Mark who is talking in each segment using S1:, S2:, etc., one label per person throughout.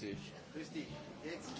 S1: Grüß dich. Grüß dich. Jetzt.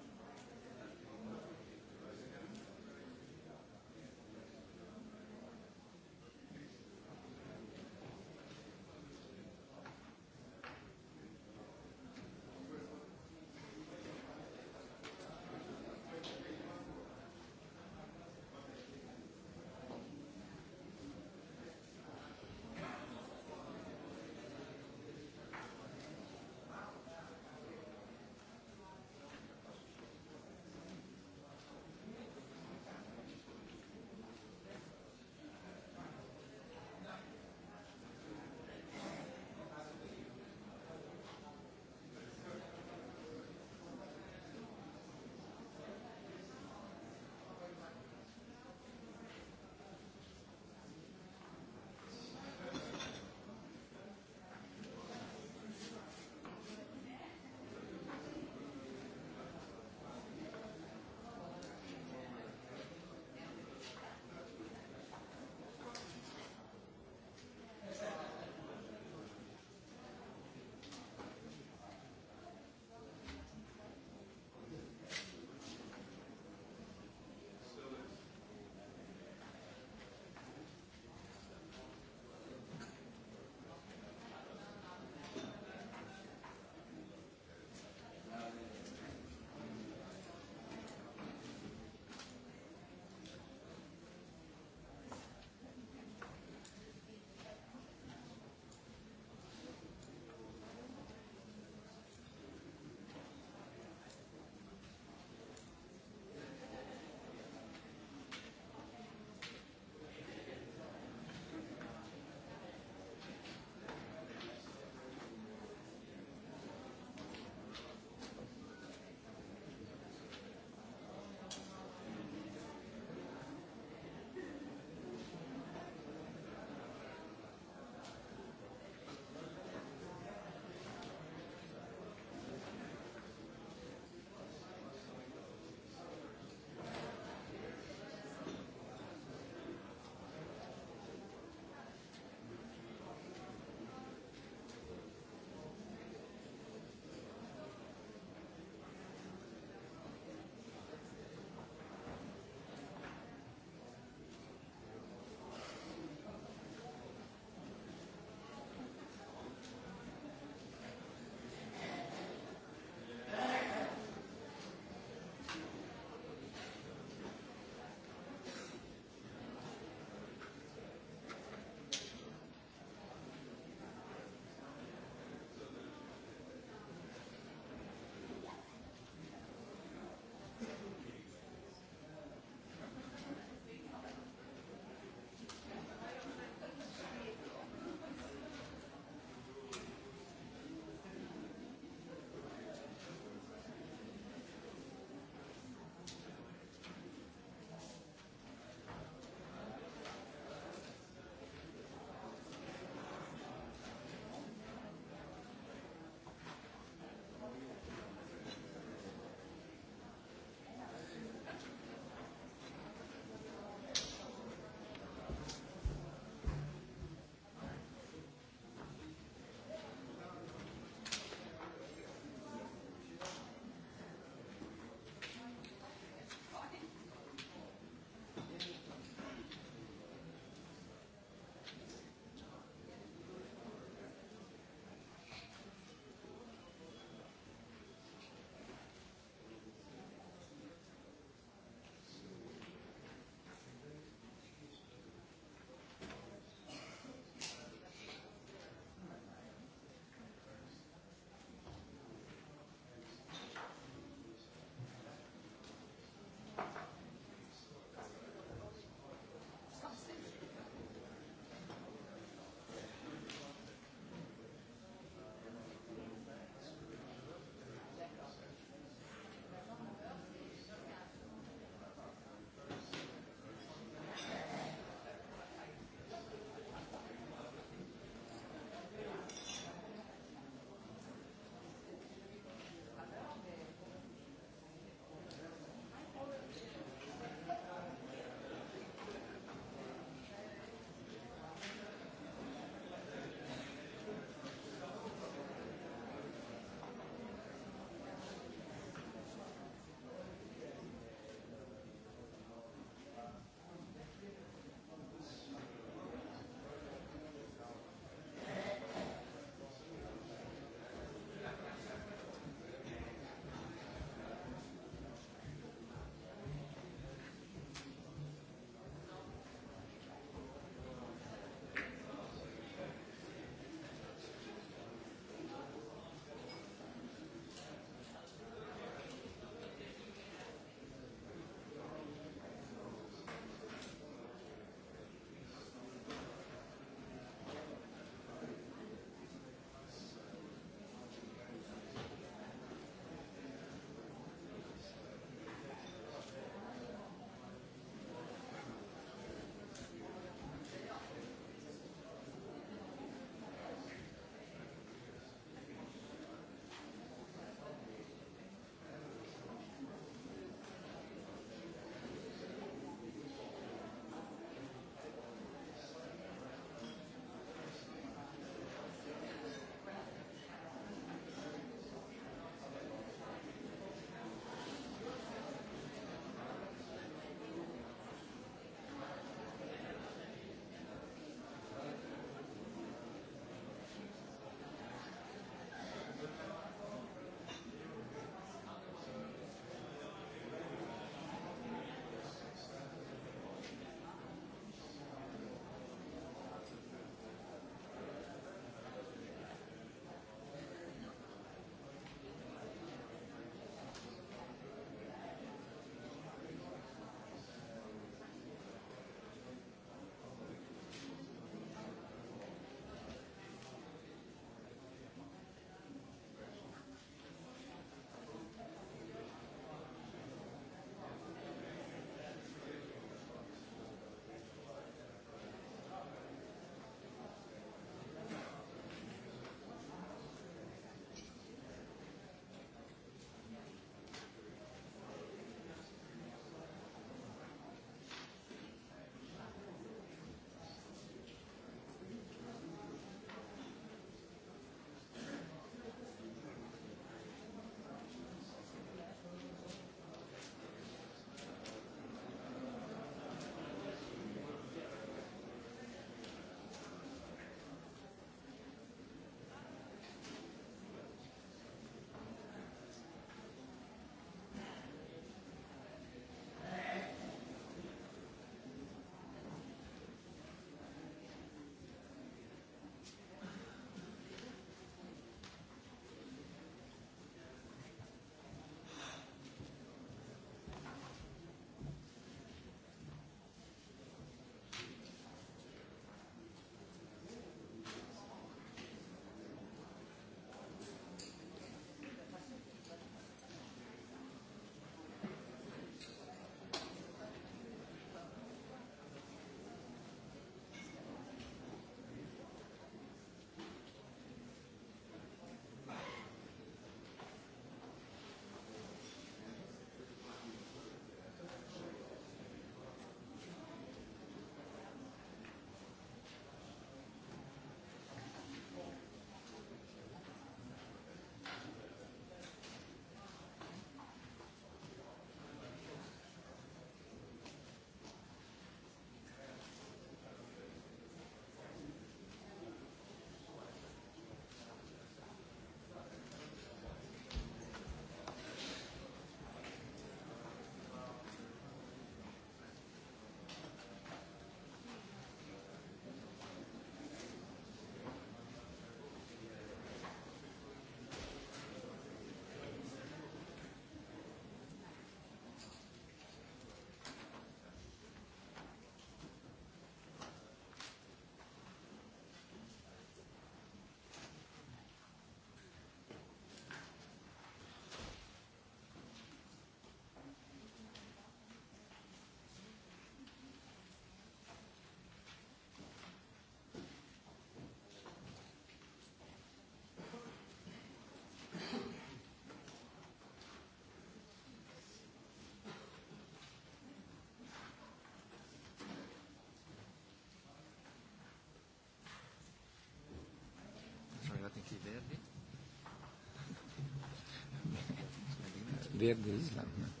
S2: wer Griechenland. Ne?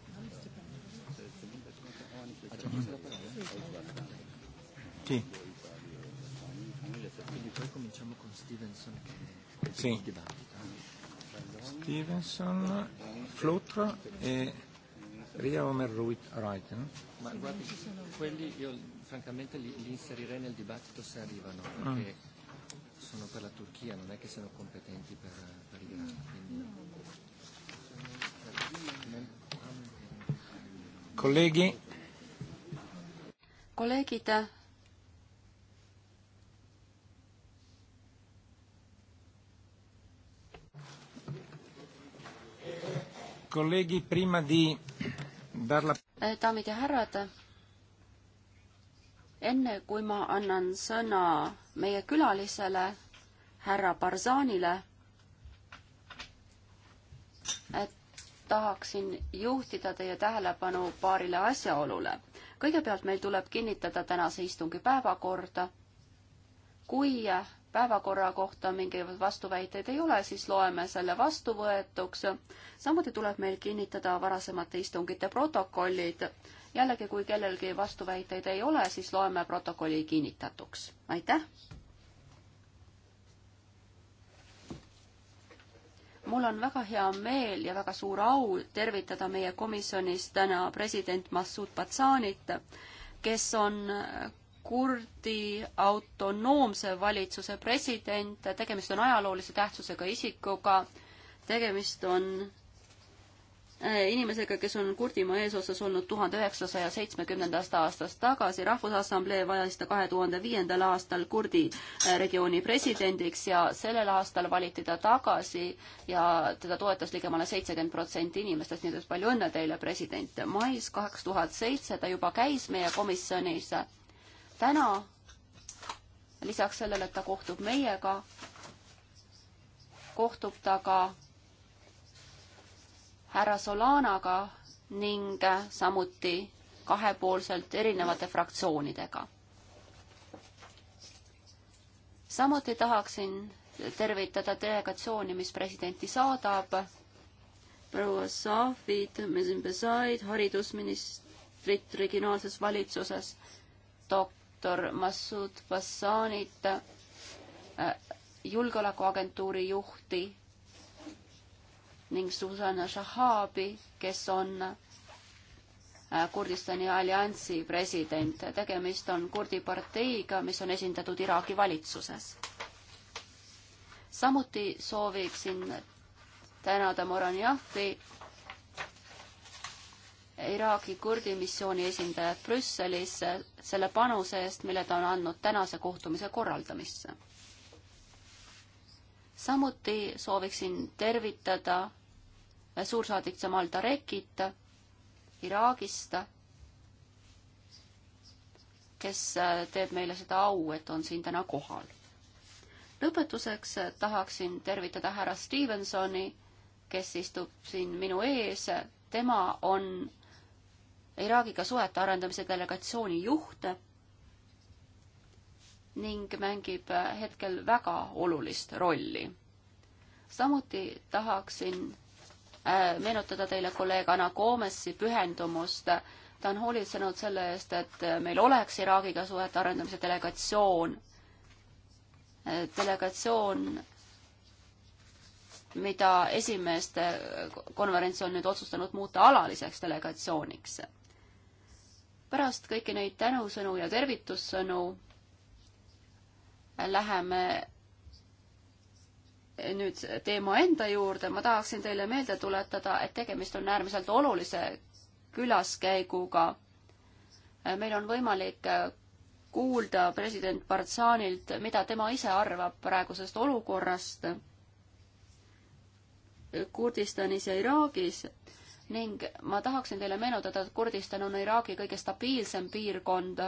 S1: Sì. Quindi poi cominciamo con Stevenson che
S2: sì. il dibattito.
S1: Stevenson, Flutra e Ria
S2: Omer Reuten. Ma guardi, quelli io francamente li, li inserirei nel dibattito se arrivano, ah. perché mm. sono per la Turchia, non è che siano competenti per, per il Gran. kolleegi. kolleegid. kolleegi, prima di darla.
S3: daamid ja härrad, enne kui ma annan sõna meie külalisele, härra Barzanile tahaksin juhtida teie tähelepanu paarile asjaolule. kõigepealt meil tuleb kinnitada tänase istungi päevakorda. kui päevakorra kohta mingeid vastuväiteid ei ole, siis loeme selle vastuvõetuks. samuti tuleb meil kinnitada varasemate istungite protokollid. jällegi, kui kellelgi vastuväiteid ei ole, siis loeme protokolli kinnitatuks. aitäh! mul on väga hea meel ja väga suur au tervitada meie komisjonis täna president Massoud Batsanit, kes on kurdi autonoomse valitsuse president, tegemist on ajaloolise tähtsusega isikuga, tegemist on Äh, inimesega, kes on Kurdimaa eesotsas olnud tuhande üheksasaja seitsmekümnendast aastast tagasi. rahvusassamblee valis ta kahe tuhande viiendal aastal Kurdi äh, regiooni presidendiks ja sellel aastal valiti ta tagasi ja teda toetas ligemale seitsekümmend protsenti inimestest, nii et palju õnne teile, president. mais kaks tuhat seitse ta juba käis meie komisjonis. täna lisaks sellele, et ta kohtub meiega, kohtub ta ka härra Solanaga ning samuti kahepoolselt erinevate fraktsioonidega. samuti tahaksin tervitada delegatsiooni, mis presidenti saadab, proua Saafid, Mesimbesaid, haridusministrit regionaalses valitsuses, doktor Massoud Bassanit, äh, julgeolekuagentuuri juhti ning Susanna Shahabi, kes on äh, Kurdistani alliansi president. tegemist on kurdi parteiga, mis on esindatud Iraagi valitsuses. samuti sooviksin tänada Moranjafi, Iraagi kurdi missiooni esindajat Brüsselis selle panuse eest, mille ta on andnud tänase kohtumise korraldamisse. samuti sooviksin tervitada suursaadik Jamal Tarekit Iraagist, kes äh, teeb meile seda au, et on siin täna kohal. lõpetuseks äh, tahaksin tervitada härra Stevensoni, kes istub siin minu ees. tema on Iraagiga suhete arendamise delegatsiooni juht ning mängib äh, hetkel väga olulist rolli. samuti tahaksin Äh, meenutada teile kolleeg Anna Koomessi pühendumust. ta on hoolitsenud selle eest, et äh, meil oleks Iraagiga suhete arendamise delegatsioon. Äh, delegatsioon, mida esimeeste konverents on nüüd otsustanud muuta alaliseks delegatsiooniks. pärast kõiki neid tänusõnu ja tervitussõnu läheme nüüd teema enda juurde, ma tahaksin teile meelde tuletada, et tegemist on äärmiselt olulise külaskäiguga. meil on võimalik kuulda president Barzanilt, mida tema ise arvab praegusest olukorrast Kurdistanis ja Iraagis ning ma tahaksin teile meenutada, et Kurdistan on Iraagi kõige stabiilsem piirkond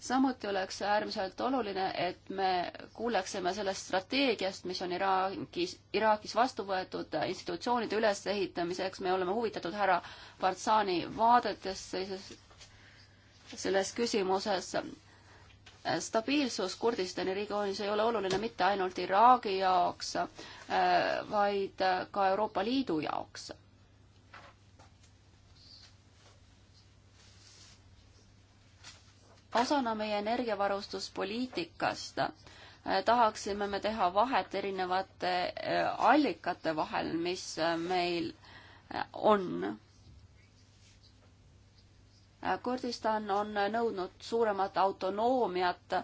S3: samuti oleks äärmiselt oluline, et me kuuleksime sellest strateegiast, mis on Iraagis, Iraagis vastu võetud institutsioonide ülesehitamiseks, me oleme huvitatud härra Barzani vaadetest selles, selles küsimuses. stabiilsus Kurdistani regioonis ei ole oluline mitte ainult Iraagi jaoks, vaid ka Euroopa Liidu jaoks osana meie energiavarustuspoliitikast äh, tahaksime me teha vahet erinevate äh, allikate vahel, mis äh, meil on. Kurdistan on nõudnud suuremat autonoomiat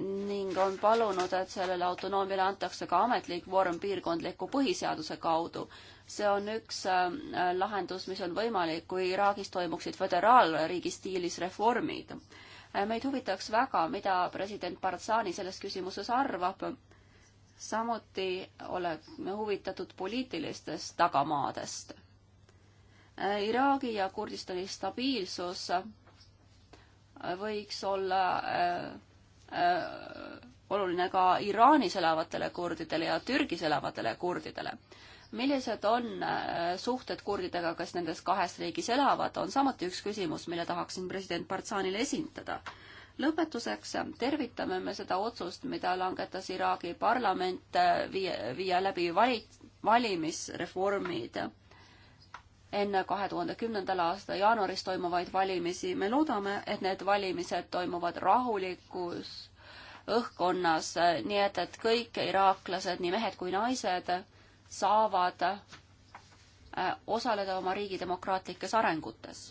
S3: ning on palunud, et sellele autonoomiale antakse ka ametlik vorm piirkondliku põhiseaduse kaudu. see on üks äh, lahendus, mis on võimalik, kui Iraagis toimuksid föderaalriigi stiilis reformid. Äh, meid huvitaks väga, mida president Barzani selles küsimuses arvab. samuti oleme huvitatud poliitilistest tagamaadest. Äh, Iraagi ja Kurdistani stabiilsus võiks olla Äh, oluline ka Iraanis elavatele kurdidele ja Türgis elavatele kurdidele. millised on äh, suhted kurdidega, kes nendes kahes riigis elavad, on samuti üks küsimus, mille tahaksin president Barzanile esitada. lõpetuseks tervitame me seda otsust, mida langetas Iraagi parlament äh, viia, viia läbi vali-, valimisreformid enne kahe tuhande kümnendal aasta jaanuaris toimuvaid valimisi. me loodame, et need valimised toimuvad rahulikus õhkkonnas, nii et, et kõik iraaklased, nii mehed kui naised, saavad äh, osaleda oma riigi demokraatlikes arengutes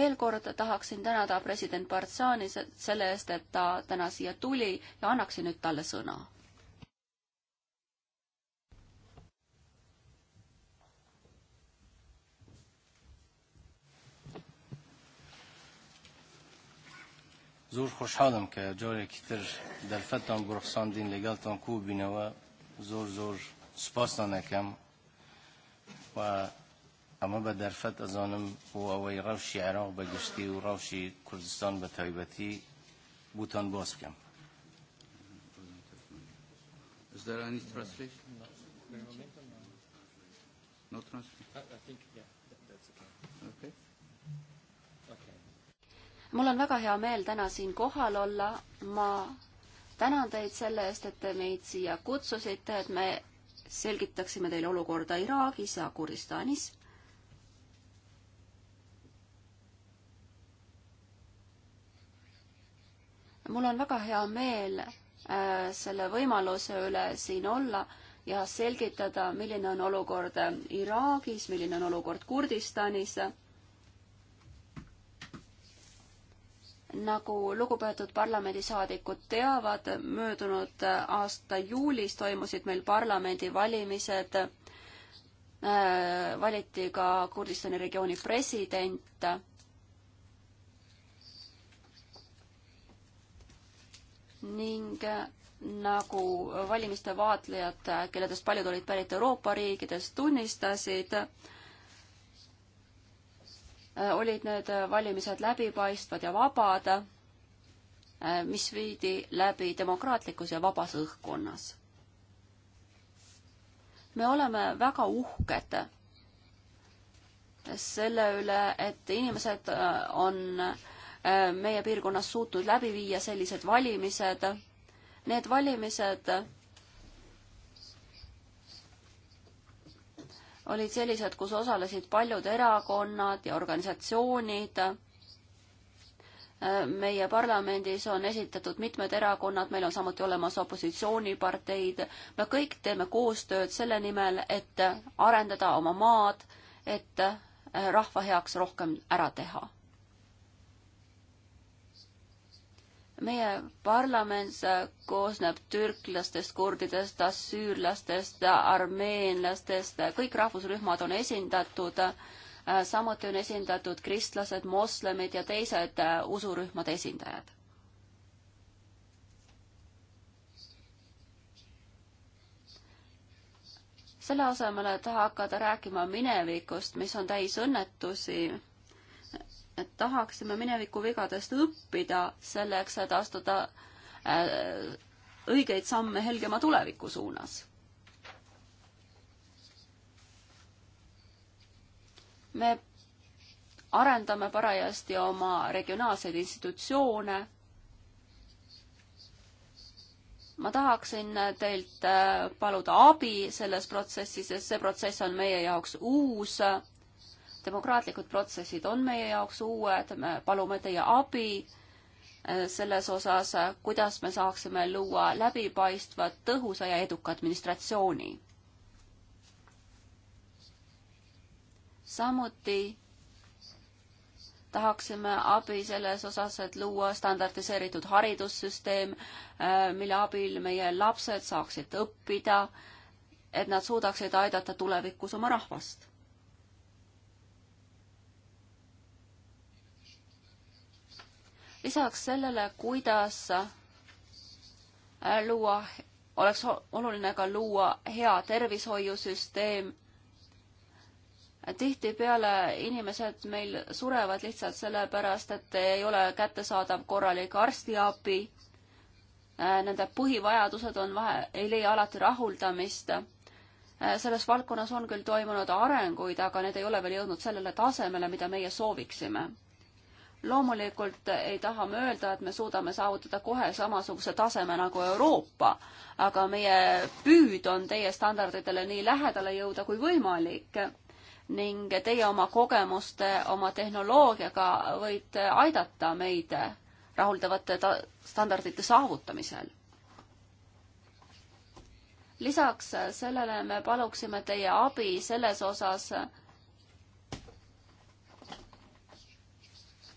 S3: veel kord tahaksin tänada president Barzani selle eest, et ta täna siia tuli ja annaksin nüüd talle sõna.
S1: زۆر خۆشحاڵم کە جۆرێکی تر دەرفەتان گوڕخساندین لەگەڵتان کوو بینەوە زۆر زۆر سپاسان ئەەکەم و ئەمە بە دەرفەت ئەزانم بۆ ئەوەی ڕەوشی عێراق بەگشتی و ڕەوشی کوردستان بە تایبەتی بوتان باز بکەم Is there any translation? No translation?
S2: I, I think, yeah, that,
S1: that's okay. Okay
S3: mul on väga hea meel täna siin kohal olla, ma tänan teid selle eest, et te meid siia kutsusite, et me selgitaksime teile olukorda Iraagis ja Kurdistanis. mul on väga hea meel äh, selle võimaluse üle siin olla ja selgitada, milline on olukord Iraagis, milline on olukord Kurdistanis nagu lugupeetud parlamendisaadikud teavad, möödunud aasta juulis toimusid meil parlamendivalimised. Äh, valiti ka Kurdistani regiooni president. ning nagu valimiste vaatlejad, kelledest paljud olid pärit Euroopa riikidest, tunnistasid, Äh, olid need äh, valimised läbipaistvad ja vabad, äh, mis viidi läbi demokraatlikus ja vabas õhkkonnas. me oleme väga uhked selle üle, et inimesed on meie piirkonnas suutnud läbi viia sellised valimised. Need valimised olid sellised, kus osalesid paljud erakonnad ja organisatsioonid. meie parlamendis on esitatud mitmed erakonnad, meil on samuti olemas opositsiooniparteid. me kõik teeme koostööd selle nimel, et arendada oma maad, et rahva heaks rohkem ära teha meie parlament äh, koosneb türklastest, kurdidest, assüürlastest, armeenlastest, kõik rahvusrühmad on esindatud, äh, samuti on esindatud kristlased, moslemid ja teised äh, usurühmade esindajad. selle asemel, et hakata rääkima minevikust, mis on täis õnnetusi, tahaksime mineviku vigadest õppida selleks, et astuda äh, õigeid samme helgema tuleviku suunas. me arendame parajasti oma regionaalseid institutsioone ma tahaksin teilt äh, paluda abi selles protsessis, sest see protsess on meie jaoks uus demokraatlikud protsessid on meie jaoks uued, me palume teie abi äh, selles osas, äh, kuidas me saaksime luua läbipaistva, tõhusa ja eduka administratsiooni. samuti tahaksime abi selles osas, et luua standardiseeritud haridussüsteem, äh, mille abil meie lapsed saaksid õppida, et nad suudaksid aidata tulevikus oma rahvast. lisaks sellele, kuidas äh, luua, oleks oluline ka luua hea tervishoiusüsteem. tihtipeale inimesed meil surevad lihtsalt sellepärast, et ei ole kättesaadav korralik arstiabi. Äh, nende põhivajadused on vahe, ei leia alati rahuldamist äh, selles valdkonnas on küll toimunud arenguid, aga need ei ole veel jõudnud sellele tasemele, mida meie sooviksime loomulikult ei taha me öelda, et me suudame saavutada kohe samasuguse taseme nagu Euroopa, aga meie püüd on teie standarditele nii lähedale jõuda kui võimalik. ning teie oma kogemuste, oma tehnoloogiaga võite aidata meid rahuldavate standardite saavutamisel. lisaks sellele me paluksime teie abi selles osas,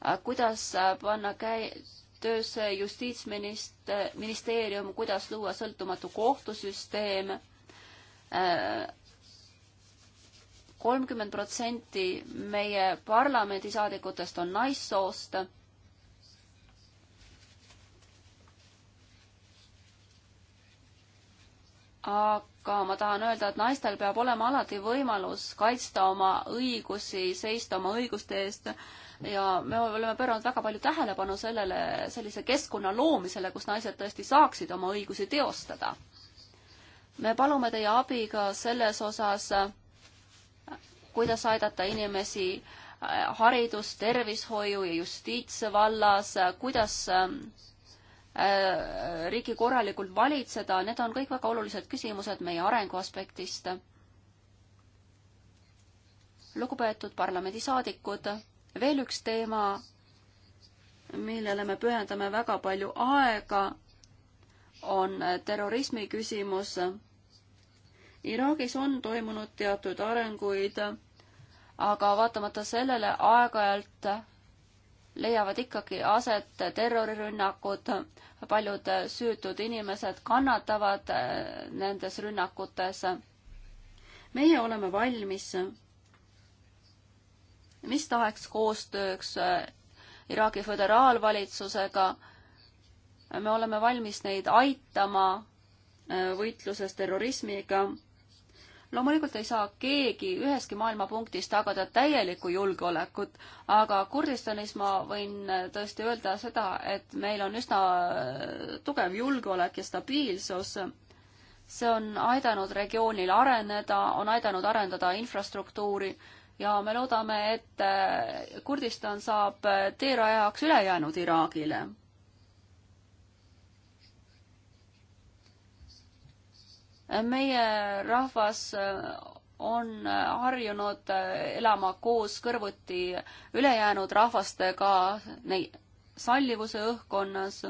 S3: Äh, kuidas äh, panna käi-, töösse justiitsministeerium, kuidas luua sõltumatu kohtusüsteem. Äh, kolmkümmend protsenti meie parlamendisaadikutest on naissoost aga ma tahan öelda, et naistel peab olema alati võimalus kaitsta oma õigusi, seista oma õiguste eest ja me oleme pööranud väga palju tähelepanu sellele, sellise keskkonna loomisele, kus naised tõesti saaksid oma õigusi teostada. me palume teie abi ka selles osas, kuidas aidata inimesi äh, haridus, tervishoiu ja justiitsvallas, kuidas ähm, äh, riiki korralikult valitseda, need on kõik väga olulised küsimused meie arengu aspektist. lugupeetud parlamendisaadikud veel üks teema, millele me pühendame väga palju aega, on terrorismi küsimus. Iraagis on toimunud teatud arenguid, aga vaatamata sellele aeg-ajalt leiavad ikkagi aset terrorirünnakud, paljud süütud inimesed kannatavad nendes rünnakutes. meie oleme valmis mis tahaks koostööks äh, Iraagi föderaalvalitsusega. me oleme valmis neid aitama äh, võitluses terrorismiga. loomulikult ei saa keegi üheski maailma punktis tagada täielikku julgeolekut, aga Kurdistanis ma võin äh, tõesti öelda seda, et meil on üsna tugev julgeolek ja stabiilsus see on aidanud regioonil areneda, on aidanud arendada infrastruktuuri ja me loodame, et äh, Kurdistan saab äh, teerajajaks ülejäänud Iraagile. meie rahvas äh, on harjunud elama koos kõrvuti ülejäänud rahvastega sallivuse õhkkonnas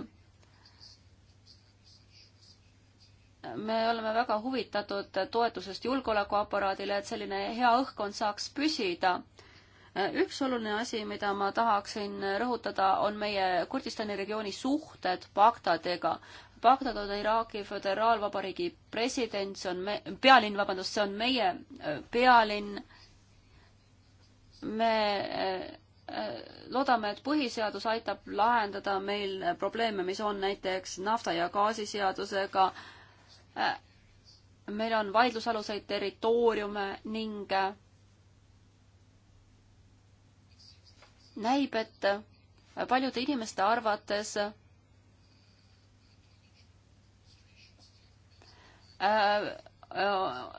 S3: me oleme väga huvitatud toetusest julgeolekuaparaadile, et selline hea õhkkond saaks püsida. üks oluline asi, mida ma tahaksin rõhutada, on meie Kurdistani regiooni suhted Bagdadiga. Bagdad on Iraagi föderaalvabariigi president, see on me-, pealinn, vabandust, see on meie äh, pealinn. me äh, äh, loodame, et põhiseadus aitab lahendada meil probleeme, mis on näiteks nafta- ja gaasiseadusega äh,, Äh, meil on vaidlusaluseid territooriume ning äh, näib, et äh, paljude inimeste arvates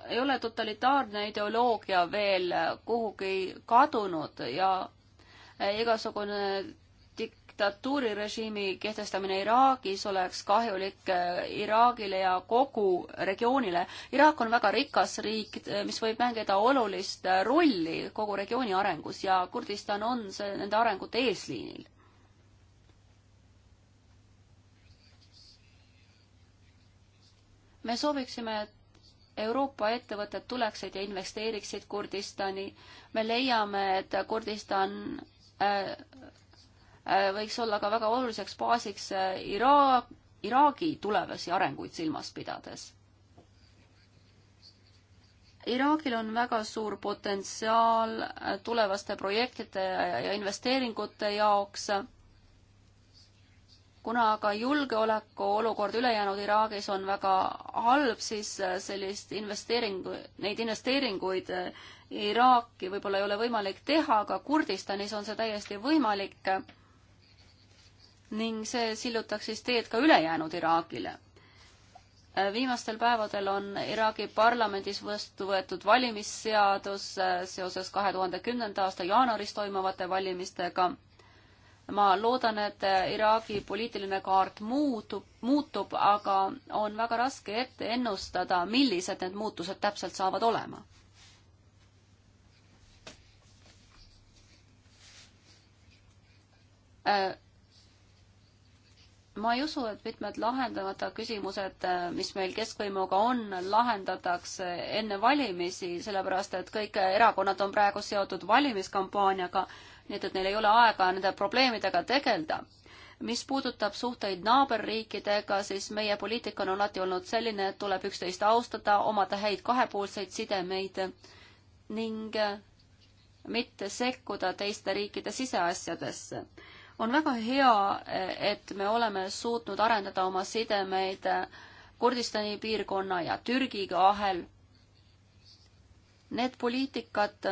S3: ei ole totalitaarne ideoloogia veel kuhugi kadunud ja igasugune diktatuurirežiimi kehtestamine Iraagis oleks kahjulik äh, Iraagile ja kogu regioonile. Iraak on väga rikas riik, äh, mis võib mängida olulist äh, rolli kogu regiooni arengus ja Kurdistan on see, nende arengute eesliinil. me sooviksime, et Euroopa ettevõtted tuleksid ja investeeriksid Kurdistani. me leiame, et Kurdistan Äh, võiks olla ka väga oluliseks baasiks äh, Ira-, Iraagi tulevasi arenguid silmas pidades. Iraagil on väga suur potentsiaal äh, tulevaste projektide ja investeeringute jaoks kuna aga julgeoleku olukord ülejäänud Iraagis on väga halb, siis sellist investeeringu, neid investeeringuid Iraaki võib-olla ei ole võimalik teha, aga Kurdistanis on see täiesti võimalik ning see sillutaks siis teed ka ülejäänud Iraagile. Äh, viimastel päevadel on Iraagi parlamendis vastu võetud valimisseadus äh, seoses kahe tuhande kümnenda aasta jaanuaris toimuvate valimistega. ma loodan, et äh, Iraagi poliitiline kaart muutub, muutub, aga on väga raske ette ennustada, millised need muutused täpselt saavad olema äh, ma ei usu, et mitmed lahendamata küsimused, äh, mis meil keskvõimuga on, lahendatakse enne valimisi, sellepärast et kõik erakonnad on praegu seotud valimiskampaaniaga, nii et, et neil ei ole aega nende probleemidega tegeleda. mis puudutab suhteid naaberriikidega, siis meie poliitika on alati olnud selline, et tuleb üksteist austada, omada häid kahepoolseid sidemeid ning mitte sekkuda teiste riikide siseasjadesse on väga hea, et me oleme suutnud arendada oma sidemeid Kurdistani piirkonna ja Türgi vahel. Need poliitikad,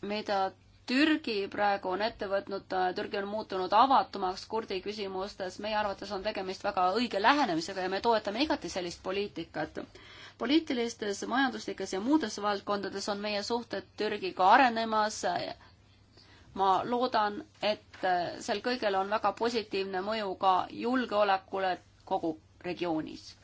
S3: mida Türgi praegu on ette võtnud, Türgi on muutunud avatumaks kurdi küsimustes, meie arvates on tegemist väga õige lähenemisega ja me toetame igati sellist poliitikat. poliitilistes, majanduslikes ja muudes valdkondades on meie suhted Türgiga arenemas ma loodan, et äh, sel kõigel on väga positiivne mõju ka julgeolekule kogu regioonis.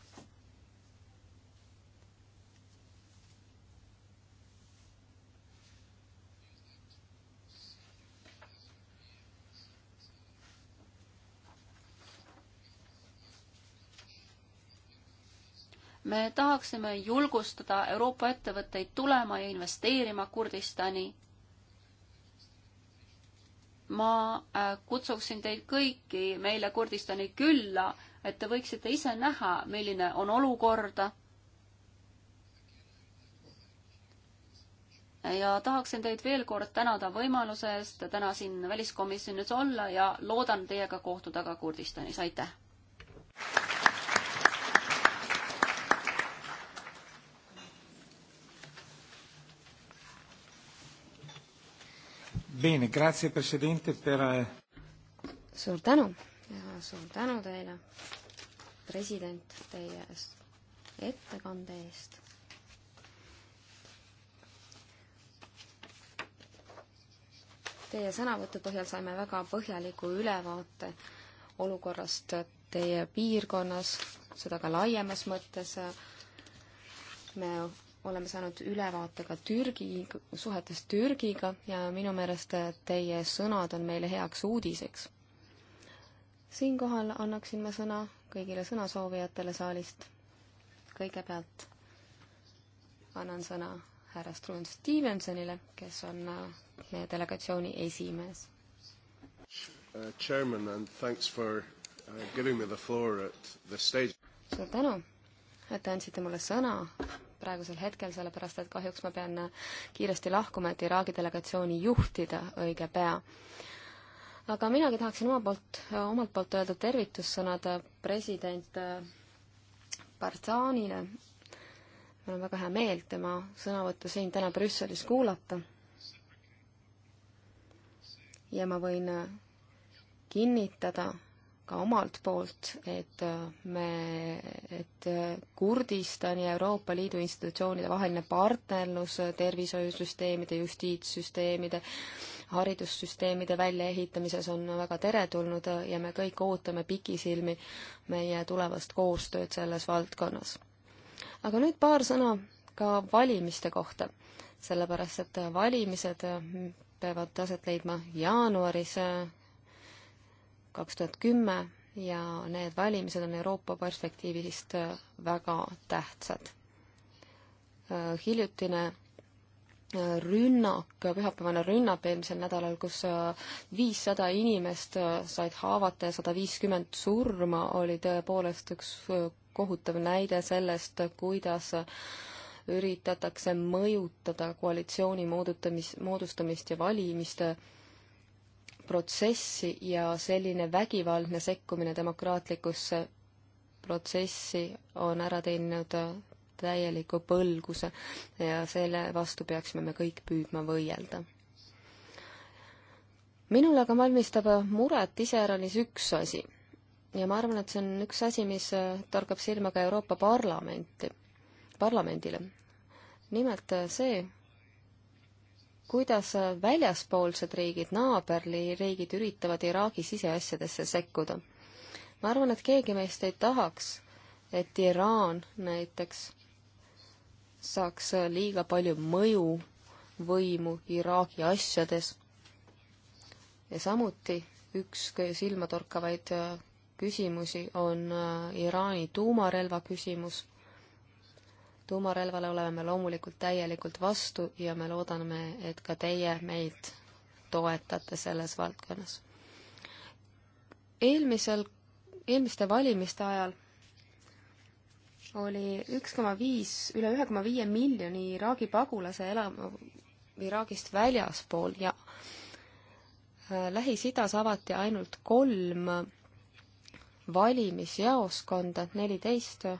S3: me tahaksime julgustada Euroopa ettevõtteid tulema ja investeerima Kurdistani ma äh, kutsuksin teid kõiki meile Kurdistani külla, et te võiksite ise näha, milline on olukord. ja tahaksin teid veel kord tänada võimaluse eest täna siin väliskomisjonis olla ja loodan teiega kohtuda ka Kurdistanis, aitäh!
S2: Bene, grazie presidente per... Eh,
S4: suur tänu ja suur tänu teile, president, teie ettekande eest. Teie sõnavõtu põhjal saime väga põhjaliku ülevaate olukorrast teie piirkonnas, seda ka laiemas mõttes. me oleme saanud ülevaate ka Türgi, suhetest Türgiga ja minu meelest teie sõnad on meile heaks uudiseks. siinkohal annaksin ma sõna kõigile sõnasoovijatele saalist. kõigepealt annan sõna härra Struan Stevensonile, kes on äh, meie delegatsiooni esimees
S1: uh,. Chairman and thanks for uh, giving me the floor at this stage.
S4: suur tänu, et te andsite mulle sõna praegusel hetkel, sellepärast et kahjuks ma pean kiiresti lahkuma, et Iraagi delegatsiooni juhtida õige pea. aga minagi tahaksin oma poolt, omalt poolt öelda tervitussõnad president äh, Barzanile. mul on väga hea meel tema sõnavõttu siin täna Brüsselis kuulata. ja ma võin äh, kinnitada ka omalt poolt, et äh, me, et äh, Kurdistani ja Euroopa Liidu institutsioonide vaheline partnerlus äh, tervishoiusüsteemide, justiitssüsteemide, haridussüsteemide väljaehitamises on väga teretulnud ja me kõik ootame pikisilmi meie tulevast koostööd selles valdkonnas. aga nüüd paar sõna ka valimiste kohta, sellepärast et valimised peavad aset leidma jaanuaris kaks tuhat kümme ja need valimised on Euroopa perspektiivist väga tähtsad. hiljutine rünnak, pühapäevane rünnak eelmisel nädalal, kus viissada inimest said haavata ja sada viiskümmend surma, oli tõepoolest üks kohutav näide sellest, kuidas üritatakse mõjutada koalitsiooni moodustamis, moodustamist ja valimiste äh, protsessi ja selline vägivaldne sekkumine demokraatlikusse protsessi on ära teeninud täieliku põlguse ja selle vastu peaksime me kõik püüdma võidelda. minul aga valmistab muret iseäranis üks asi ja ma arvan, et see on üks asi, mis torkab silma ka Euroopa Parlamenti, parlamendile. nimelt see, kuidas väljaspoolsed riigid, naaberriigid üritavad Iraagi siseasjadesse sekkuda. ma arvan, et keegi meist ei tahaks, et Iraan näiteks saaks liiga palju mõju, võimu Iraagi asjades. ja samuti üks silmatorkavaid küsimusi on Iraani tuumarelva küsimus tuumarelvale oleme me loomulikult täielikult vastu ja me loodame, et ka teie meid toetate selles valdkonnas. eelmisel, eelmiste valimiste ajal oli üks koma viis, üle ühe koma viie miljoni Iraagi pagulase elama Iraagist väljaspool ja äh, Lähis-Idas avati ainult kolm valimisjaoskonda, neliteist äh,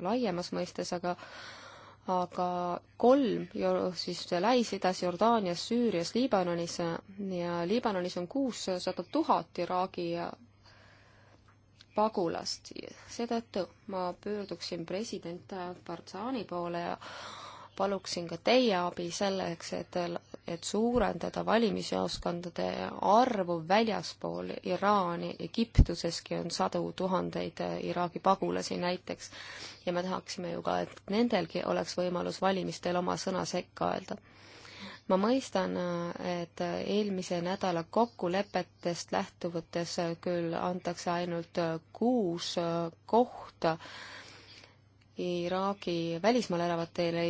S4: laiemas mõistes, aga aga kolm siis Lähis-Idas, Jordaanias, Süürias, Liibanonis ja Liibanonis on kuussada tuhat Iraagi äh, pagulast. seetõttu ma pöörduksin president äh, Barzani poole ja paluksin ka teie abi selleks, et et suurendada valimisjaoskondade arvu väljaspool Iraani, Egiptuseski on sadu tuhandeid eh, Iraagi pagulasi näiteks, ja me tahaksime ju ka, et nendelgi oleks võimalus valimistel oma sõna sekka öelda. ma mõistan, eh, et eelmise nädala kokkulepetest lähtuvates küll antakse ainult eh, kuus kohta, Iraagi välismaal elavatele,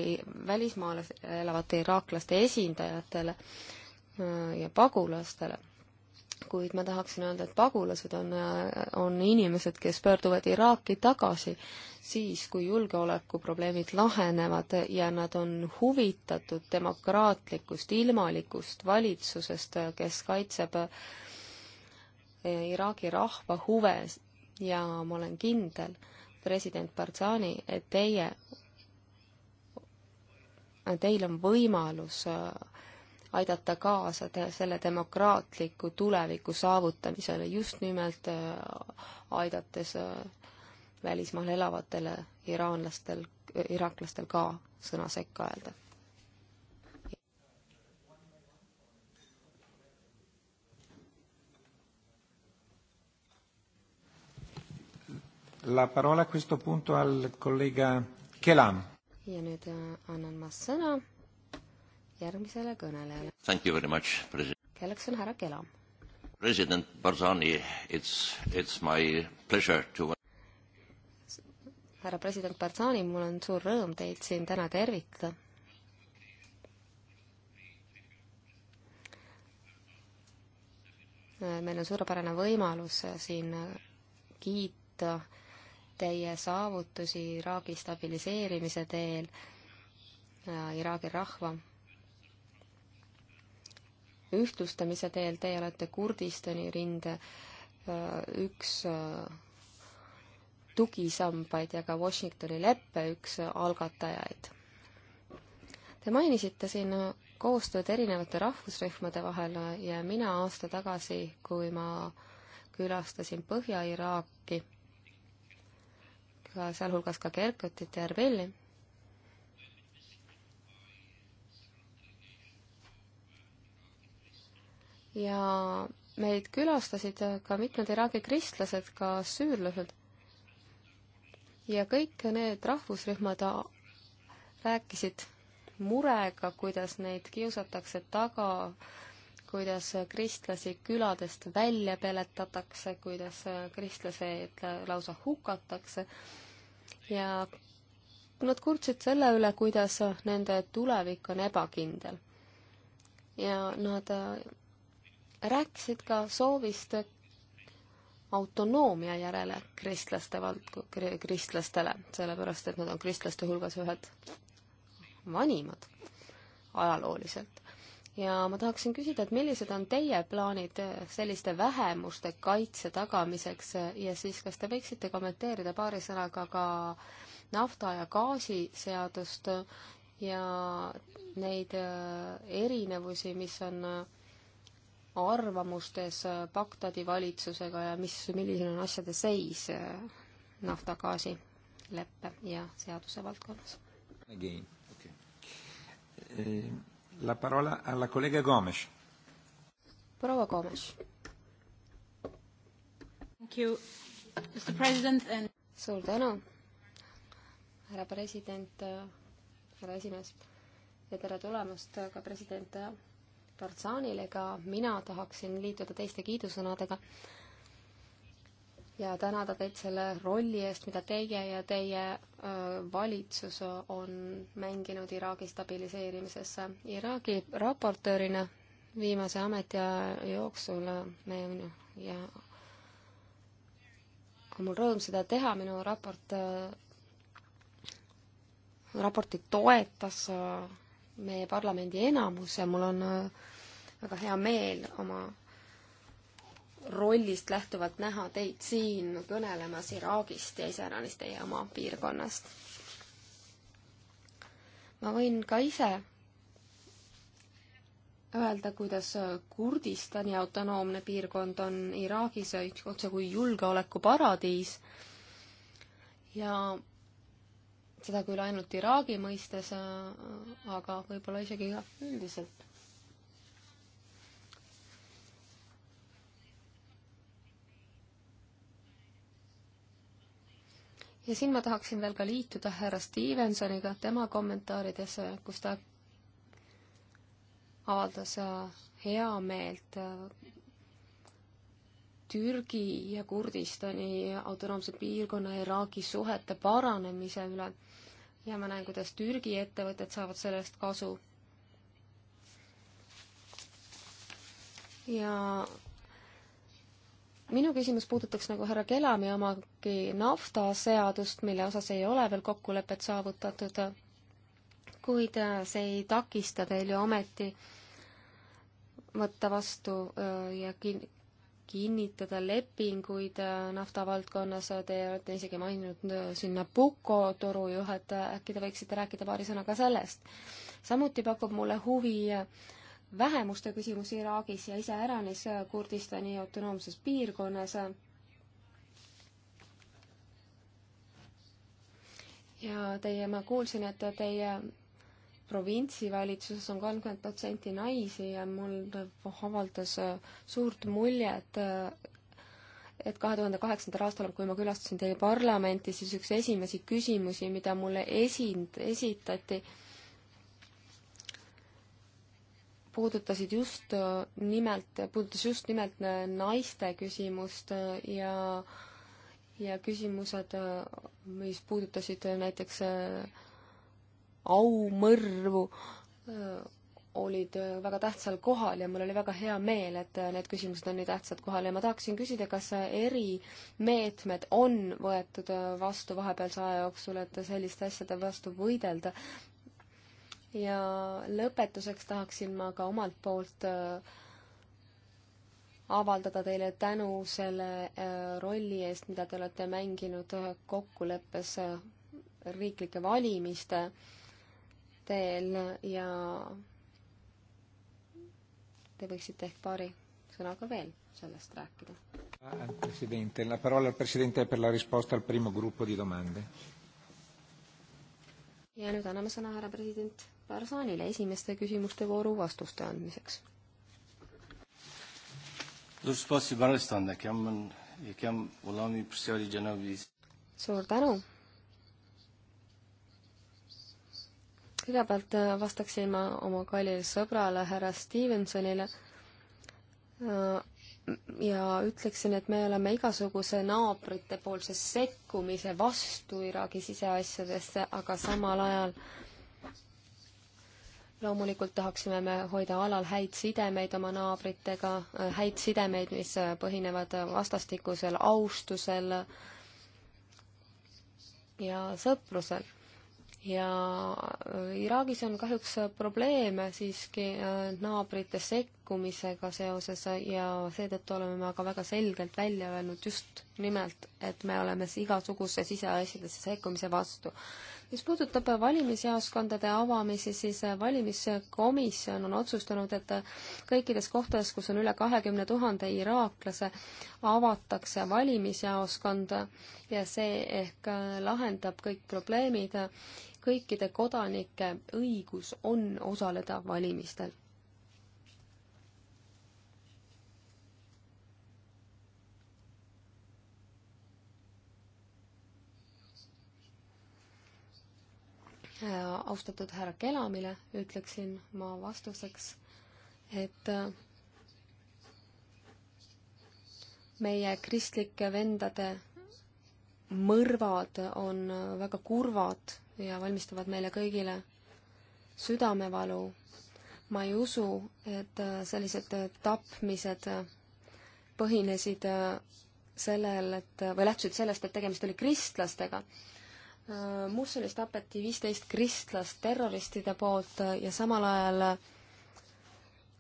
S4: välismaal elavate iraaklaste esindajatele äh, ja pagulastele. kuid ma tahaksin öelda, et pagulased on, äh, on inimesed, kes pöörduvad Iraaki tagasi siis, kui julgeolekuprobleemid lahenevad ja nad on huvitatud demokraatlikust, ilmalikust valitsusest, kes kaitseb äh, Iraagi rahva huve ja ma olen kindel, president Barzani, et teie, teil on võimalus äh, aidata kaasa selle demokraatliku tuleviku saavutamisele, just nimelt äh, aidates äh, välismaal elavatel iraanlastel, iraklastel ka sõna sekka öelda
S2: La parola a questo punto al kolleega
S1: Kelam.
S4: ja nüüd äh, annan ma sõna järgmisele kõnelejale.
S1: Thank you very much, president.
S4: kelleks on härra Kelam?
S1: President Barzani, it's, it's my pleasure to
S4: härra president Barzani, mul on suur rõõm teid siin täna tervitada. Äh, meil on suurepärane võimalus äh, siin kiita teie saavutusi Iraagi stabiliseerimise teel ja Iraagi rahva ühtlustamise teel, teie olete Kurdistani rinde äh, üks äh, tugisambaid ja ka Washingtoni leppe üks äh, algatajaid. Te mainisite siin koostööd erinevate rahvusrühmade vahel ja mina aasta tagasi, kui ma külastasin Põhja-Iraaki, sealhulgas ka Kerkütit ja Erbilli. ja meid külastasid ka mitmed Iraagi kristlased, ka süürlased. ja kõik need rahvusrühmad rääkisid murega, kuidas neid kiusatakse taga, kuidas kristlasi küladest välja peletatakse, kuidas kristlasi lausa hukatakse ja nad kurtsid selle üle, kuidas nende tulevik on ebakindel. ja nad äh, rääkisid ka soovist autonoomia järele kristlaste vald-, kristlastele, sellepärast et nad on kristlaste hulgas ühed vanimad ajalooliselt ja ma tahaksin küsida, et millised on teie plaanid eh, selliste vähemuste kaitse tagamiseks eh, ja siis kas te võiksite kommenteerida paari sõnaga ka nafta- ja gaasiseadust eh, ja neid erinevusi, mis on arvamustes Bagdadi valitsusega ja mis, milline on asjade seis nafta, gaasi, leppe ja seaduse valdkonnas?
S2: Again, okei okay. Um la parola alla collega Gomes.
S4: Proua Gomes. Thank you, Mr President and suur tänu, härra president, härra esimees ja tere tulemast ka president Tarzanile, ka mina tahaksin liituda teiste kiidusõnadega äh, ja tänada teid selle rolli eest, mida teie ja teie valitsus on mänginud Iraagi stabiliseerimisesse. Iraagi raportöörina viimase ametiaja jooksul me ja on mul rõõm seda teha, minu raport, raportit toetas meie parlamendi enamus ja mul on väga hea meel oma rollist lähtuvalt näha teid siin kõnelemas Iraagist ja iseäranis teie oma piirkonnast. ma võin ka ise öelda, kuidas Kurdistani autonoomne piirkond on Iraagis otse kui julgeolekuparadiis ja seda küll ainult Iraagi mõistes, aga võib-olla isegi üldiselt ja siin ma tahaksin veel ka liituda härra Stevensoniga, tema kommentaarides, kus ta avaldas äh, heameelt äh, Türgi ja Kurdistani autonoomse piirkonna Iraagi suhete paranemise üle ja ma näen, kuidas Türgi ettevõtted saavad sellest kasu. ja minu küsimus puudutaks nagu härra Kelami omagi naftaseadust, mille osas ei ole veel kokkulepet saavutatud, kuid äh, see ei takista teil ju ometi võtta vastu äh, ja kin-, kinnitada lepinguid äh, naftavaldkonnas, te olete isegi maininud siin Nabucco torujuhet, äkki te võiksite rääkida paari sõnaga sellest. samuti pakub mulle huvi äh, vähemuste küsimus Iraagis ja iseäranis Kurdistani autonoomses piirkonnas. ja teie, ma kuulsin, et teie provintsivalitsuses on kolmkümmend protsenti naisi ja mul avaldas suurt muljet, et kahe tuhande kaheksandal aastal, kui ma külastasin teie parlamenti, siis üks esimesi küsimusi, mida mulle esind-, esitati, puudutasid just äh, nimelt, puudutas just nimelt äh, naiste küsimust äh, ja ja küsimused, mis puudutasid näiteks aumõrvu, olid väga tähtsal kohal ja mul oli väga hea meel, et need küsimused on nii tähtsad kohal ja ma tahaksin küsida, kas erimeetmed on võetud vastu vahepealse aja jooksul, et selliste asjade vastu võidelda ja lõpetuseks tahaksin ma ka omalt poolt äh, avaldada teile tänu selle äh, rolli eest, mida te olete mänginud kokkuleppes äh, riiklike valimiste teel ja te võiksite ehk paari sõnaga veel sellest rääkida.
S2: Presidente, la parola al presidente per la risposta al primo gruppo di domande.
S4: ja nüüd anname sõna härra president Barsanile esimeste küsimuste vooru vastuste andmiseks. suur tänu! kõigepealt äh, vastaksin ma oma kallile sõbrale, härra Stevensonile äh, ja ütleksin, et me oleme igasuguse naabritepoolse sekkumise vastu Iraagi siseasjadesse, aga samal ajal äh, loomulikult tahaksime me hoida alal häid sidemeid oma naabritega, äh, häid sidemeid, mis äh, põhinevad äh, vastastikusel austusel ja sõprusel. ja Iraagis on kahjuks probleeme siiski naabrite sek-, pakkumisega seoses ja seetõttu oleme me aga väga selgelt välja öelnud just nimelt, et me oleme igasuguse siseasjadesse sekkumise vastu. mis puudutab valimisjaoskondade avamisi, siis valimiskomisjon on otsustanud, et kõikides kohtades, kus on üle kahekümne tuhande iraaklase, avatakse valimisjaoskond ja see ehk lahendab kõik probleemid. kõikide kodanike õigus on osaleda valimistel Äh, austatud härra Kelamile ütleksin ma vastuseks, et äh, meie kristlike vendade mõrvad on väga kurvad ja valmistavad meile kõigile südamevalu. ma ei usu, et äh, sellised tapmised põhinesid sellel, et, või lähtusid sellest, et tegemist oli kristlastega Mussolis tapeti viisteist kristlast terroristide poolt ja samal ajal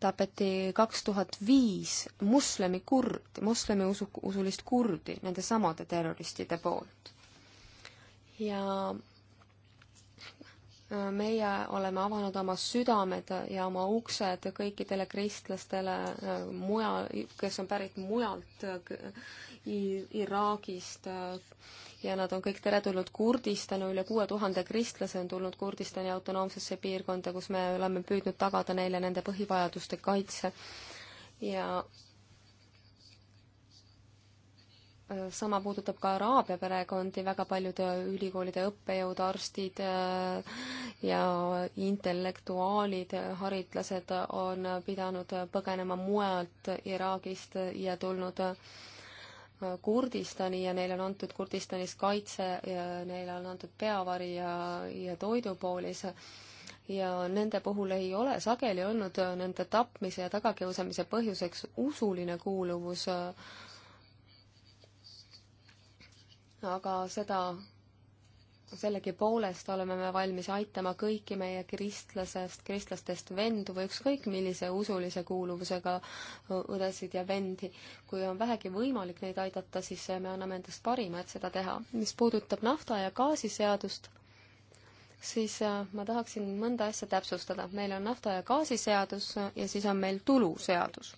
S4: tapeti kaks tuhat viis moslemi kurdi, moslemi usu, usulist kurdi nende samade terroristide poolt. ja äh, meie oleme avanud oma südamed ja oma uksed kõikidele kristlastele äh, mujal, kes on pärit mujalt äh, Iraagist äh, ja nad on kõik teretulnud Kurdistani, üle kuue tuhande kristlase on tulnud Kurdistani autonoomsesse piirkonda, kus me oleme püüdnud tagada neile nende põhivajaduste kaitse ja äh, sama puudutab ka araabia perekondi, väga paljud äh, ülikoolide õppejõud, arstid ja intellektuaalid, haritlased on pidanud põgenema mujalt Iraagist ja tulnud Kurdistani ja neile on antud Kurdistanis kaitse ja neile on antud peavari ja, ja toidupoolis ja nende puhul ei ole sageli olnud nende tapmise ja tagakiusamise põhjuseks usuline kuuluvus, aga seda sellegipoolest oleme me valmis aitama kõiki meie kristlasest, kristlastest vendu või ükskõik millise usulise kuuluvusega õdesid ja vendi. kui on vähegi võimalik neid aidata, siis me anname endast parima, et seda teha. mis puudutab nafta- ja gaasiseadust, siis äh, ma tahaksin mõnda asja täpsustada. meil on nafta- ja gaasiseadus äh, ja siis on meil tuluseadus.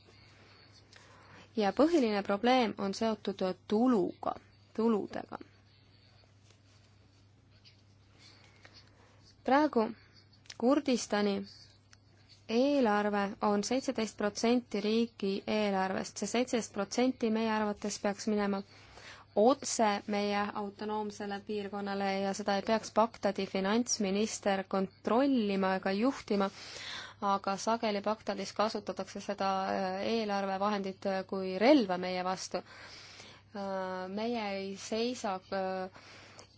S4: ja põhiline probleem on seotud tuluga, tuludega praegu Kurdistani eelarve on seitseteist protsenti riigi eelarvest see, see seitseteist protsenti meie arvates peaks minema otse meie autonoomsele piirkonnale ja seda ei peaks Bagdadi finantsminister kontrollima ega juhtima, aga sageli Bagdadis kasutatakse seda äh, eelarvevahendit äh, kui relva meie vastu. Äh, meie ei seisa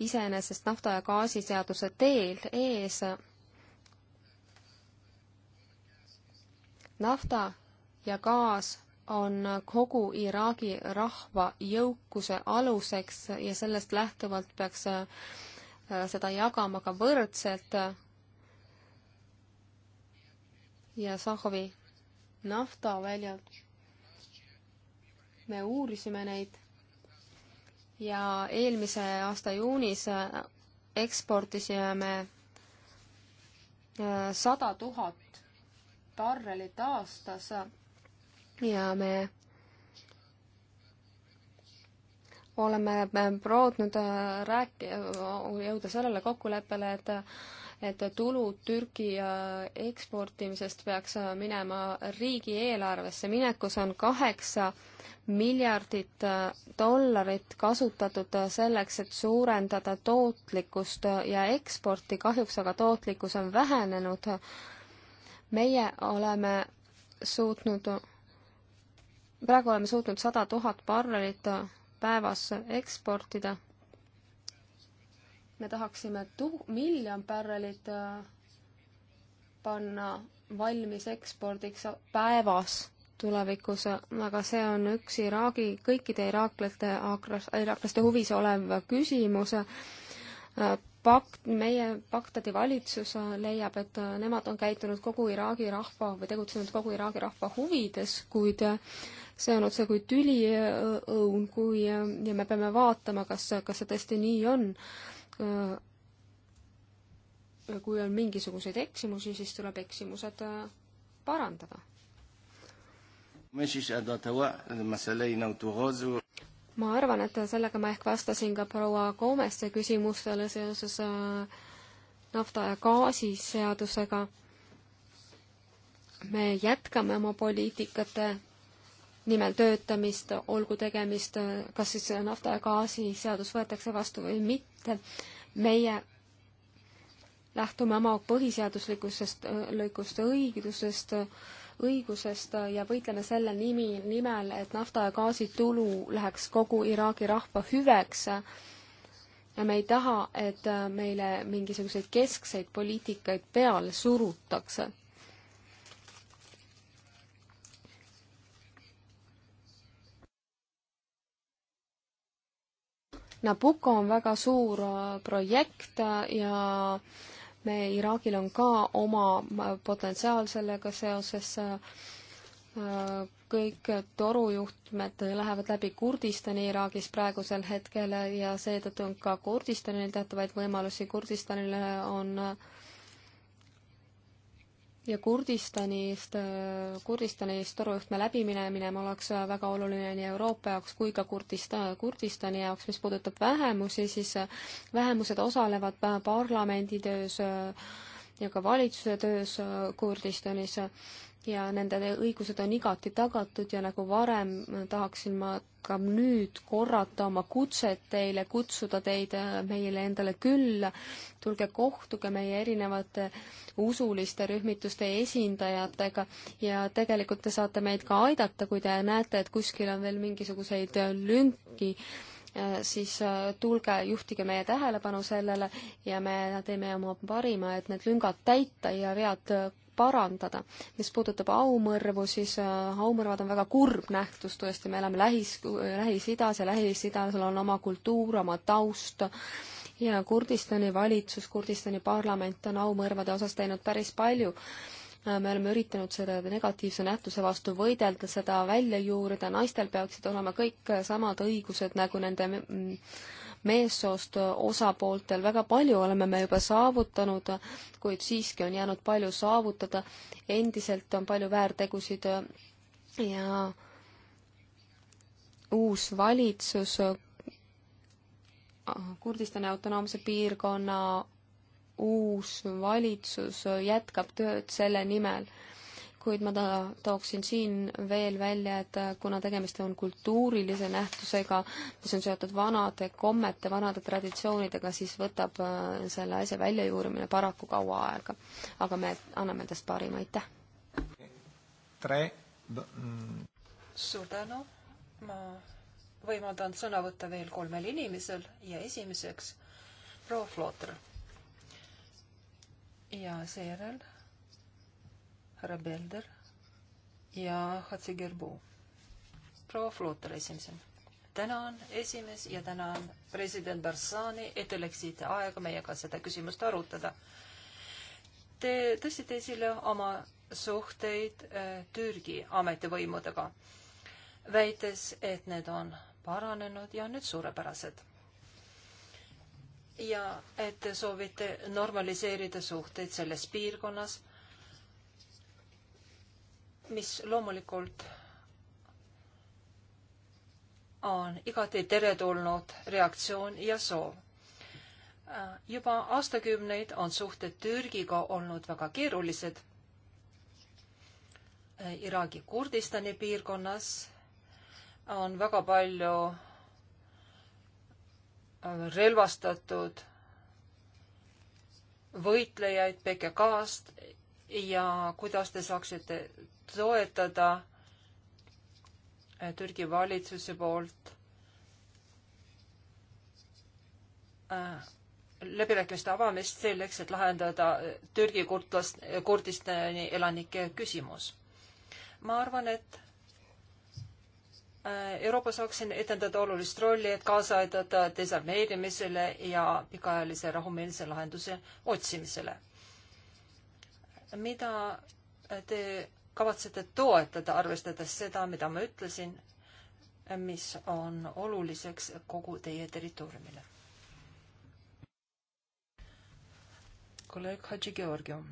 S4: iseenesest nafta- ja gaasiseaduse teel ees. nafta ja gaas on kogu Iraagi rahva jõukuse aluseks ja sellest lähtuvalt peaks äh, seda jagama ka võrdselt. ja Sahhovi nafta väljad, me uurisime neid ja eelmise aasta juunis äh, eksportisime äh, sada tuhat barrelit aastas ja me oleme äh, proovnud rääk-, jõuda sellele kokkuleppele, et et tulu Türgi äh, eksportimisest peaks äh, minema riigieelarvesse. minekus on kaheksa miljardit äh, dollarit kasutatud selleks, et suurendada tootlikkust ja eksporti, kahjuks aga tootlikkus on vähenenud. meie oleme suutnud, praegu oleme suutnud sada tuhat barrelit päevas eksportida me tahaksime tu-, miljon barrelit äh, panna valmis ekspordiks päevas tulevikus, aga see on üks Iraagi, kõikide iraaklaste, iraaklaste huvis olev küsimus. Bak-, äh, meie Bagdadi valitsus leiab, et nemad on käitunud kogu Iraagi rahva või tegutsenud kogu Iraagi rahva huvides, kuid see on otsekui tüliõun, kui ja me peame vaatama, kas, kas see tõesti nii on Äh, kui on mingisuguseid eksimusi, siis tuleb eksimused äh, parandada. ma arvan, et sellega ma ehk vastasin ka proua Koomeste küsimustele seoses äh, nafta ja gaasi seadusega. me jätkame oma poliitikate nimel töötamist, olgu tegemist, kas siis nafta ja gaasi seadus võetakse vastu või mitte, meie lähtume oma põhiseaduslikust lõikust õigusest, õigusest ja võitleme selle nimi, nimel, et nafta ja gaasi tulu läheks kogu Iraagi rahva hüveks. ja me ei taha, et meile mingisuguseid keskseid poliitikaid peale surutakse Nabucco on väga suur äh, projekt äh, ja me, Iraagil on ka oma äh, potentsiaal sellega seoses kõik torujuhtmed lähevad läbi Kurdistani Iraagis praegusel hetkel ja seetõttu on ka Kurdistanil teatavaid võimalusi. Kurdistanil on äh, ja Kurdistanist, Kurdistanist torujuhtme läbiminemine oleks väga oluline nii Euroopa jaoks kui ka Kurdista-, Kurdistani jaoks, mis puudutab vähemusi, siis vähemused osalevad parlamendi töös ja ka valitsuse töös Kurdistanis ja nende õigused on igati tagatud ja nagu varem tahaksin ma ka nüüd korrata oma kutset teile, kutsuda teid äh, meile endale külla. tulge kohtuge meie erinevate usuliste rühmituste esindajatega ja tegelikult te saate meid ka aidata, kui te näete, et kuskil on veel mingisuguseid äh, lünki äh, siis tulge, juhtige meie tähelepanu sellele ja me teeme oma parima, et need lüngad täita ja vead parandada. mis puudutab aumõrvu, siis äh, aumõrvad on väga kurb nähtus tõesti, me elame Lähis, Lähis-Idas ja Lähis-Idas on oma kultuur, oma taust ja Kurdistani valitsus, Kurdistani parlament on aumõrvade osas teinud päris palju äh, me oleme üritanud selle negatiivse nähtuse vastu võidelda, seda välja juurida, naistel peaksid olema kõik samad õigused nagu nende mm, meessoost osapooltel väga palju oleme me juba saavutanud, kuid siiski on jäänud palju saavutada. endiselt on palju väärtegusid ja uus valitsus Kurdistani autonoomse piirkonna uus valitsus jätkab tööd selle nimel, kuid ma ta-, tooksin siin veel välja, et kuna tegemist on kultuurilise nähtusega, mis on seotud vanade kommete, vanade traditsioonidega, siis võtab äh, selle asja väljajuurimine paraku kaua aega. aga me anname endast parima, aitäh!
S2: Mm.
S5: suur tänu, ma võimaldan sõna võtta veel kolmel inimesel ja esimeseks proua Flooter. ja seejärel härra Belder ja Hatsi Gerbu. proua Flooter esimesena. tänan, esimees, ja tänan president Barzani, et te läksite aega meiega seda küsimust arutada. Te tõstsite esile oma suhteid äh, Türgi ametivõimudega, väites, et need on paranenud ja nüüd suurepärased. ja et te soovite normaliseerida suhteid selles piirkonnas mis loomulikult on igati teretulnud reaktsioon ja soov. Äh, juba aastakümneid on suhted Türgiga olnud väga keerulised. Äh, Iraagi Kurdistani piirkonnas on väga palju äh, relvastatud võitlejaid PKK-st ja kuidas te saaksite toetada äh, Türgi valitsuse poolt äh, läbirääkimiste avamist selleks, et lahendada äh, Türgi kurtlast, Kurdistani elanike küsimus. ma arvan, et Euroopa saaks siin etendada olulist rolli, et kaasa aidata desarmeerimisele ja pikaajalise rahumeelse lahenduse otsimisele mida te kavatsete toetada, arvestades seda, mida ma ütlesin, mis on oluliseks kogu teie territooriumile? kolleeg Hadži Georgium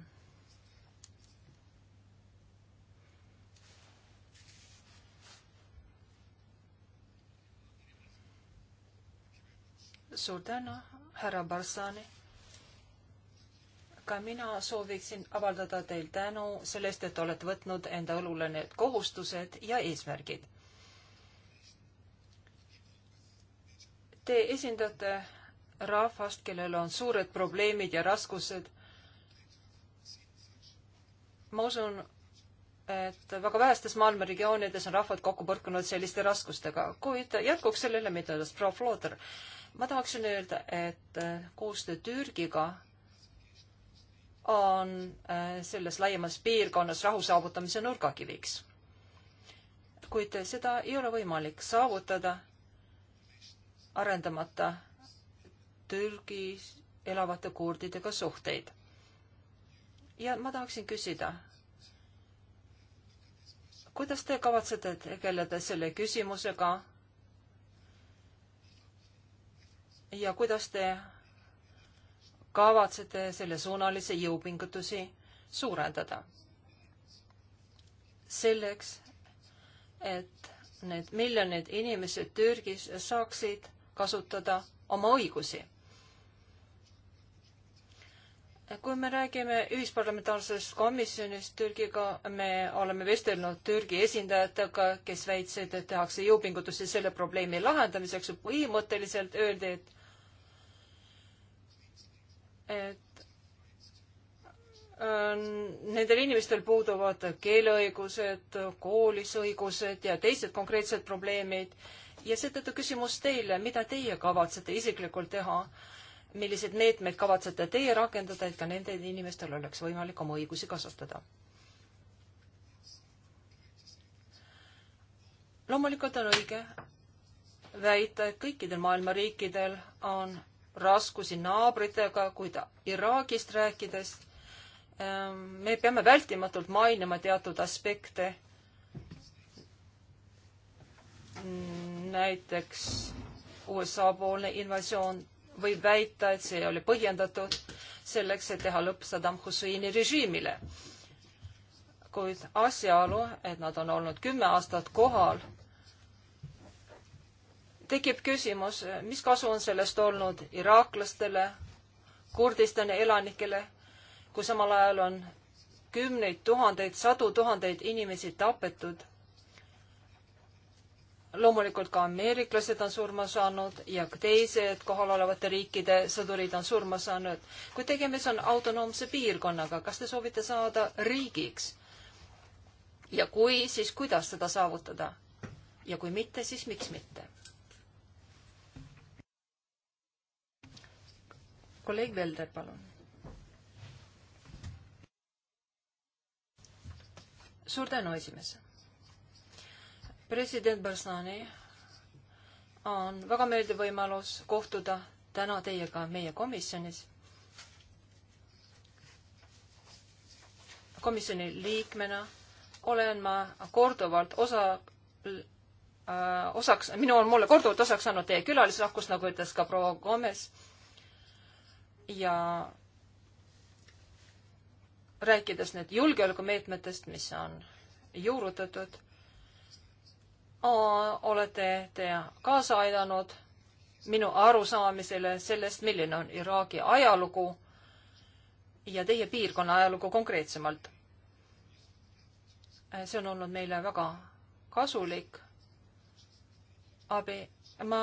S5: suur tänu, härra Barsani ka mina sooviksin avaldada teil tänu sellest, et olete võtnud enda õlule need kohustused ja eesmärgid. Te esindate rahvast, kellel on suured probleemid ja raskused. ma usun, et väga vähestes maailma regioonides on rahvad kokku põrkunud selliste raskustega, kuid jätkuks sellele, mida ütles proua Flooter. ma tahaksin öelda, et koostöö Türgiga on äh, selles laiemas piirkonnas rahu saavutamise nurgakiviks. kuid seda ei ole võimalik saavutada arendamata Türgis elavate kurdidega suhteid. ja ma tahaksin küsida, kuidas te kavatsete tegeleda selle küsimusega ja kuidas te kavatsete sellesuunalisi jõupingutusi suurendada? selleks, et need miljonid inimesed Türgis saaksid kasutada oma õigusi. kui me räägime ühisparlamentaarsest komisjonist Türgiga, me oleme vestelnud Türgi esindajatega, kes väitsid, et tehakse jõupingutusi selle probleemi lahendamiseks. põhimõtteliselt öeldi, et et äh, nendel inimestel puuduvad keeleõigused, koolis õigused ja teised konkreetsed probleemid. ja seetõttu küsimus teile, mida teie kavatsete isiklikult teha? milliseid meetmeid kavatsete teie rakendada, et ka nendel inimestel oleks võimalik oma õigusi kasutada? loomulikult on õige väita, et kõikidel maailma riikidel on raskusi naabritega, kuid Iraagist rääkides ähm, me peame vältimatult mainima teatud aspekte. näiteks USA-poolne invasioon võib väita, et see oli põhjendatud selleks, et teha lõpp Saddam Husseini režiimile. kuid asjaolu, et nad on olnud kümme aastat kohal tekib küsimus, mis kasu on sellest olnud iraaklastele, Kurdistani elanikele, kui samal ajal on kümneid tuhandeid, sadu tuhandeid inimesi tapetud. loomulikult ka ameeriklased on surma saanud ja teised kohalolevate riikide sõdurid on surma saanud. kui tegemist on autonoomse piirkonnaga, kas te soovite saada riigiks? ja kui, siis kuidas seda saavutada? ja kui mitte, siis miks mitte? kolleeg Velder, palun. suur tänu, esimees. president Barzani on väga meeldiv võimalus kohtuda täna teiega meie komisjonis. komisjoni liikmena olen ma korduvalt osa äh, osaks, minu, mulle korduvalt osaks andnud teie külalislahkus, nagu ütles ka proua Gomes ja rääkides nüüd julgeolekumeetmetest, mis on juurutatud, olete te kaasa aidanud minu arusaamisele sellest, milline on Iraagi ajalugu ja teie piirkonna ajalugu konkreetsemalt. see on olnud meile väga kasulik abi. ma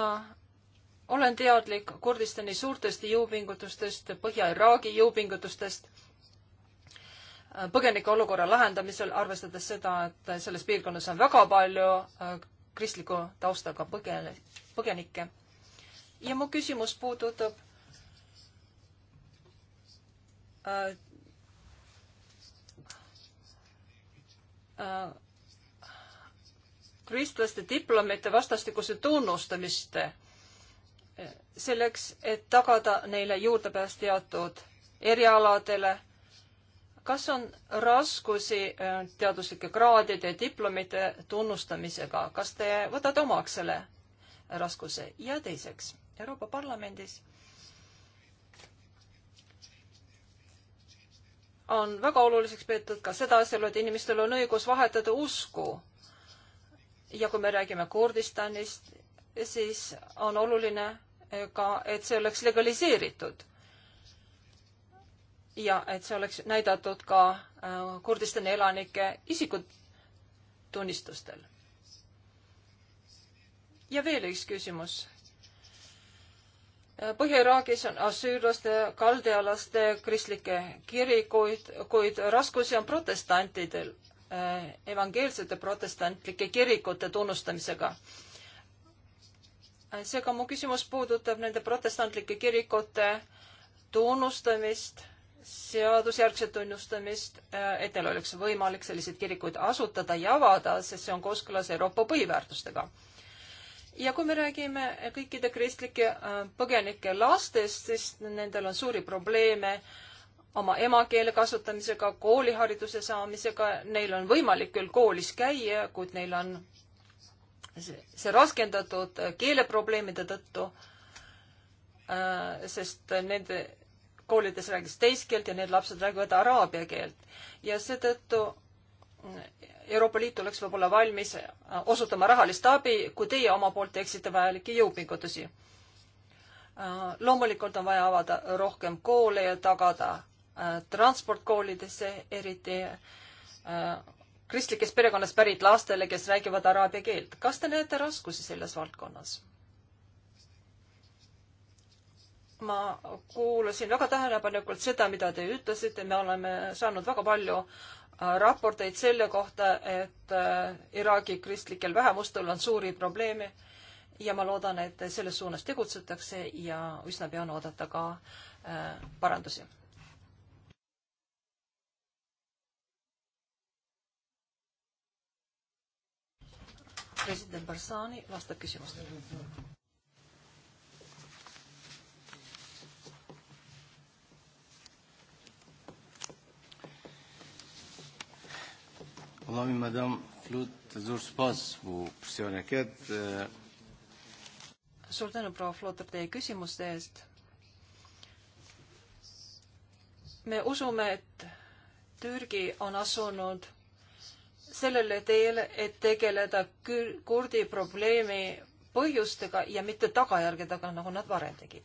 S5: olen teadlik Kurdistani suurtest jõupingutustest, Põhja-Iraagi jõupingutustest äh, põgenike olukorra lahendamisel, arvestades seda, et selles piirkonnas on väga palju äh, kristliku taustaga põgen-, põgenikke. ja mu küsimus puudutab äh, äh, kristlaste diplomite vastastikuse tunnustamist selleks, et tagada neile juurdepääs teatud erialadele. kas on raskusi äh, teaduslike kraadide ja diplomite tunnustamisega, kas te võtate omaks selle raskuse? ja teiseks, Euroopa Parlamendis on väga oluliseks peetud ka seda asjaolu, et inimestel on õigus vahetada usku. ja kui me räägime Kurdistanist, siis on oluline ka, et see oleks legaliseeritud. ja et see oleks näidatud ka äh, Kurdistani elanike isikutunnistustel. ja veel üks küsimus. Äh, Põhja-Iraagis on asüürlaste, kaldealaste kristlikke kirikuid, kuid raskusi on protestantidel, äh, evangeelsete protestantlike kirikute tunnustamisega seega mu küsimus puudutab nende protestantlike kirikute tunnustamist, seadusjärgset tunnustamist, äh, et neil oleks võimalik selliseid kirikuid asutada ja avada, sest see on kooskõlas Euroopa põhiväärtustega. ja kui me räägime kõikide kristlike äh, põgenike lastest, siis nendel on suuri probleeme oma emakeele kasutamisega, koolihariduse saamisega, neil on võimalik küll koolis käia, kuid neil on see raskendatud keeleprobleemide tõttu, äh, sest nende koolides räägis teist keelt ja need lapsed räägivad araabia keelt. ja seetõttu mm, Euroopa Liit oleks võib-olla valmis äh, osutama rahalist abi, kui teie oma poolt teeksite vajalikke jõupingutusi. Äh, loomulikult on vaja avada rohkem koole ja tagada transport koolidesse, eriti kristlikest perekonnast pärit lastele, kes räägivad araabia keelt. kas te näete raskusi selles valdkonnas? ma kuulasin väga tähelepanelikult seda, mida te ütlesite, me oleme saanud väga palju äh, raporteid selle kohta, et äh, Iraagi kristlikel vähemustel on suuri probleeme ja ma loodan, et selles suunas tegutsetakse ja üsna pea on oodata ka äh, parandusi president Barzani vastab küsimustele.
S1: والله مدام Flut, suur spas mu psiooniket.
S5: suur tänu, proua Flotter, teie küsimuste eest. me usume, et Türgi on asunud sellele teele, et tegeleda kurdi probleemi põhjustega ja mitte tagajärgedega, nagu nad varem tegid.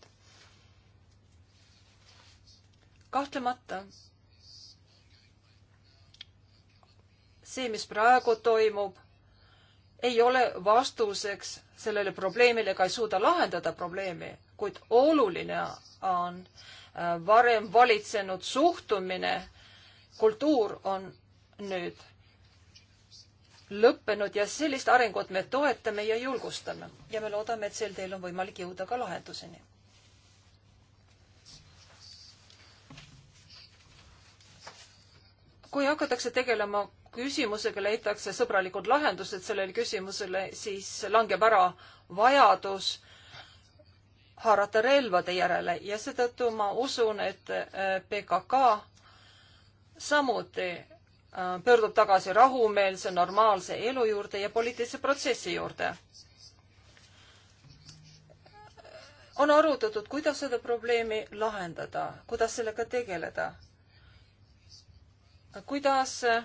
S5: kahtlemata see, mis praegu toimub, ei ole vastuseks sellele probleemile ega ei suuda lahendada probleemi, kuid oluline on äh, varem valitsenud suhtumine, kultuur on nüüd lõppenud ja sellist arengut me toetame ja julgustame ja me loodame, et sel teel on võimalik jõuda ka lahenduseni. kui hakatakse tegelema küsimusega, leitakse sõbralikud lahendused sellele küsimusele, siis langeb ära vajadus haarata relvade järele ja seetõttu ma usun, et eh, PKK samuti Äh, pöördub tagasi rahumeelse normaalse elu juurde ja poliitilise protsessi juurde. on arutatud, kuidas seda probleemi lahendada, kuidas sellega tegeleda, kuidas äh,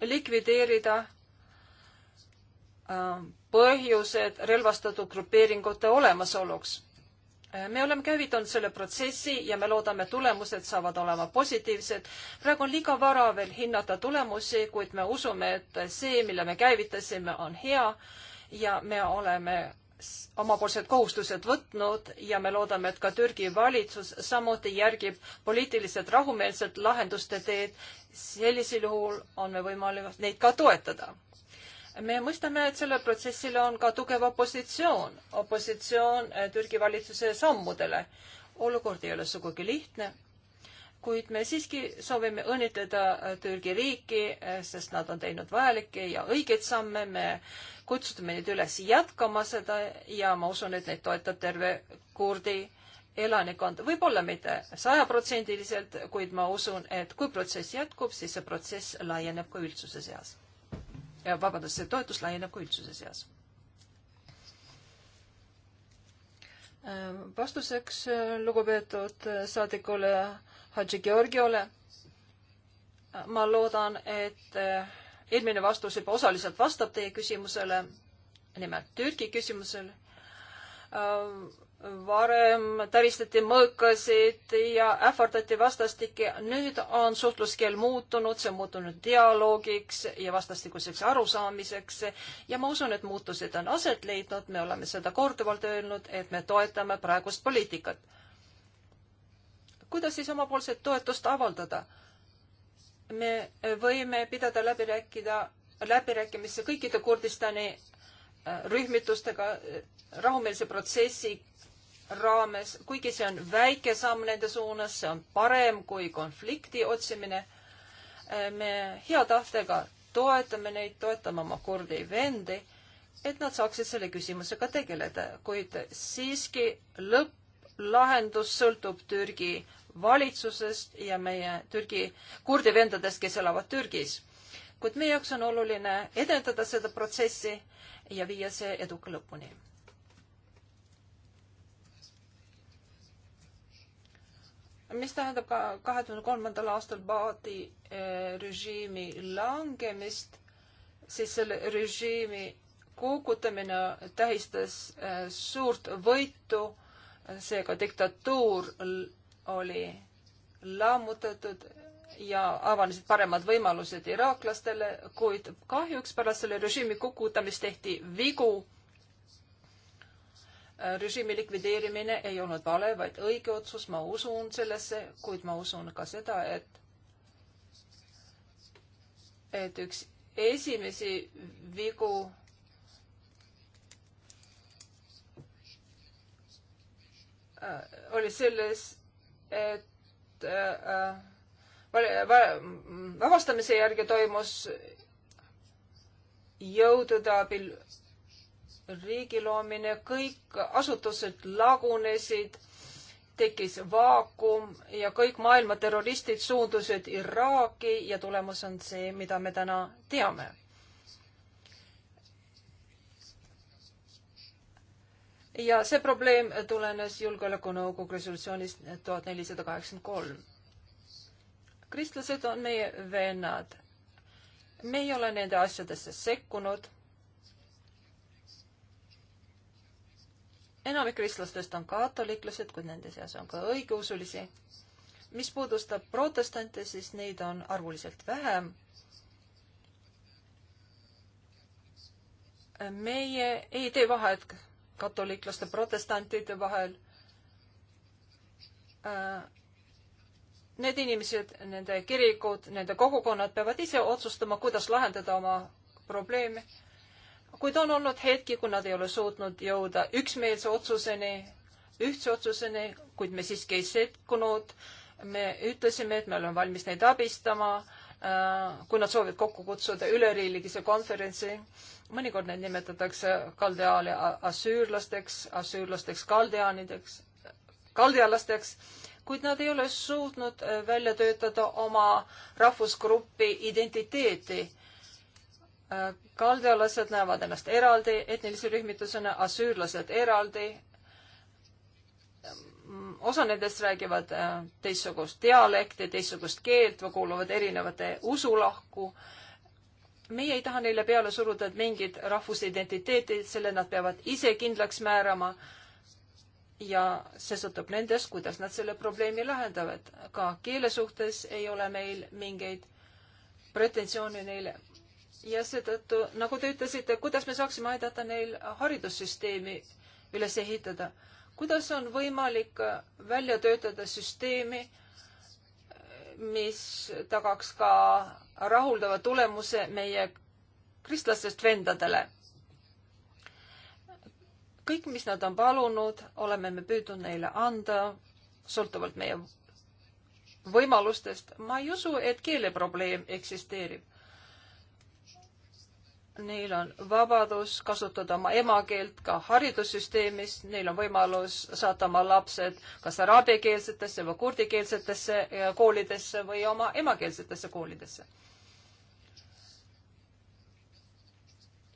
S5: likvideerida äh, põhjused relvastatud grupeeringute olemasoluks me oleme käivitanud selle protsessi ja me loodame, tulemused saavad olema positiivsed. praegu on liiga vara veel hinnata tulemusi, kuid me usume, et see, mille me käivitasime, on hea ja me oleme omapoolsed kohustused võtnud ja me loodame, et ka Türgi valitsus samuti järgib poliitiliselt rahumeelset lahenduste teed. sellisel juhul on me võimalik neid ka toetada me mõistame, et sellel protsessil on ka tugev opositsioon, opositsioon eh, Türgi valitsuse sammudele. olukord ei ole sugugi lihtne, kuid me siiski soovime õnnitleda eh, Türgi riiki, eh, sest nad on teinud vajalikke ja õigeid samme, me kutsume neid üles jätkama seda ja ma usun, et neid toetab terve kurdi elanikkond, võib-olla mitte sajaprotsendiliselt, kuid ma usun, et kui protsess jätkub, siis see protsess laieneb ka üldsuse seas vabandust, see toetus laieneb ka üldsuse seas. Ähm, vastuseks äh, lugupeetud äh, saadikule Hadži Georgiole. ma loodan, et äh, eelmine vastus juba osaliselt vastab teie küsimusele, nimelt Türgi küsimusele ähm, varem taristati mõõkasid ja ähvardati vastastikke. nüüd on suhtluskeel muutunud, see on muutunud dialoogiks ja vastastikuseks arusaamiseks ja ma usun, et muutused on aset leidnud, me oleme seda korduvalt öelnud, et me toetame praegust poliitikat. kuidas siis omapoolset toetust avaldada? me võime pidada läbi rääkida, läbirääkimisi kõikide Kurdistani äh, rühmitustega äh, rahumeelse protsessi raames, kuigi see on väike samm nende suunas, see on parem kui konflikti otsimine. me hea tahtega toetame neid, toetame oma kurdi vendi, et nad saaksid selle küsimusega tegeleda, kuid siiski lõpplahendus sõltub Türgi valitsusest ja meie Türgi, kurdi vendadest, kes elavad Türgis. kuid meie jaoks on oluline edendada seda protsessi ja viia see eduka lõpuni mis tähendab ka kahe tuhande kolmandal aastal Baati eh, režiimi langemist, siis selle režiimi kukutamine tähistas eh, suurt võitu, seega diktatuur oli lammutatud ja avanesid paremad võimalused iraaklastele, kuid kahjuks pärast selle režiimi kukutamist tehti vigu režiimi likvideerimine ei olnud vale, vaid õige otsus, ma usun sellesse, kuid ma usun ka seda, et, et üks esimesi vigu äh, oli selles, et äh, äh, vabastamise järgi toimus jõudude abil riigi loomine, kõik asutused lagunesid, tekkis vaakum ja kõik maailma terroristid suundusid Iraaki ja tulemus on see, mida me täna teame ja see probleem tulenes Julgeolekunõukogu resolutsioonist tuhat nelisada kaheksakümmend kolm. kristlased on meie vennad. me ei ole nende asjadesse sekkunud. enamik kristlastest on katoliklased, kuid nende seas on ka õigeusulisi. mis puudustab protestante, siis neid on arvuliselt vähem. meie ei tee vahet katoliklaste protestantide vahel. Äh, need inimesed, nende kirikud, nende kogukonnad peavad ise otsustama, kuidas lahendada oma probleeme kuid on olnud hetki, kui nad ei ole suutnud jõuda üksmeelse otsuseni, ühtse otsuseni, kuid me siiski ei sekkunud. me ütlesime, et me oleme valmis neid abistama, äh, kui nad soovivad kokku kutsuda üleriigilise konverentsi. mõnikord neid nimetatakse kaldeaali asüürlasteks, asüürlasteks kaldeaanideks, kaldealasteks, kuid nad ei ole suutnud äh, välja töötada oma rahvusgrupi identiteeti kaldalased näevad ennast eraldi etnilise rühmitusena, asüürlased eraldi. osa nendest räägivad äh, teistsugust dialekti, teistsugust keelt või kuuluvad erinevate usulahku. meie ei taha neile peale suruda mingit rahvusidentiteeti, selle nad peavad ise kindlaks määrama ja see sõltub nendest, kuidas nad selle probleemi lahendavad. ka keele suhtes ei ole meil mingeid pretensioone neile ja seetõttu, nagu te ütlesite, kuidas me saaksime aidata neil haridussüsteemi üles ehitada, kuidas on võimalik välja töötada süsteemi, mis tagaks ka rahuldava tulemuse meie kristlastest vendadele. kõik, mis nad on palunud, oleme me püüdnud neile anda, sõltuvalt meie võimalustest. ma ei usu, et keeleprobleem eksisteerib neil on vabadus kasutada oma emakeelt ka haridussüsteemis, neil on võimalus saata oma lapsed kas araabiakeelsetesse või kurdikeelsetesse äh, koolidesse või oma emakeelsetesse koolidesse.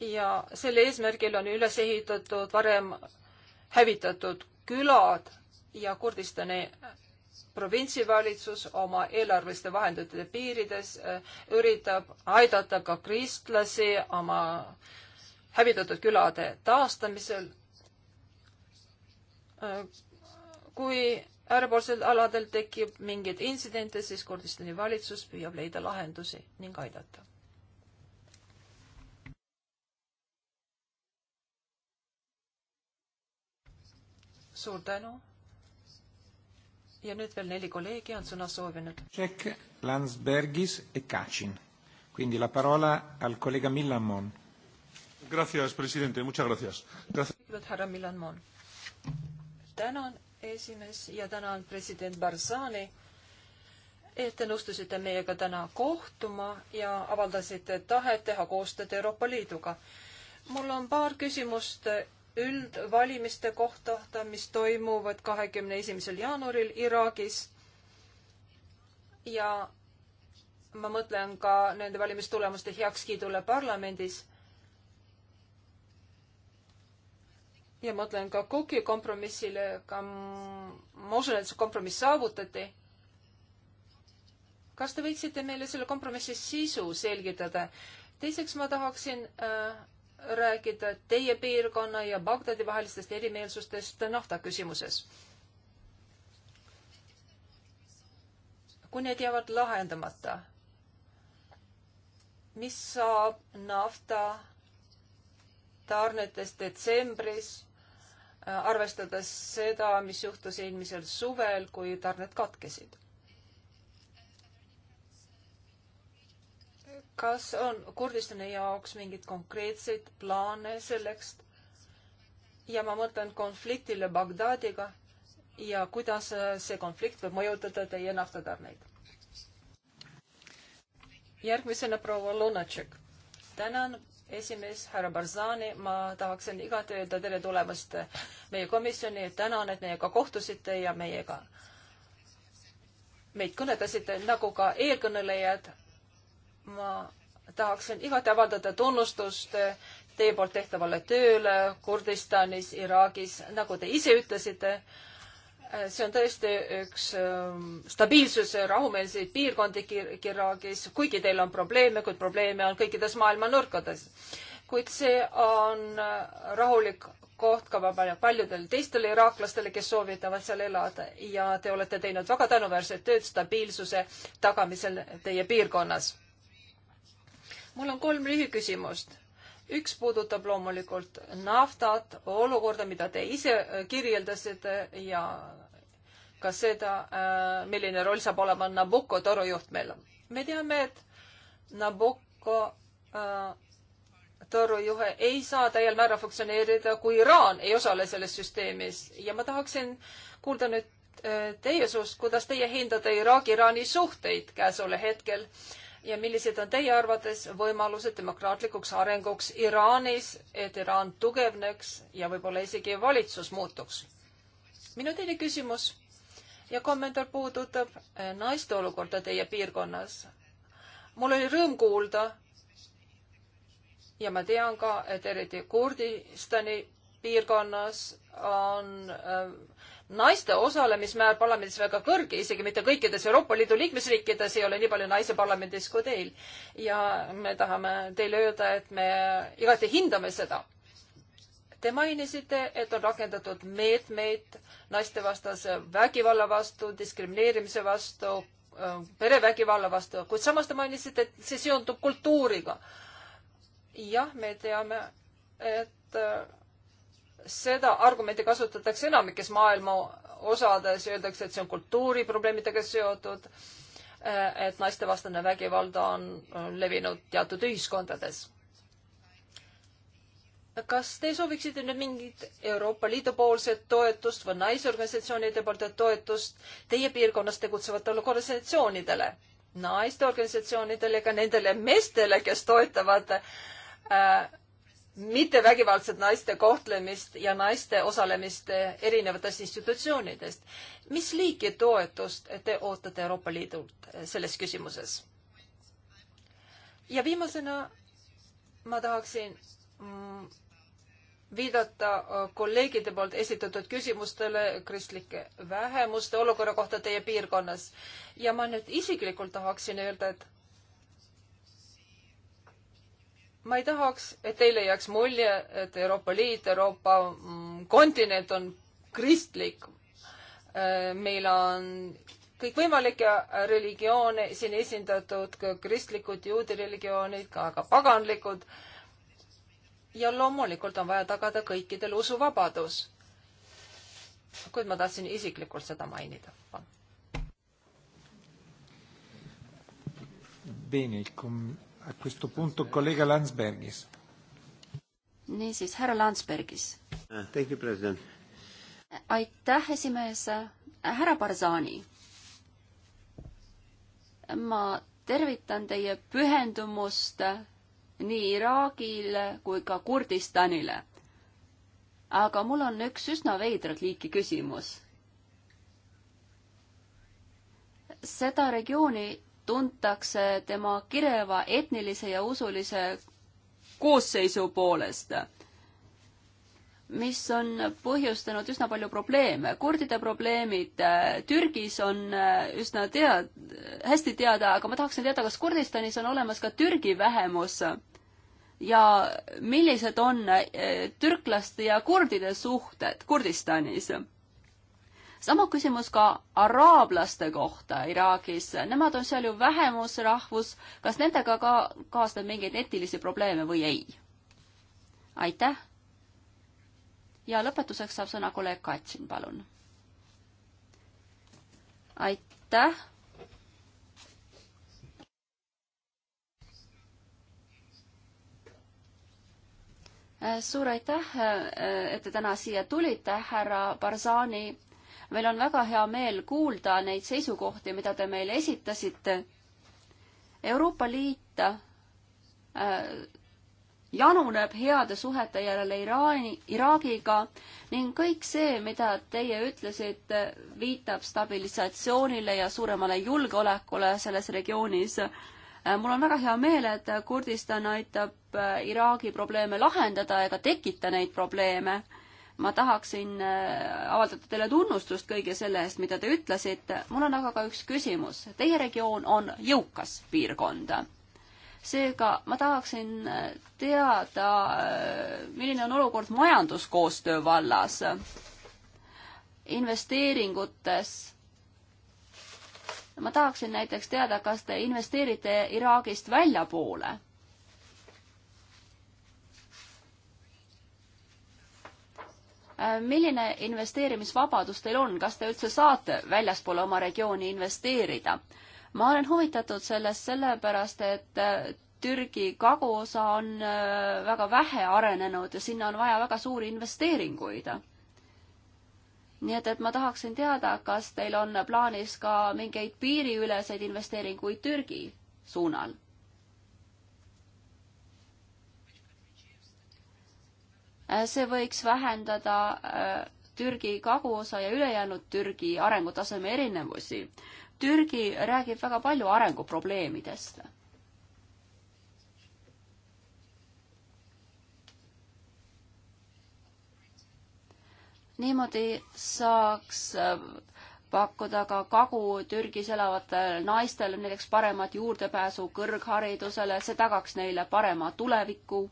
S5: ja selle eesmärgil on üles ehitatud varem hävitatud külad ja Kurdistani provintsivalitsus oma eelarveliste vahendite piirides äh, üritab aidata ka kristlasi oma hävitatud külade taastamisel. Äh, kui äärepoolsel aladel tekib mingeid intsidente, siis Kurdistani valitsus püüab leida lahendusi ning aidata suur tänu ja nüüd veel neli kolleegi on sõna soovinud. Tšekk,
S2: Landsbergis ja e Kacin. Quindi la parola al collega Millamon. Gracias, presidente, muchas gracias.
S5: kõigepealt härra Millamon. tänan, esimees, ja tänan president Barzani, et te nõustusite meiega täna kohtuma ja avaldasite tahet teha koostööd Euroopa Liiduga. mul on paar küsimust üldvalimiste kohta, mis toimuvad kahekümne esimesel jaanuaril Iraagis. ja ma mõtlen ka nende valimistulemuste heakskiidule parlamendis. ja mõtlen ka Kuki kompromissile, ka ma usun, et see kompromiss saavutati. kas te võiksite meile selle kompromissi sisu selgitada? teiseks ma tahaksin äh, rääkida teie piirkonna ja Bagdadi vahelistest erimeelsustest nafta küsimuses. kui need jäävad lahendamata, mis saab nafta tarnetes detsembris, arvestades seda, mis juhtus eelmisel suvel, kui tarned katkesid? kas on Kurdistani jaoks mingeid konkreetseid plaane selleks? ja ma mõtlen konfliktile Bagdadiga ja kuidas äh, see konflikt võib mõjutada teie naftatarneid. järgmisena proua Lunatšek. tänan, esimees härra Barzani, ma tahaksin igati öelda tere tulemast meie komisjoni, tänan, et meiega kohtusite ja meiega meid kõnetasite, nagu ka eelkõnelejad ma tahaksin igati avaldada tunnustust teie poolt tehtavale tööle Kurdistanis, Iraagis, nagu te ise ütlesite. see on tõesti üks ähm, stabiilsuse rahumeelseid piirkondi Iraagis, kuigi teil on probleeme, kuid probleeme on kõikides maailma nurkades. kuid see on rahulik koht ka paljudel teistel iraaklastele, kes soovitavad seal elada ja te olete teinud väga tänuväärset tööd stabiilsuse tagamisel teie piirkonnas mul on kolm lühiküsimust. üks puudutab loomulikult naftat, olukorda, mida te ise äh, kirjeldasite ja ka seda, äh, milline roll saab olema Nabucco torujuhtmel. me teame, et Nabucco äh, torujuhe ei saa täiel määral funktsioneerida, kui Iraan ei osale selles süsteemis ja ma tahaksin kuulda nüüd teie suust, kuidas teie hindate Iraagi-Iraani suhteid käesoleval hetkel ja millised on teie arvates võimalused demokraatlikuks arenguks Iraanis, et Iraan tugevneks ja võib-olla isegi valitsus muutuks? minu teine küsimus ja kommentaar puudutab eh, naiste olukorda teie piirkonnas. mul oli rõõm kuulda ja ma tean ka, et eriti Kurdistani piirkonnas on äh, naiste osalemismäär parlamendis väga kõrge, isegi mitte kõikides Euroopa Liidu liikmesriikides ei ole nii palju naisi parlamendis kui teil. ja me tahame teile öelda, et me igati hindame seda. Te mainisite, et on rakendatud meetmeid naistevastase vägivalla vastu, diskrimineerimise vastu, äh, perevägivalla vastu, kuid samas te mainisite, et see seondub kultuuriga. jah, me teame, et äh, seda argumenti kasutatakse enamikes maailma osades, öeldakse, et see on kultuuriprobleemidega seotud, eh, et naistevastane vägivald on levinud teatud ühiskondades. kas te sooviksite nüüd mingit Euroopa Liidu poolset toetust või naisorganisatsioonide poolt toetust teie piirkonnas tegutsevatele organisatsioonidele, naisteorganisatsioonidele, ka nendele meestele, kes toetavad äh, mittevägivaldset naiste kohtlemist ja naiste osalemist erinevatest institutsioonidest. mis liiki toetust te ootate Euroopa Liidult eh, selles küsimuses? ja viimasena ma tahaksin mm, viidata kolleegide poolt esitatud küsimustele kristlike vähemuste olukorra kohta teie piirkonnas. ja ma nüüd isiklikult tahaksin öelda, et ma ei tahaks, et teile jääks mulje, et Euroopa Liit, Euroopa mm, kontinent on kristlik. Äh, meil on kõikvõimalikke religioone siin esindatud, ka kristlikud, juudi religioonid, ka, ka paganlikud. ja loomulikult on vaja tagada kõikidel usuvabadus. kuid ma tahtsin isiklikult seda mainida.
S2: Bene, com a questo punto kolleeg Landsbergis.
S3: niisiis, härra Landsbergis.
S2: Ah,
S3: aitäh, esimees. härra Barzani. ma tervitan teie pühendumust nii Iraagile kui ka Kurdistanile. aga mul on üks üsna veidrat liiki küsimus. seda regiooni tuntakse tema kireva etnilise ja usulise koosseisu poolest, mis on põhjustanud üsna palju probleeme. kurdide probleemid äh, Türgis on äh, üsna tead-, hästi teada, aga ma tahaksin teada, kas Kurdistanis on olemas ka Türgi vähemus ja millised on äh, türklaste ja kurdide suhted Kurdistanis sama küsimus ka araablaste kohta Iraagis, nemad on seal ju vähemusrahvus, kas nendega ka kaasneb mingeid etilisi probleeme või ei? aitäh! ja lõpetuseks saab sõna kolleeg Katsin, palun. aitäh! suur aitäh, et te täna siia tulite, härra Barzani meil on väga hea meel kuulda neid seisukohti, mida te meile esitasite. Euroopa Liit äh, januneb heade suhete järele Iraani, Iraagiga ning kõik see, mida teie ütlesite, viitab stabilisatsioonile ja suuremale julgeolekule selles regioonis. Äh, mul on väga hea meel, et Kurdistan aitab äh, Iraagi probleeme lahendada ega tekita neid probleeme ma tahaksin äh, avaldada teile tunnustust kõige selle eest, mida te ütlesite. mul on aga ka üks küsimus. Teie regioon on jõukas piirkond. seega ma tahaksin äh, teada, äh, milline on olukord majanduskoostöö vallas, investeeringutes. ma tahaksin näiteks teada, kas te investeerite Iraagist väljapoole Äh, milline investeerimisvabadus teil on, kas te üldse saate väljaspoole oma regiooni investeerida? ma olen huvitatud sellest sellepärast, et äh, Türgi kaguosa on äh, väga vähe arenenud ja sinna on vaja väga suuri investeeringuid. nii et, et ma tahaksin teada, kas teil on plaanis ka mingeid piiriüleseid investeeringuid Türgi suunal? Äh, see võiks vähendada äh, Türgi kaguosa ja ülejäänud Türgi arengutaseme erinevusi. Türgi räägib väga palju arenguprobleemidest. niimoodi saaks äh, pakkuda ka Kagu-Türgis elavatel naistel näiteks paremat juurdepääsu kõrgharidusele, see tagaks neile parema tuleviku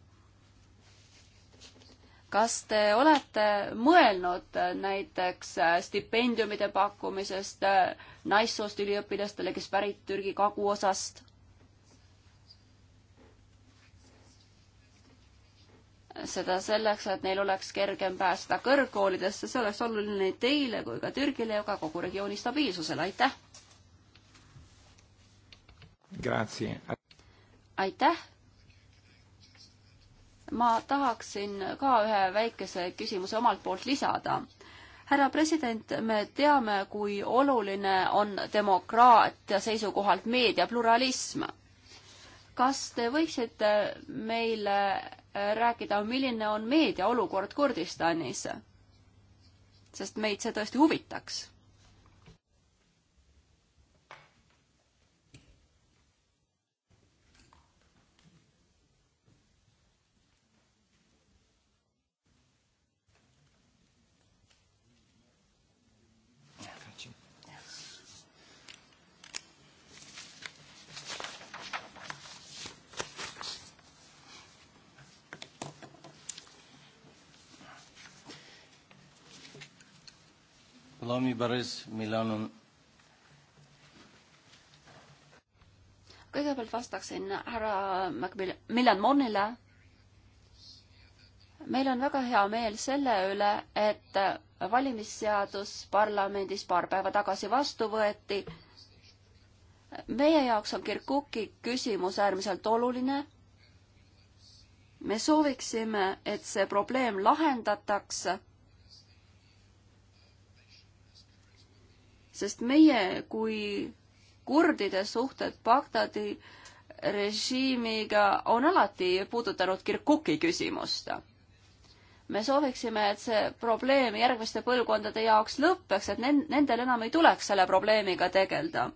S3: kas te olete mõelnud näiteks äh, stipendiumide pakkumisest äh, naissoost üliõpilastele, kes pärit Türgi kaguosast? seda selleks, et neil oleks kergem pääseda kõrgkoolidesse, see oleks oluline nii teile kui ka Türgile ja ka kogu regiooni stabiilsusele, aitäh! aitäh ma tahaksin ka ühe väikese küsimuse omalt poolt lisada. härra president, me teame, kui oluline on demokraatia seisukohalt meediapluralism. kas te võiksite meile rääkida, milline on meedia olukord Kurdistanis? sest meid see tõesti huvitaks
S1: Lomi Baris Milanon.
S3: kõigepealt vastaksin härra Milan Monile. meil on väga hea meel selle üle, et valimisseadus parlamendis paar päeva tagasi vastu võeti. meie jaoks on Kirkuki küsimus äärmiselt oluline. me sooviksime, et see probleem lahendatakse sest meie kui kurdide suhted Bagdadi režiimiga on alati puudutanud Kirkuki küsimust. me sooviksime, et see probleem järgmiste põlvkondade jaoks lõpeks, et nendel enam ei tuleks selle probleemiga tegeleda.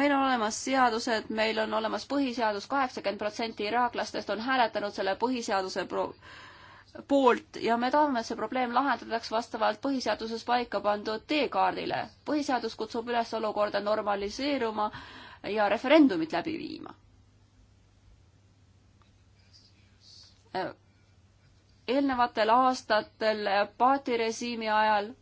S3: meil on olemas seadused, meil on olemas põhiseadus, kaheksakümmend protsenti iraaklastest on hääletanud selle põhiseaduse pro-, poolt ja me tahame, et see probleem lahendataks vastavalt põhiseaduses paika pandud teekaardile. põhiseadus kutsub üles olukorda normaliseeruma ja referendumit läbi viima. Äh, eelnevatel aastatel paati režiimi ajal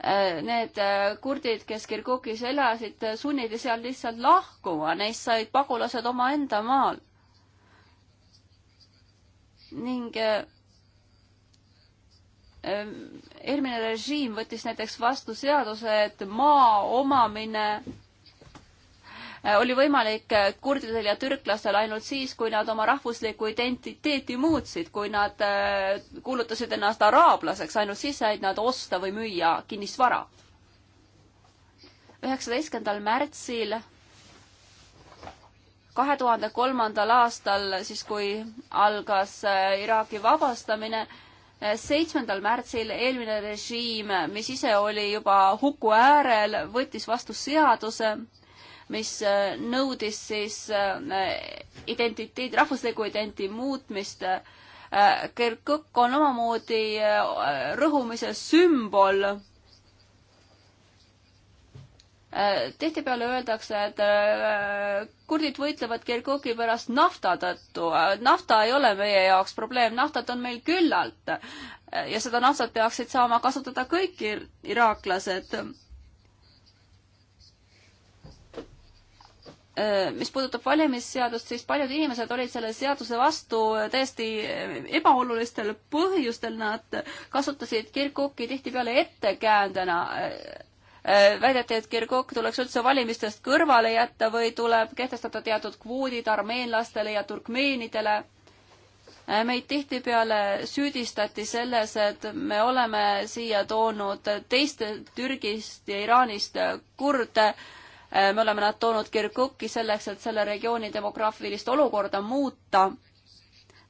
S3: Äh, need äh, kurdid, kes Kirgukis elasid, äh, sunniti seal lihtsalt lahkuma, neist said pagulased omaenda maal. ning eelmine režiim võttis näiteks vastu seaduse, et maa omamine Äh, oli võimalik äh, kurdidel ja türklastel ainult siis, kui nad oma rahvuslikku identiteeti muutsid, kui nad äh, kuulutasid ennast araablaseks, ainult siis said nad osta või müüa kinnisvara. üheksateistkümnendal märtsil kahe tuhande kolmandal aastal, siis kui algas Iraagi vabastamine, seitsmendal märtsil eelmine režiim, mis ise oli juba huku äärel, võttis vastu seaduse, mis äh, nõudis siis äh, identiteedi, rahvusliku identi muutmist. Äh, Kirkuk on omamoodi rõhumise sümbol tihtipeale öeldakse, et kurdid võitlevad Kirguki pärast nafta tõttu. nafta ei ole meie jaoks probleem, naftat on meil küllalt. ja seda naftat peaksid saama kasutada kõik iraaklased. Iraaklased. Äh, mis puudutab valimisseadust, siis paljud inimesed olid selle seaduse vastu äh, täiesti äh, ebaolulistel põhjustel, nad kasutasid Kirkuki tihtipeale ettekäändena. väideti, et Kirkuk tuleks üldse valimistest kõrvale jätta või tuleb kehtestada teatud kvoodid armeenlastele ja turkmeenidele meid tihtipeale süüdistati selles, et me oleme siia toonud teiste Türgist ja Iraanist kurde Äh, me oleme nad toonud Kirkuki selleks, et selle regiooni demograafilist olukorda muuta.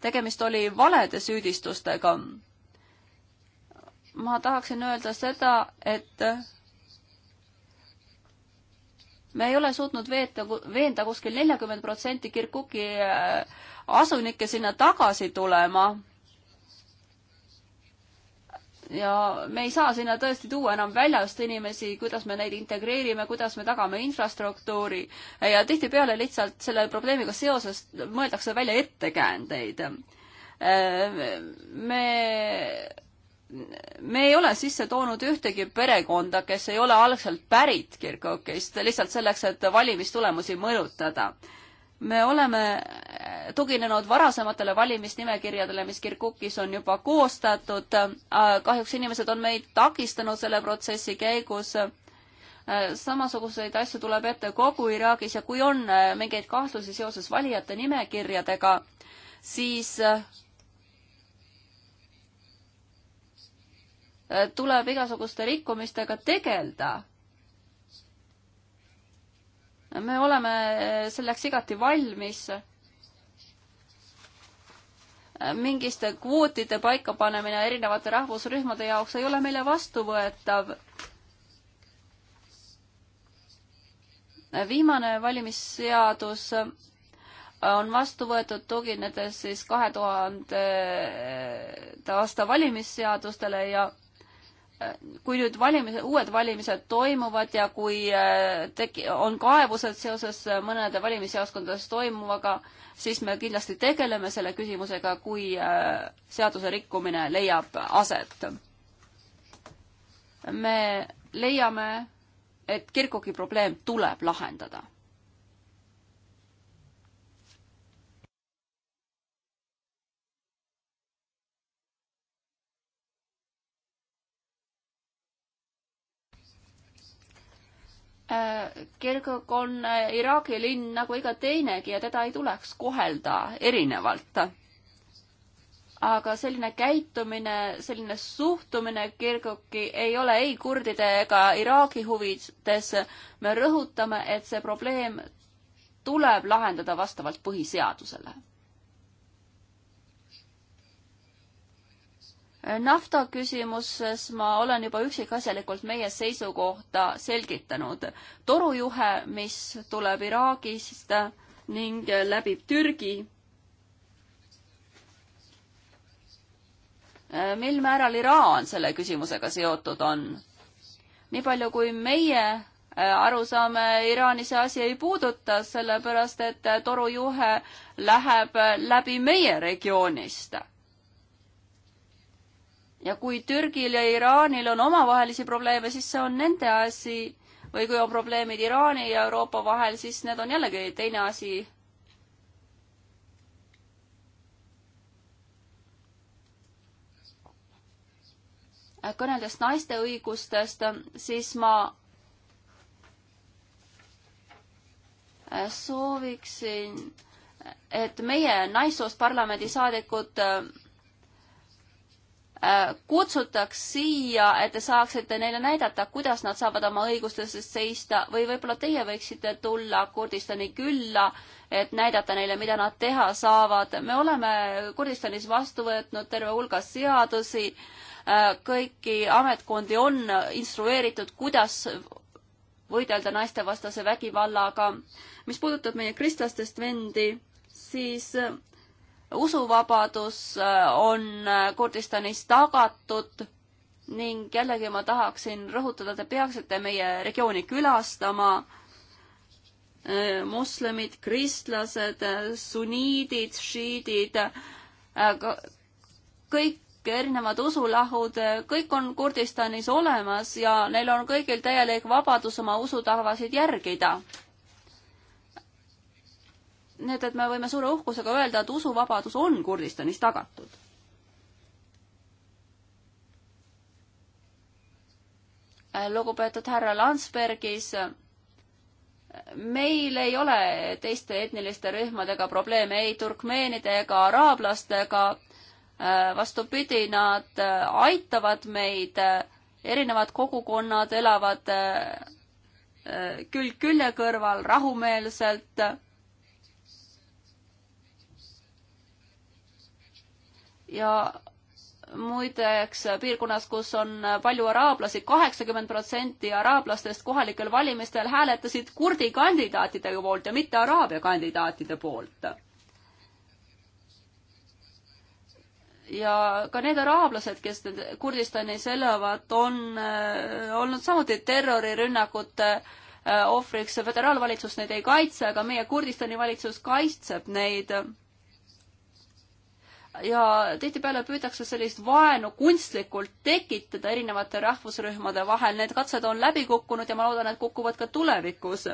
S3: tegemist oli valede süüdistustega. ma tahaksin öelda seda, et me ei ole suutnud veeta, veenda kuskil neljakümmend protsenti Kirkuki äh, asunikke sinna tagasi tulema ja me ei saa sinna tõesti tuua enam väljast inimesi, kuidas me neid integreerime, kuidas me tagame infrastruktuuri ja tihtipeale lihtsalt selle probleemiga seoses mõeldakse välja ettekäändeid. me, me ei ole sisse toonud ühtegi perekonda, kes ei ole algselt pärit Kirkukist, lihtsalt selleks, et valimistulemusi mõjutada me oleme eh, tuginenud varasematele valimisnimekirjadele, mis Kirkukis on juba koostatud. Äh, kahjuks inimesed on meid takistanud selle protsessi käigus. Äh, samasuguseid asju tuleb ette kogu Iraagis ja kui on äh, mingeid kahtlusi seoses valijate nimekirjadega, siis tuleb igasuguste rikkumistega tegeleda me oleme selleks igati valmis. mingiste kvootide paikapanemine erinevate rahvusrühmade jaoks ei ole meile vastuvõetav. viimane valimisseadus on vastu võetud tuginedes siis kahe tuhande aasta valimisseadustele ja kui nüüd valimised, uued valimised toimuvad ja kui äh, teki-, on kaebused seoses äh, mõnede valimisjaoskondades toimuvaga, siis me kindlasti tegeleme selle küsimusega, kui äh, seaduse rikkumine leiab aset. me leiame, et kirkugi probleem tuleb lahendada Äh, Kirkuk on äh, Iraagi linn nagu iga teinegi ja teda ei tuleks kohelda erinevalt. aga selline käitumine, selline suhtumine Kirkuki ei ole ei kurdide ega Iraagi huvides. me rõhutame, et see probleem tuleb lahendada vastavalt põhiseadusele nafta küsimuses ma olen juba üksikasjalikult meie seisukohta selgitanud. torujuhe, mis tuleb Iraagist ning läbib Türgi. mil määral Iraan selle küsimusega seotud on? nii palju, kui meie äh, aru saame, Iraani see asi ei puuduta, sellepärast et torujuhe läheb läbi meie regioonist ja kui Türgil ja Iraanil on omavahelisi probleeme, siis see on nende asi või kui on probleemid Iraani ja Euroopa vahel, siis need on jällegi teine asi. kõneldes naiste õigustest, siis ma sooviksin, et meie naissoost parlamendisaadikud Äh, kutsutaks siia, et te saaksite neile näidata, kuidas nad saavad oma õigustest seista või võib-olla teie võiksite tulla Kurdistani külla, et näidata neile, mida nad teha saavad. me oleme Kurdistanis vastu võtnud terve hulga seadusi, äh, kõiki ametkondi on instrueeritud, kuidas võidelda naistevastase vägivallaga. mis puudutab meie kristlastest vendi, siis äh, usuvabadus äh, on äh, Kurdistanis tagatud ning jällegi ma tahaksin rõhutada, te peaksite meie regiooni külastama. Äh, moslemid, kristlased, sunniidid, šiidid, kõik erinevad usulahud, kõik on Kurdistanis olemas ja neil on kõigil täielik vabadus oma usutarvasid järgida nii et, et me võime suure uhkusega öelda, et usuvabadus on Kurdistanis tagatud. lugupeetud härra Landsbergis, meil ei ole teiste etniliste rühmadega probleeme, ei turkmeenide ega araablastega. vastupidi, nad aitavad meid, erinevad kogukonnad elavad külg külje kõrval rahumeelselt ja muideks piirkonnas, kus on palju araablasi, kaheksakümmend protsenti araablastest kohalikel valimistel hääletasid kurdi kandidaatide poolt ja mitte araabia kandidaatide poolt. ja ka need araablased, kes Kurdistanis elavad, on äh, olnud samuti terrorirünnakute äh, ohvriks, föderaalvalitsus neid ei kaitse, aga meie Kurdistani valitsus kaitseb neid ja tihtipeale püütakse sellist vaenu kunstlikult tekitada erinevate rahvusrühmade vahel. Need katsed on läbi kukkunud ja ma loodan, et kukuvad ka tulevikus.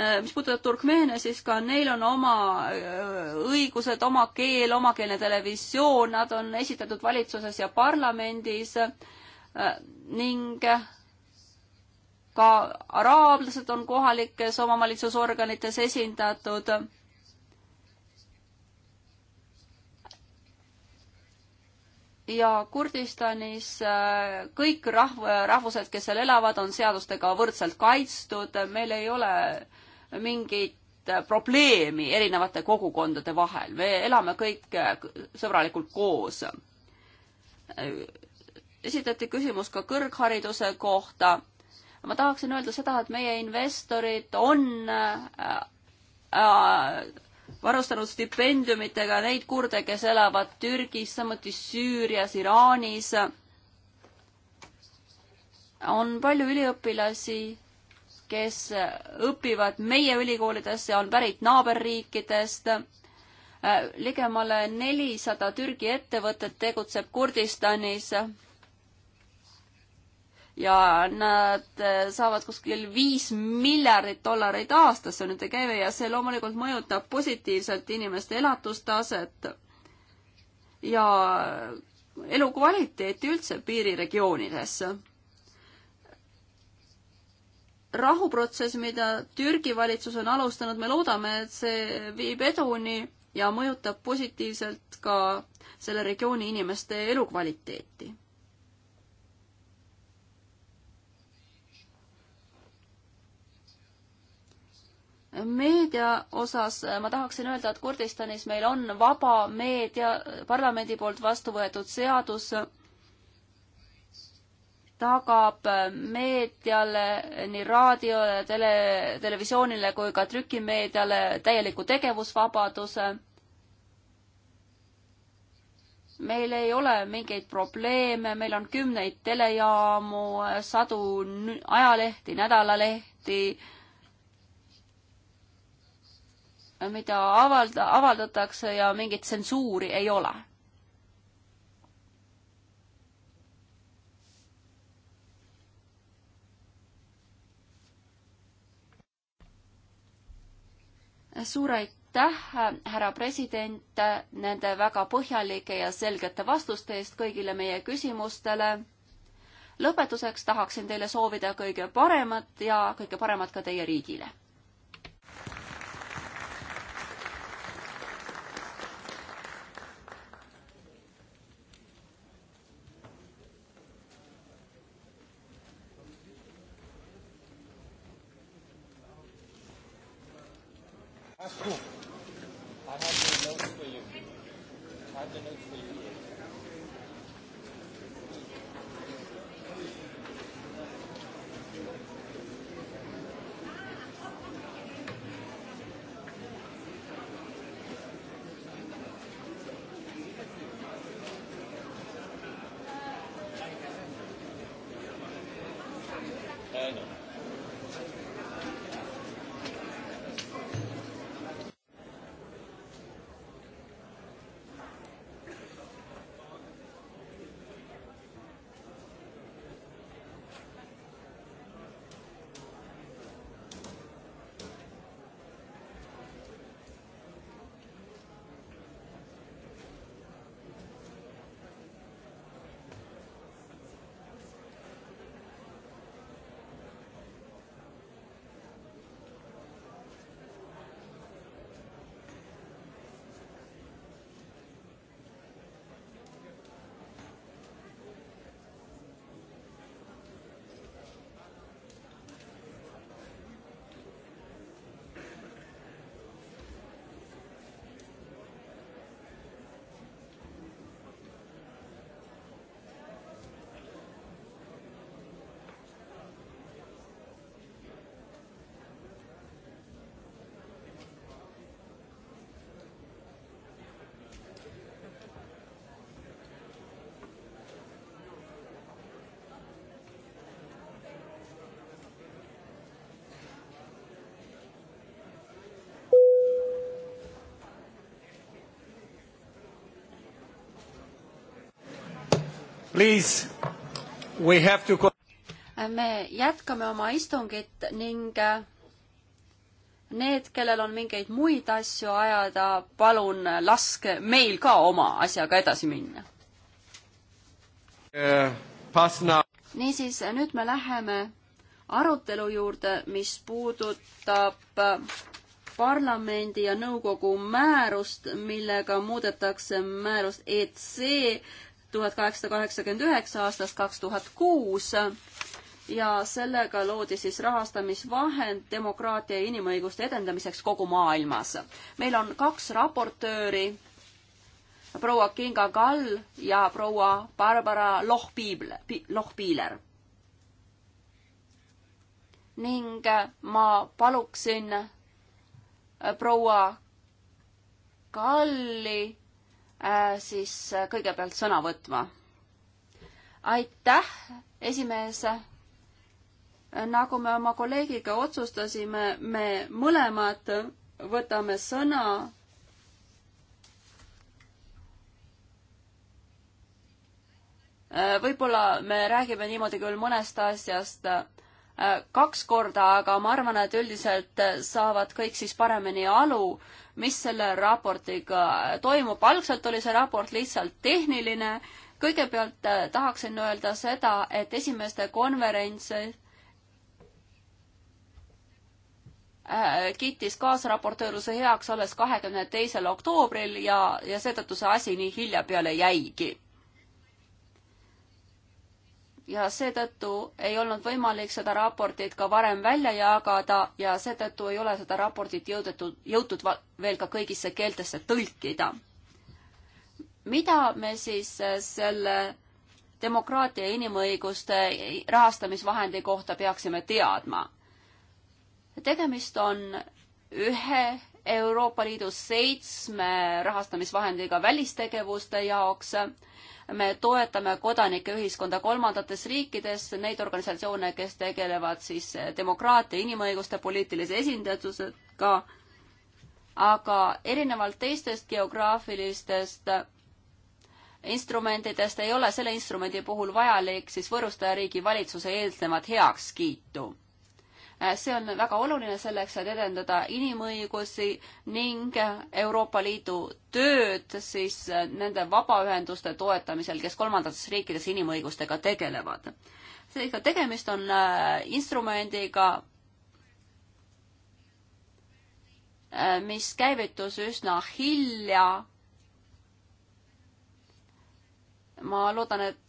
S3: Äh, mis puudutab Turkmeene, siis ka neil on oma äh, õigused, oma keel, omakeelne televisioon, nad on esitatud valitsuses ja parlamendis äh, ning ka araablased on kohalikes omavalitsusorganites esindatud ja Kurdistanis äh, kõik rahv-, rahvused, kes seal elavad, on seadustega võrdselt kaitstud, meil ei ole mingit probleemi erinevate kogukondade vahel, me elame kõik äh, sõbralikult koos. esitati küsimus ka kõrghariduse kohta. ma tahaksin öelda seda, et meie investorid on äh, äh, varustanud stipendiumitega neid kurde, kes elavad Türgis, samuti Süürias, Iraanis. on palju üliõpilasi, kes õpivad meie ülikoolides ja on pärit naaberriikidest. ligemale nelisada Türgi ettevõtet tegutseb Kurdistanis ja nad eh, saavad kuskil viis miljardit dollareid aastas, see on nende käive ja see loomulikult mõjutab positiivselt inimeste elatustaset ja elukvaliteeti üldse piiriregioonides. rahuprotsess, mida Türgi valitsus on alustanud, me loodame, et see viib eduni ja mõjutab positiivselt ka selle regiooni inimeste elukvaliteeti meedia osas äh, ma tahaksin öelda, et Kurdistanis meil on vaba meedia, parlamendi poolt vastu võetud seadus tagab äh, meediale, nii raadiole, tele, televisioonile kui ka trükimeediale täieliku tegevusvabaduse. meil ei ole mingeid probleeme, meil on kümneid telejaamu, äh, sadu ajalehti, nädalalehti mida avalda, avaldatakse ja mingit tsensuuri ei ole. suur aitäh, härra president, nende väga põhjalike ja selgete vastuste eest kõigile meie küsimustele lõpetuseks tahaksin teile soovida kõige paremat ja kõige paremat ka teie riigile
S2: Please, we have to
S3: me jätkame oma istungit ning äh, need, kellel on mingeid muid asju ajada, palun laske meil ka oma asjaga edasi minna
S1: uh,.
S3: niisiis, nüüd me läheme arutelu juurde, mis puudutab äh, parlamendi ja nõukogu määrust, millega muudetakse määrust EC tuhat kaheksasada kaheksakümmend üheksa aastast kaks tuhat kuus ja sellega loodi siis rahastamisvahend demokraatia ja inimõiguste edendamiseks kogu maailmas. meil on kaks raportööri, proua Kinga Kall ja proua Barbara Lohpiibl, Lohpiiler. ning ma paluksin äh, proua Kalli Äh, siis äh, kõigepealt sõna võtma. aitäh, esimees äh, nagu me oma kolleegiga otsustasime, me mõlemad võtame sõna. võib-olla me räägime niimoodi küll mõnest asjast kaks korda, aga ma arvan, et üldiselt saavad kõik siis paremini alu, mis selle raportiga toimub. algselt oli see raport lihtsalt tehniline. kõigepealt äh, tahaksin öelda seda, et esimeste konverents äh, kiitis kaasraportöörluse heaks alles kahekümne teisel oktoobril ja, ja seetõttu see asi nii hilja peale jäigi ja seetõttu ei olnud võimalik seda raportit ka varem välja jagada ja seetõttu ei ole seda raportit jõudetud, jõutud veel ka kõigisse keeltesse tõlkida. mida me siis äh, selle demokraatia ja inimõiguste rahastamisvahendi kohta peaksime teadma? tegemist on ühe Euroopa Liidu seitsme rahastamisvahendiga välistegevuste jaoks me toetame kodanikeühiskonda kolmandates riikides, neid organisatsioone, kes tegelevad siis demokraatia, inimõiguste, poliitilise esindatusega, aga erinevalt teistest geograafilistest instrumentidest ei ole selle instrumendi puhul vajalik siis võõrustajariigi valitsuse eelnevat heakskiitu Äh, see on väga oluline selleks, et edendada inimõigusi ning Euroopa Liidu tööd siis äh, nende vabaühenduste toetamisel, kes kolmandates riikides inimõigustega tegelevad. seega tegemist on äh, instrumendiga, mis käivitus üsna hilja. ma loodan, et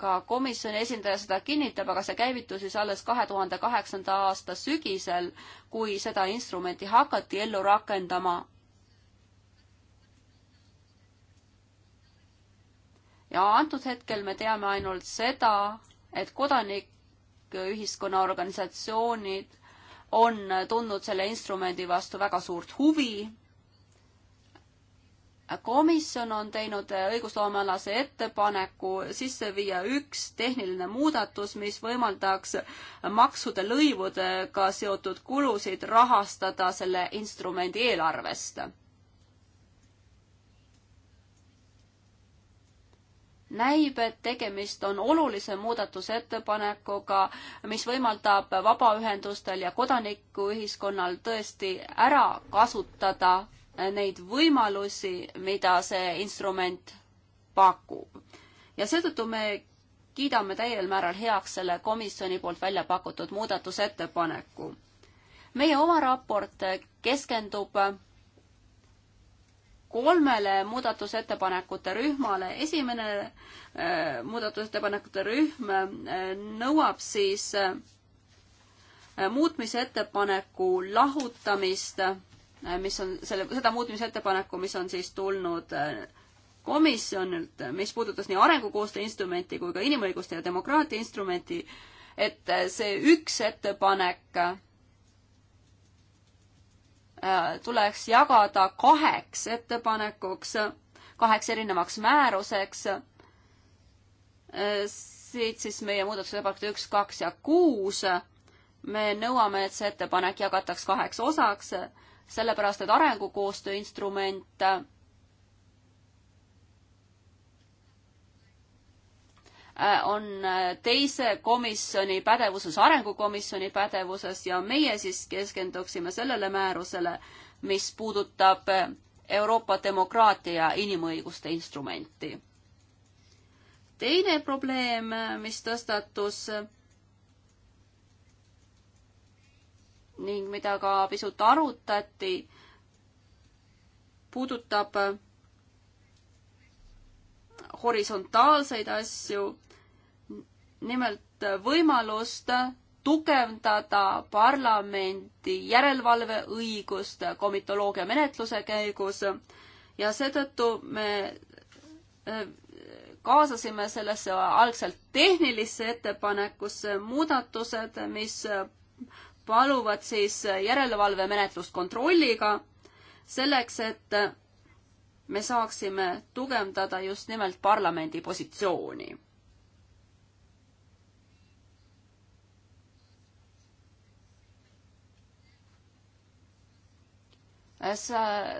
S3: ka komisjoni esindaja seda kinnitab, aga see käivitus siis alles kahe tuhande kaheksanda aasta sügisel, kui seda instrumenti hakati ellu rakendama. ja antud hetkel me teame ainult seda, et kodanikuühiskonna organisatsioonid on tundnud selle instrumendi vastu väga suurt huvi komisjon on teinud õigusloomealase ettepaneku sisse viia üks tehniline muudatus, mis võimaldaks maksude lõivudega seotud kulusid rahastada selle instrumendi eelarvest. näib, et tegemist on olulise muudatusettepanekuga, mis võimaldab vabaühendustel ja kodanikuühiskonnal tõesti ära kasutada neid võimalusi, mida see instrument pakub. ja seetõttu me kiidame täiel määral heaks selle komisjoni poolt välja pakutud muudatusettepaneku. meie oma raport keskendub kolmele muudatusettepanekute rühmale. esimene äh, muudatusettepanekute rühm äh, nõuab siis äh, muutmise ettepaneku lahutamist äh, Äh, mis on selle, seda muutmise ettepaneku, mis on siis tulnud äh, komisjonilt, mis puudutas nii arengukoostöö instrumenti kui ka inimõiguste ja demokraatia instrumenti, et äh, see üks ettepanek tuleks jagada kaheks ettepanekuks, kaheks erinevaks määruseks. siit siis meie muudatusettepanekud üks, kaks ja kuus. me nõuame, et see ettepanek jagataks kaheks osaks sellepärast et arengukoostöö instrument äh, on äh, teise komisjoni pädevuses, arengukomisjoni pädevuses ja meie siis keskenduksime sellele määrusele, mis puudutab äh, Euroopa demokraatia ja inimõiguste instrumenti. teine probleem, mis tõstatus ning mida ka pisut arutati, puudutab horisontaalseid asju, nimelt võimalust tugevdada parlamendi järelevalveõigust komitoloogia menetluse käigus ja seetõttu me äh, kaasasime sellesse algselt tehnilisse ettepanekusse muudatused, mis paluvad siis järelevalvemenetlust kontrolliga, selleks et me saaksime tugevdada just nimelt parlamendi positsiooni.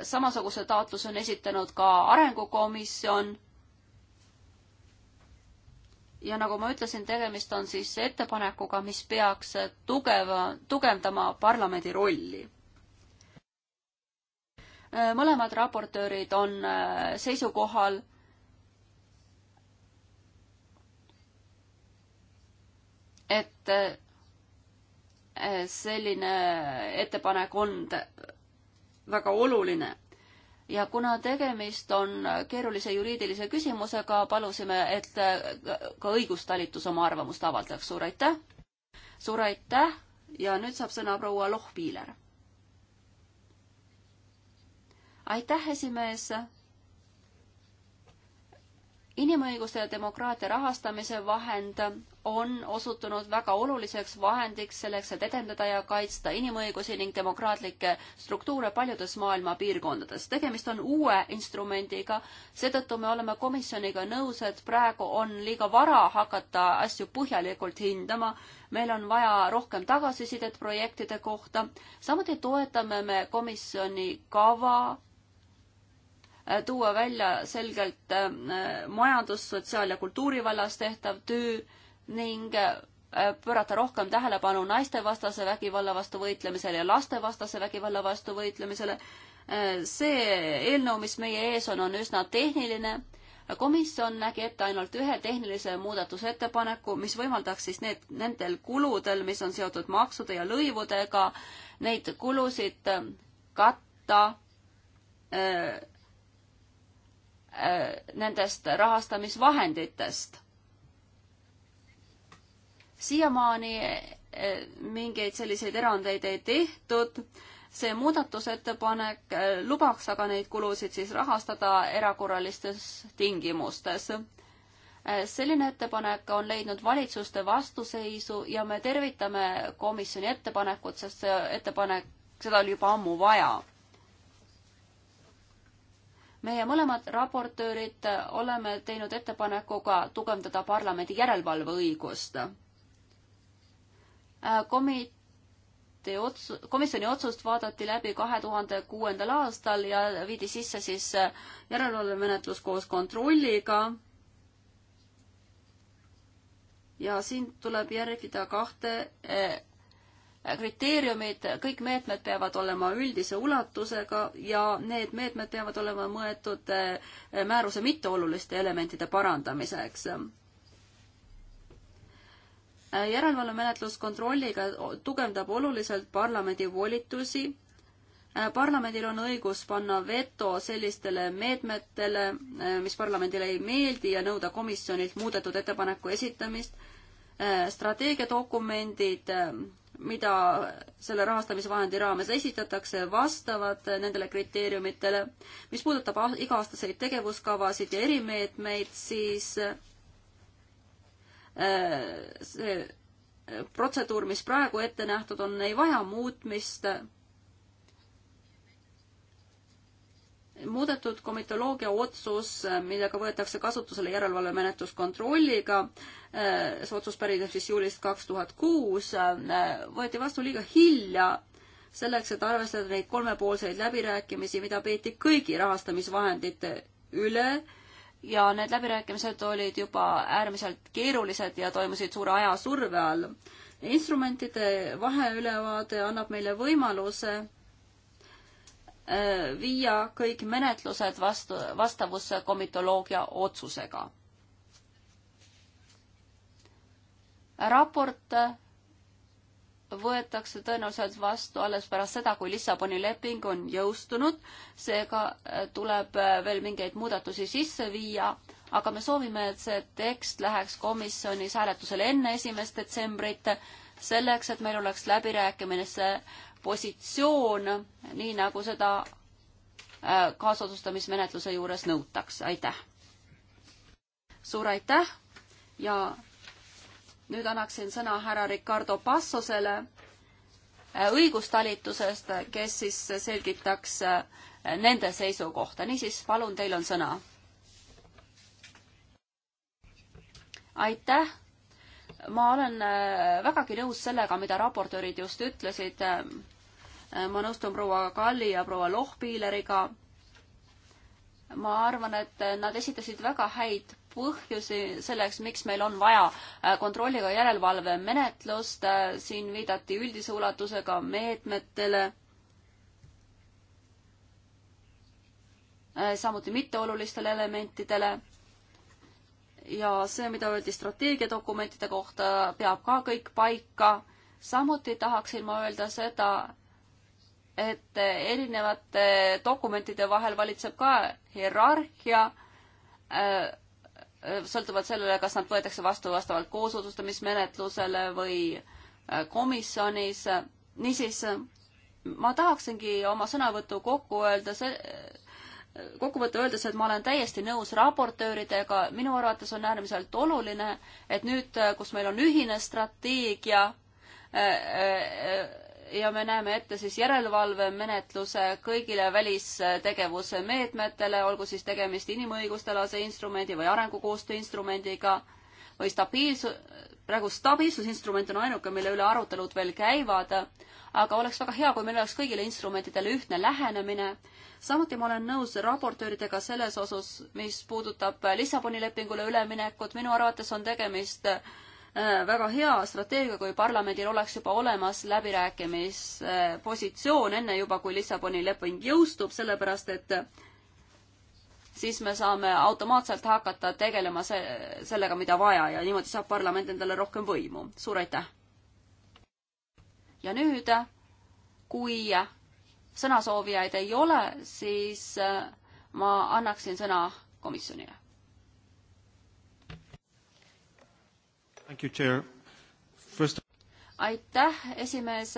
S3: samasuguse taotluse on esitanud ka Arengukomisjon ja nagu ma ütlesin, tegemist on siis ettepanekuga, mis peaks tugeva, tugevdama parlamendi rolli. mõlemad raportöörid on äh, seisukohal, et äh, selline ettepanek on väga oluline ja kuna tegemist on keerulise juriidilise küsimusega, palusime, et ka õigustalitus oma arvamust avaldaks. suur aitäh! suur aitäh ja nüüd saab sõna proua Lohpiiler. aitäh, esimees! inimõiguste ja demokraatia rahastamise vahend on osutunud väga oluliseks vahendiks selleks, et edendada ja kaitsta inimõigusi ning demokraatlikke struktuure paljudes maailma piirkondades. tegemist on uue instrumendiga, seetõttu me oleme komisjoniga nõus, et praegu on liiga vara hakata asju põhjalikult hindama. meil on vaja rohkem tagasisidet projektide kohta. samuti toetame me komisjoni kava äh, tuua välja selgelt äh, majandus, sotsiaal- ja kultuurivallas tehtav töö ning äh, pöörata rohkem tähelepanu naistevastase vägivalla vastu võitlemisele ja lastevastase vägivalla vastu võitlemisele. Äh, see eelnõu, mis meie ees on, on üsna tehniline. komisjon nägi ette ainult ühe tehnilise muudatusettepaneku, mis võimaldaks siis need, nendel kuludel, mis on seotud maksude ja lõivudega, neid kulusid äh, katta äh, äh, nendest rahastamisvahenditest siiamaani eh, mingeid selliseid erandeid ei tehtud. see muudatusettepanek eh, lubaks aga neid kulusid siis rahastada erakorralistes tingimustes. Eh, selline ettepanek on leidnud valitsuste vastuseisu ja me tervitame komisjoni ettepanekut, sest see ettepanek, seda oli juba ammu vaja. meie mõlemad raportöörid oleme teinud ettepaneku ka tugevdada parlamendi järelevalveõigust Äh, komitee ots-, komisjoni otsust vaadati läbi kahe tuhande kuuendal aastal ja viidi sisse siis äh, järelevalvemenetlus koos kontrolliga. ja siin tuleb järgida kahte äh, kriteeriumid, kõik meetmed peavad olema üldise ulatusega ja need meetmed peavad olema mõeldud määruse mitteoluliste elementide parandamiseks järelevalvemenetlus kontrolliga tugevdab oluliselt parlamendi volitusi. Äh, parlamendil on õigus panna veto sellistele meetmetele, äh, mis parlamendile ei meeldi ja nõuda komisjonilt muudetud ettepaneku esitamist. Äh, strateegiadokumendid, mida selle rahastamisvahendi raames esitatakse, vastavad nendele kriteeriumitele. mis puudutab iga-aastaseid tegevuskavasid ja erimeetmeid, siis Äh, see äh, protseduur, mis praegu ette nähtud on, ei vaja muutmist. muudetud komitoloogia otsus, äh, millega võetakse kasutusele järelevalvemenetlus kontrolliga, see otsus pärineb siis juulist kaks tuhat kuus, võeti vastu liiga hilja selleks, et arvestada neid kolmepoolseid läbirääkimisi, mida peeti kõigi rahastamisvahendite üle ja need läbirääkimised olid juba äärmiselt keerulised ja toimusid suure ajasurve all. instrumentide vaheülevaade annab meile võimaluse äh, viia kõik menetlused vastu, vastavusse komitoloogia otsusega. raport võetakse tõenäoliselt vastu alles pärast seda, kui Lissaboni leping on jõustunud, seega äh, tuleb äh, veel mingeid muudatusi sisse viia, aga me soovime, et see tekst läheks komisjonis hääletusele enne esimest detsembrit, selleks, et meil oleks läbirääkimise positsioon, nii nagu seda äh, kaasotsustamismenetluse juures nõutakse, aitäh! suur aitäh ja nüüd annaksin sõna härra Ricardo Passosele äh, õigustalitusest, kes siis selgitaks äh, nende seisukohta. niisiis, palun, teil on sõna. aitäh. ma olen äh, vägagi nõus sellega, mida raportöörid just ütlesid. ma nõustun proua Kalli ja proua Lohpiileriga. ma arvan, et nad esitasid väga häid põhjusi selleks, miks meil on vaja äh, kontrolliga järelevalvemenetlust, äh, siin viidati üldise ulatusega meetmetele, äh, samuti mitteolulistele elementidele ja see, mida öeldi strateegiadokumentide kohta, peab ka kõik paika. samuti tahaksin ma öelda seda, et erinevate dokumentide vahel valitseb ka hierarhia. Äh, sõltuvalt sellele, kas nad võetakse vastu vastavalt koosotsustamismenetlusele või äh, komisjonis. niisiis, ma tahaksingi oma sõnavõtu kokku öelda see, kokkuvõte öeldes, et ma olen täiesti nõus raportööridega, minu arvates on äärmiselt oluline, et nüüd, äh, kus meil on ühine strateegia, ja me näeme ette siis järelevalvemenetluse kõigile välistegevuse meetmetele, olgu siis tegemist inimõigustelase instrumendi või arengukoostöö instrumendiga või stabiilsu-, praegu stabiilsusinstrument on ainuke, mille üle arutelud veel käivad, aga oleks väga hea, kui meil oleks kõigile instrumentidele ühtne lähenemine. samuti ma olen nõus raportööridega selles osas, mis puudutab Lissaboni lepingule üleminekut, minu arvates on tegemist äh, Äh, väga hea strateegia, kui parlamendil oleks juba olemas läbirääkimispositsioon enne juba, kui Lissaboni leping jõustub, sellepärast et siis me saame automaatselt hakata tegelema se sellega, mida vaja ja niimoodi saab parlament endale rohkem võimu. suur aitäh! ja nüüd, kui sõnasoovijaid ei ole, siis äh, ma annaksin sõna komisjonile. First... aitäh, esimees.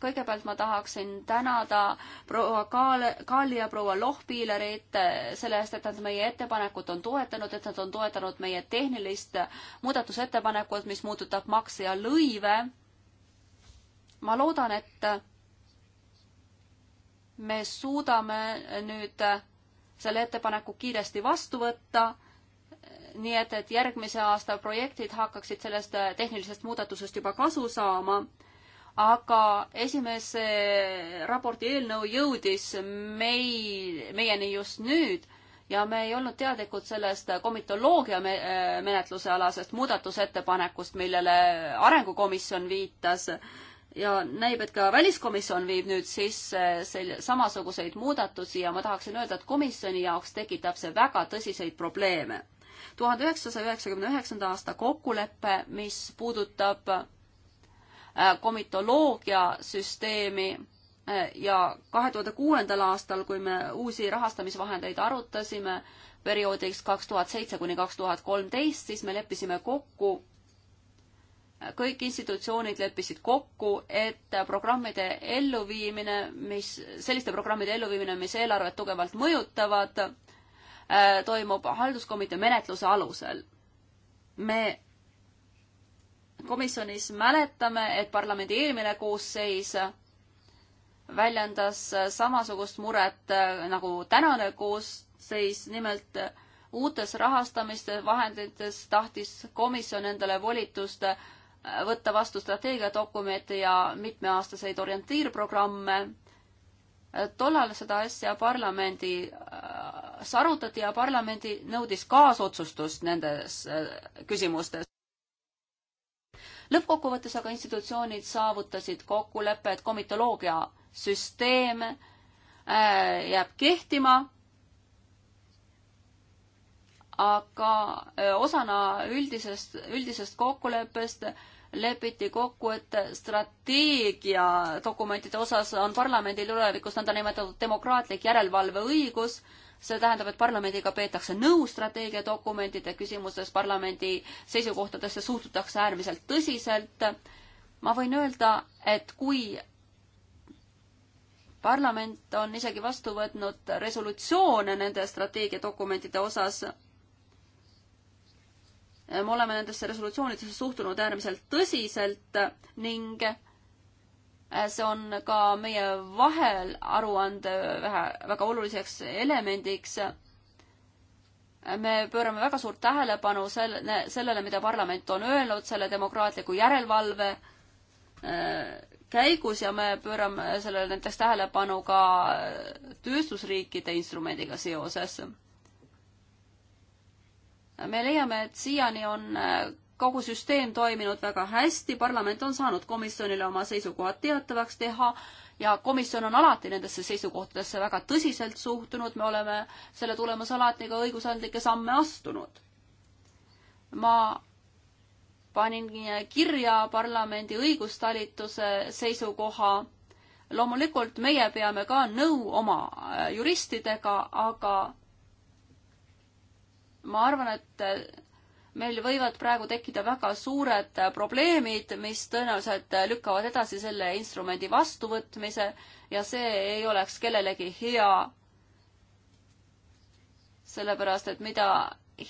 S3: kõigepealt ma tahaksin tänada proua Kaal, Kaali ja proua Lohpiilerit selle eest, et nad meie ettepanekut on toetanud, et nad on toetanud meie tehnilist muudatusettepanekut, mis muudutab makse ja lõive. ma loodan, et me suudame nüüd selle ettepaneku kiiresti vastu võtta nii et, et järgmise aasta projektid hakkaksid sellest äh, tehnilisest muudatusest juba kasu saama. aga esimese äh, raporti eelnõu jõudis mei-, meieni just nüüd ja me ei olnud teadlikud sellest äh, komitoloogia me menetluse alasest muudatusettepanekust, millele Arengukomisjon viitas. ja näib, et ka Väliskomisjon viib nüüd sisse sel-, samasuguseid muudatusi ja ma tahaksin öelda, et komisjoni jaoks tekitab see väga tõsiseid probleeme tuhande üheksasaja üheksakümne üheksanda aasta kokkulepe, mis puudutab äh, komitoloogiasüsteemi äh, ja kahe tuhande kuuendal aastal, kui me uusi rahastamisvahendeid arutasime perioodiks kaks tuhat seitse kuni kaks tuhat kolmteist, siis me leppisime kokku äh, kõik institutsioonid leppisid kokku, et programmide elluviimine, mis, selliste programmide elluviimine, mis eelarvet tugevalt mõjutavad, Äh, toimub halduskomitee menetluse alusel. me komisjonis mäletame, et parlamendi eelmine koosseis väljendas samasugust muret äh, nagu tänane koosseis, nimelt uutes rahastamiste vahendites tahtis komisjon endale volitust äh, võtta vastu strateegiadokumente ja mitmeaastaseid orientiirprogramme. tollal seda asja parlamendi arutati ja parlamendi nõudis kaasotsustust nendes äh, küsimustes. lõppkokkuvõttes aga institutsioonid saavutasid kokkuleppe, et komitoloogia süsteem äh, jääb kehtima aga äh, osana üldisest, üldisest kokkuleppest lepiti kokku, et strateegiadokumentide osas on parlamendil tulevikus nõndanimetatud demokraatlik järelevalveõigus see tähendab, et parlamendiga peetakse nõu strateegiadokumentide küsimustes, parlamendi seisukohtadesse suhtutakse äärmiselt tõsiselt. ma võin öelda, et kui parlament on isegi vastu võtnud resolutsioone nende strateegiadokumentide osas, me oleme nendesse resolutsioonidesse suhtunud äärmiselt tõsiselt ning see on ka meie vahel aruande vähe, väga oluliseks elemendiks. me pöörame väga suurt tähelepanu selle, sellele, mida parlament on öelnud selle demokraatliku järelevalve äh, käigus ja me pöörame sellele näiteks tähelepanu ka äh, tööstusriikide instrumendiga seoses. me leiame, et siiani on äh, kogu süsteem toiminud väga hästi, parlament on saanud komisjonile oma seisukohad teatavaks teha ja komisjon on alati nendesse seisukohtadesse väga tõsiselt suhtunud, me oleme selle tulemus alati ka õigusandlikke samme astunud. ma panin kirja parlamendi õigustalituse seisukoha. loomulikult meie peame ka nõu oma äh, juristidega, aga ma arvan, et meil võivad praegu tekkida väga suured probleemid, mis tõenäoliselt lükkavad edasi selle instrumendi vastuvõtmise ja see ei oleks kellelegi hea. sellepärast, et mida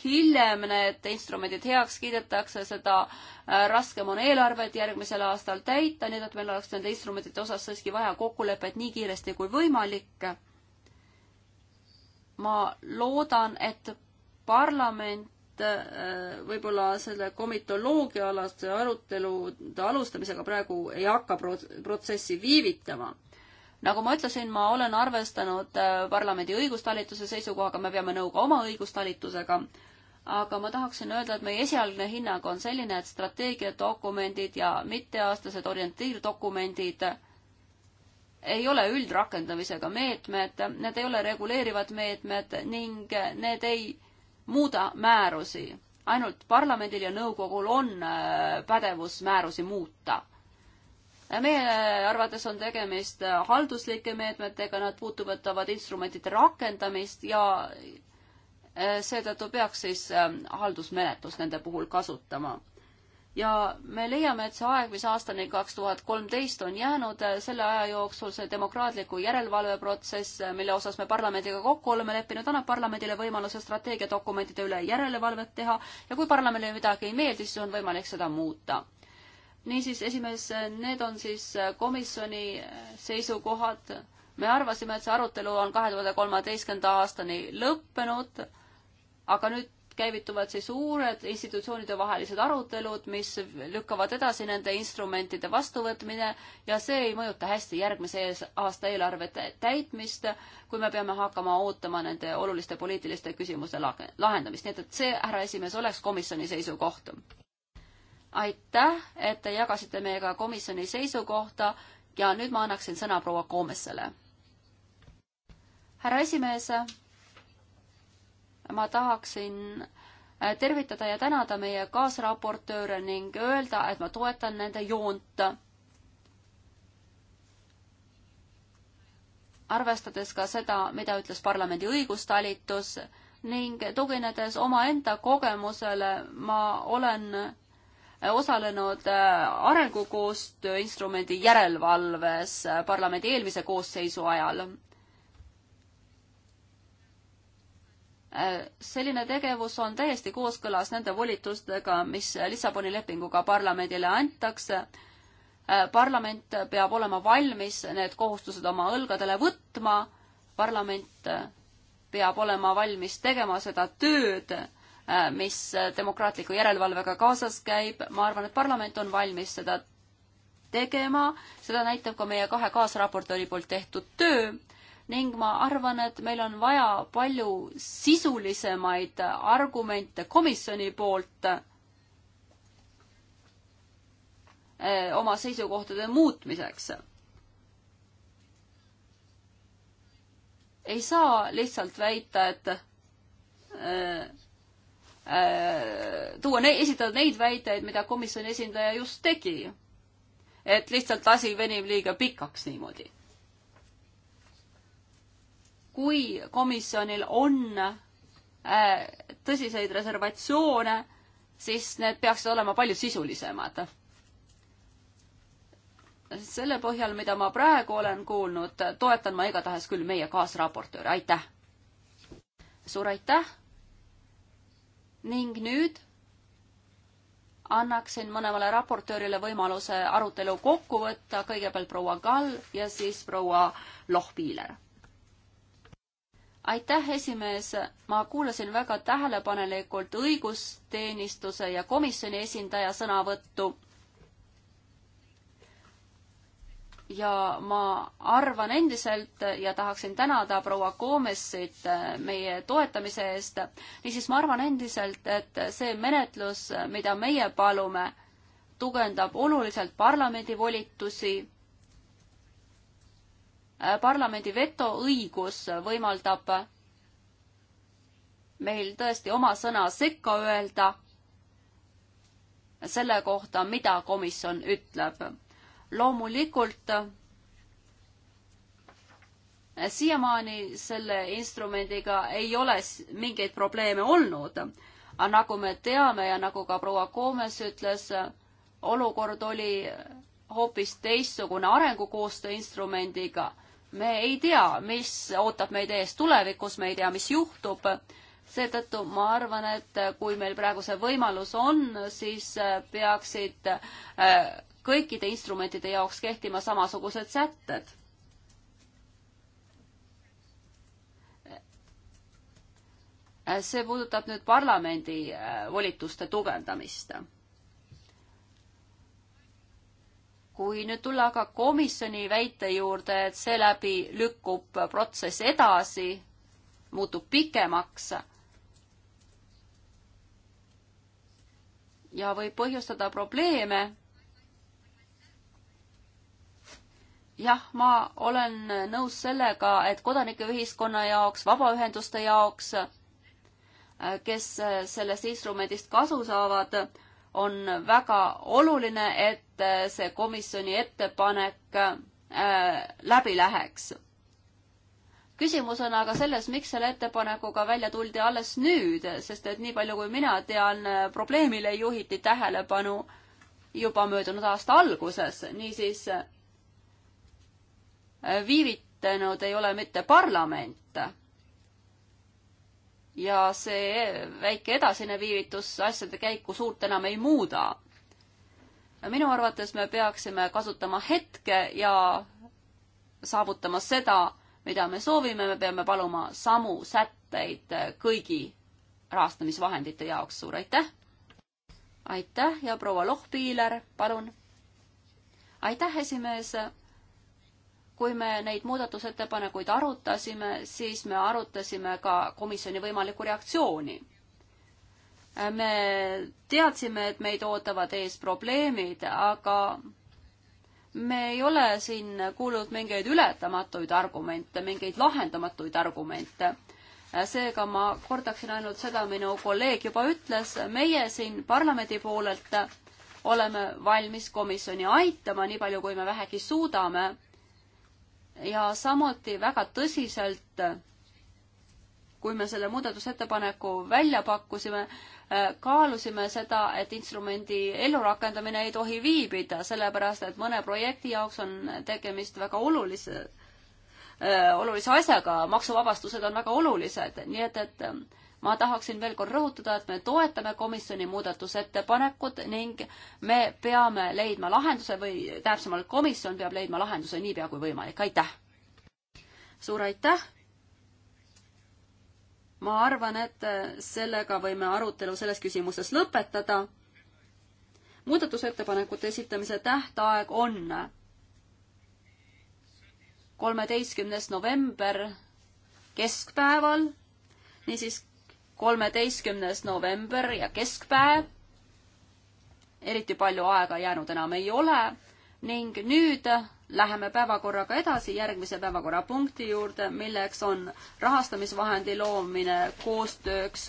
S3: hiljem need instrumendid heaks kiidetakse, seda äh, raskem on eelarvet järgmisel aastal täita, nii et meil oleks nende instrumentide osas siiski vaja kokkulepet nii kiiresti kui võimalik. ma loodan, et parlament et äh, võib-olla selle komitoloogia alaste arutelude alustamisega praegu ei hakka protsessi viivitama nagu ma ütlesin, ma olen arvestanud äh, parlamendi õigustalituse seisukohaga, me peame nõu ka oma õigustalitusega, aga ma tahaksin öelda, et meie esialgne hinnang on selline, et strateegiadokumendid ja mitteaastased orientiirdokumendid ei ole üldrakendamisega meetmed, need ei ole reguleerivad meetmed ning need ei muuda määrusi. ainult parlamendil ja nõukogul on äh, pädevus määrusi muuta meie arvates on tegemist äh, halduslike meetmetega, nad puudutavad instrumentide rakendamist ja äh, seetõttu peaks siis haldusmenetlust nende puhul kasutama ja me leiame, et see aeg, mis aastani kaks tuhat kolmteist on jäänud, äh, selle aja jooksul see demokraatliku järelevalveprotsess, äh, mille osas me parlamendiga kokku oleme leppinud, annab parlamendile võimaluse strateegiadokumentide üle järelevalvet teha ja kui parlamendile midagi ei meeldi, siis on võimalik seda muuta. niisiis, esimees, äh, need on siis komisjoni seisukohad. me arvasime, et see arutelu on kahe tuhande kolmeteistkümnenda aastani lõppenud, aga nüüd käivituvad siis uured institutsioonide vahelised arutelud, mis lükkavad edasi nende instrumentide vastuvõtmine ja see ei mõjuta hästi järgmise aasta eelarvete täitmist, kui me peame hakkama ootama nende oluliste poliitiliste küsimuste lahendamist, nii et, et see, härra esimees, oleks komisjoni seisukoht. aitäh, et te jagasite meiega komisjoni seisukohta ja nüüd ma annaksin sõna proua Koomessele. härra esimees ma tahaksin äh, tervitada ja tänada meie kaasraportööre ning öelda, et ma toetan nende joont. arvestades ka seda, mida ütles parlamendi õigustalitus ning tuginedes omaenda kogemusele, ma olen äh, osalenud äh, arengukoostöö instrumendi järelevalves parlamendi eelmise koosseisu ajal selline tegevus on täiesti kooskõlas nende volitustega, mis Lissaboni lepinguga parlamendile antakse. parlament peab olema valmis need kohustused oma õlgadele võtma, parlament peab olema valmis tegema seda tööd, mis demokraatliku järelevalvega kaasas käib, ma arvan, et parlament on valmis seda tegema, seda näitab ka meie kahe kaasraportööri poolt tehtud töö ning ma arvan, et meil on vaja palju sisulisemaid argumente komisjoni poolt eh, oma seisukohtade muutmiseks. ei saa lihtsalt väita, et eh, eh, tuua ne-, esitada neid väiteid, mida komisjoni esindaja just tegi. et lihtsalt asi venib liiga pikaks niimoodi kui komisjonil on äh, tõsiseid reservatsioone, siis need peaksid olema palju sisulisemad. selle põhjal, mida ma praegu olen kuulnud, toetan ma igatahes küll meie kaasraportööri, aitäh! suur aitäh! ning nüüd annaksin mõlemale raportöörile võimaluse arutelu kokku võtta, kõigepealt proua Kall ja siis proua Lohpiiler aitäh, esimees, ma kuulasin väga tähelepanelikult õigusteenistuse ja komisjoni esindaja sõnavõttu. ja ma arvan endiselt ja tahaksin tänada proua Koomesit meie toetamise eest. niisiis, ma arvan endiselt, et see menetlus, mida meie palume, tugevdab oluliselt parlamendi volitusi parlamendi vetoõigus võimaldab meil tõesti oma sõna sekka öelda selle kohta, mida komisjon ütleb. loomulikult siiamaani selle instrumendiga ei ole mingeid probleeme olnud, aga nagu me teame ja nagu ka proua Koomes ütles, olukord oli hoopis teistsugune arengukoostöö instrumendiga me ei tea, mis ootab meid ees tulevikus, me ei tea, mis juhtub. seetõttu ma arvan, et kui meil praegu see võimalus on, siis äh, peaksid äh, kõikide instrumentide jaoks kehtima samasugused sätted. Äh, see puudutab nüüd parlamendi volituste tugevdamist kui nüüd tulla aga komisjoni väite juurde, et seeläbi lükkub protsess edasi, muutub pikemaks ja võib põhjustada probleeme. jah, ma olen nõus sellega, et kodanikeühiskonna jaoks, vabaühenduste jaoks, kes sellest instrumendist kasu saavad, on väga oluline, et äh, see komisjoni ettepanek äh, läbi läheks. küsimus on aga selles, miks selle ettepanekuga välja tuldi alles nüüd, sest et nii palju, kui mina tean, äh, probleemile juhiti tähelepanu juba möödunud aasta alguses, niisiis viivitanud ei ole mitte parlament ja see väike edasine viivitus asjade käiku suurt enam ei muuda. minu arvates me peaksime kasutama hetke ja saavutama seda, mida me soovime, me peame paluma samu sätteid kõigi rahastamisvahendite jaoks. suur aitäh! aitäh ja proua Lohpiiler, palun! aitäh, esimees! kui me neid muudatusettepanekuid arutasime, siis me arutasime ka komisjoni võimalikku reaktsiooni. me teadsime, et meid ootavad ees probleemid, aga me ei ole siin kuulnud mingeid ületamatuid argumente, mingeid lahendamatuid argumente. seega ma kordaksin ainult seda, minu kolleeg juba ütles, meie siin parlamendi poolelt oleme valmis komisjoni aitama, nii palju kui me vähegi suudame ja samuti väga tõsiselt, kui me selle muudatusettepaneku välja pakkusime, äh, kaalusime seda, et instrumendi ellurakendamine ei tohi viibida, sellepärast et mõne projekti jaoks on tegemist väga olulise, äh, olulise asjaga, maksuvabastused on väga olulised, nii et, et ma tahaksin veel kord rõhutada, et me toetame komisjoni muudatusettepanekut ning me peame leidma lahenduse või täpsemalt komisjon peab leidma lahenduse niipea kui võimalik, aitäh! suur aitäh! ma arvan, et sellega võime arutelu selles küsimuses lõpetada. muudatusettepanekute esitamise tähtaeg on kolmeteistkümnes november keskpäeval, niisiis kolmeteistkümnes november ja keskpäev. eriti palju aega jäänud enam ei ole ning nüüd läheme päevakorraga edasi järgmise päevakorrapunkti juurde, milleks on rahastamisvahendi loomine koostööks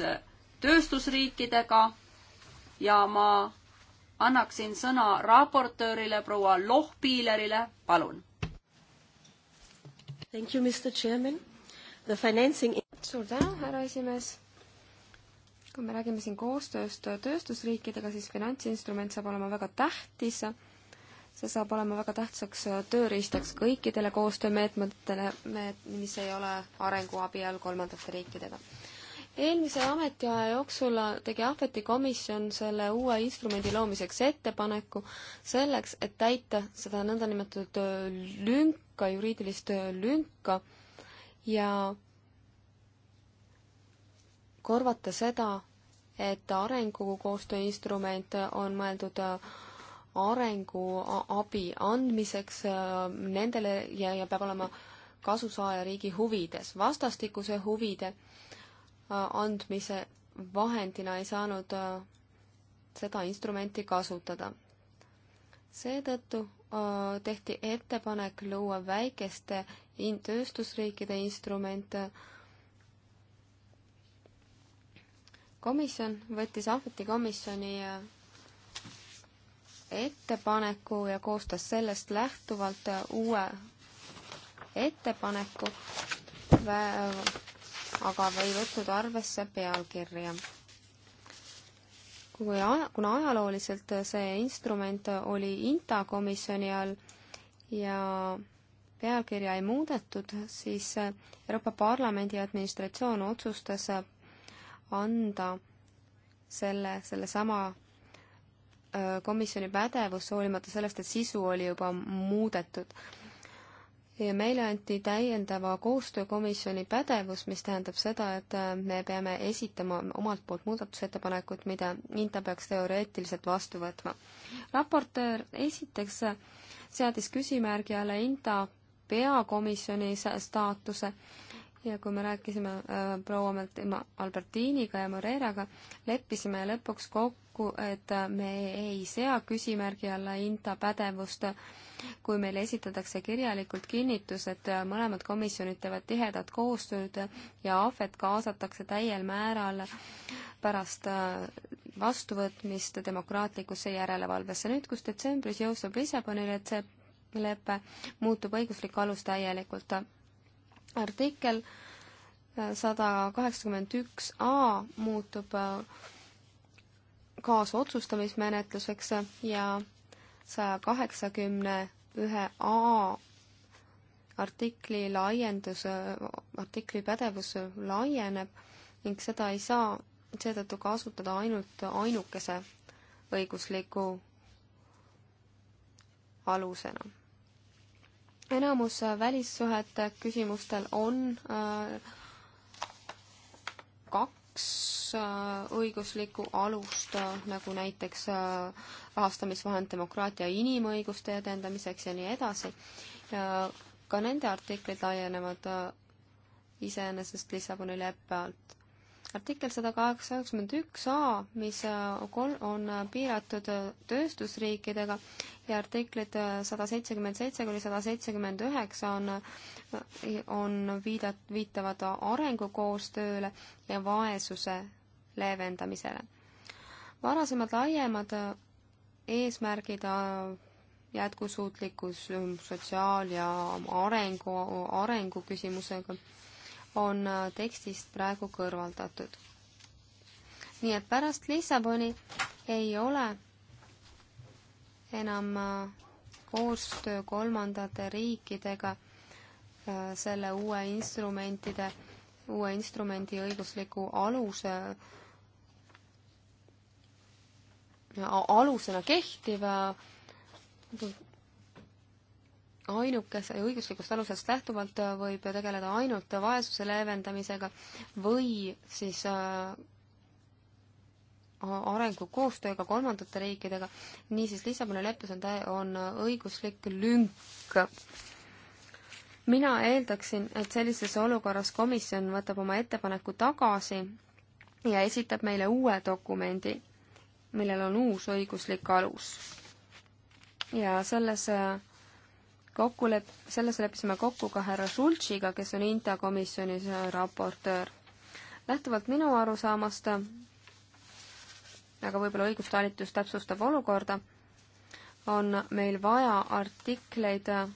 S3: tööstusriikidega ja ma annaksin sõna raportöörile proua Lohpiilerile, palun.
S4: Thank you, Mr Chairman. The financing suur tänu, härra esimees kui me räägime siin koostööst tööstusriikidega, siis finantsinstrument saab olema väga tähtis. see saab olema väga tähtsaks tööriistaks kõikidele koostöömeetmetele, mis ei ole arenguabi all kolmandate riikidega. eelmise ametiaja jooksul tegi Ahveti komisjon selle uue instrumendi loomiseks ettepaneku selleks, et täita seda nõndanimetatud lünka, juriidilist lünka ja korvata seda, et arengukoostöö instrument on mõeldud äh, arenguabi andmiseks äh, nendele ja, ja peab olema kasusaaja riigi huvides. vastastikuse huvide äh, andmise vahendina ei saanud seda instrumenti kasutada. seetõttu tehti ettepanek luua väikeste in-, tööstusriikide instrument, komisjon võttis ahvetikomisjoni äh, ettepaneku ja koostas sellest lähtuvalt äh, uue ettepaneku, äh, aga ei võtnud arvesse pealkirja. kui, kuna ajalooliselt see instrument oli INTA komisjoni all ja pealkirja ei muudetud, siis Euroopa Parlamendi administratsioon otsustas anda selle, sellesama komisjoni pädevus, hoolimata sellest, et sisu oli juba muudetud. ja meile anti täiendava koostöökomisjoni pädevus, mis tähendab seda, et me peame esitama omalt poolt muudatusettepanekud, mida Inta peaks teoreetiliselt vastu võtma. raportöör esiteks seadis küsimärgi alla Inta peakomisjoni staatuse ja kui me rääkisime äh, proua Albertiniga ja Moreraga, leppisime lõpuks kokku, et äh, me ei sea küsimärgi alla INTA pädevust, kui meile esitatakse kirjalikult kinnitus, et äh, mõlemad komisjonid teevad tihedat koostööd ja ahvet kaasatakse täiel määral pärast äh, vastuvõtmist demokraatlikusse järelevalvesse. nüüd, kus detsembris jõustub Lissaboni lepe, muutub õiguslik alus täielikult artikkel äh, sada kaheksakümmend üks A muutub äh, kaasotsustamismenetluseks äh, ja saja kaheksakümne ühe A artikli laiendus, artikli pädevus laieneb ning seda ei saa seetõttu kasutada ainult ainukese õigusliku alusena enamus äh, välissuhete küsimustel on äh, kaks äh, õiguslikku alust, nagu näiteks rahastamisvahend demokraatia ja inimõiguste edendamiseks ja nii edasi. ja ka nende artiklid laienevad iseenesest Lissaboni leppe alt artikkel sada kaheksakümmend üks A, mis äh, on äh, piiratud äh, tööstusriikidega ja artiklid sada seitsekümmend seitse kuni sada seitsekümmend üheksa on, on viidat-, viitavad arengukoostööle ja vaesuse leevendamisele. varasemad laiemad eesmärgid jätkusuutlikkus sotsiaal- ja arengu, arenguküsimusega on äh, tekstist praegu kõrvaldatud. nii et pärast Lissaboni ei ole enam äh, koostöö kolmandate riikidega äh, selle uue instrumentide, uue instrumendi õigusliku aluse alusena kehtiva ainukese õiguslikust alusest lähtuvalt äh, võib tegeleda ainult vaesuse leevendamisega või siis äh, arengukoostööga kolmandate riikidega, niisiis Lissaboni leppes on, on õiguslik lünk. mina eeldaksin, et sellises olukorras komisjon võtab oma ettepaneku tagasi ja esitab meile uue dokumendi, millel on uus õiguslik alus. ja selles äh, kokkulep-, selles leppisime kokku ka härra Schultziga, kes on INTA komisjonis äh, raportöör. lähtuvalt minu arusaamast, aga võib-olla õigustalitus täpsustab olukorda, on meil vaja artikleid äh,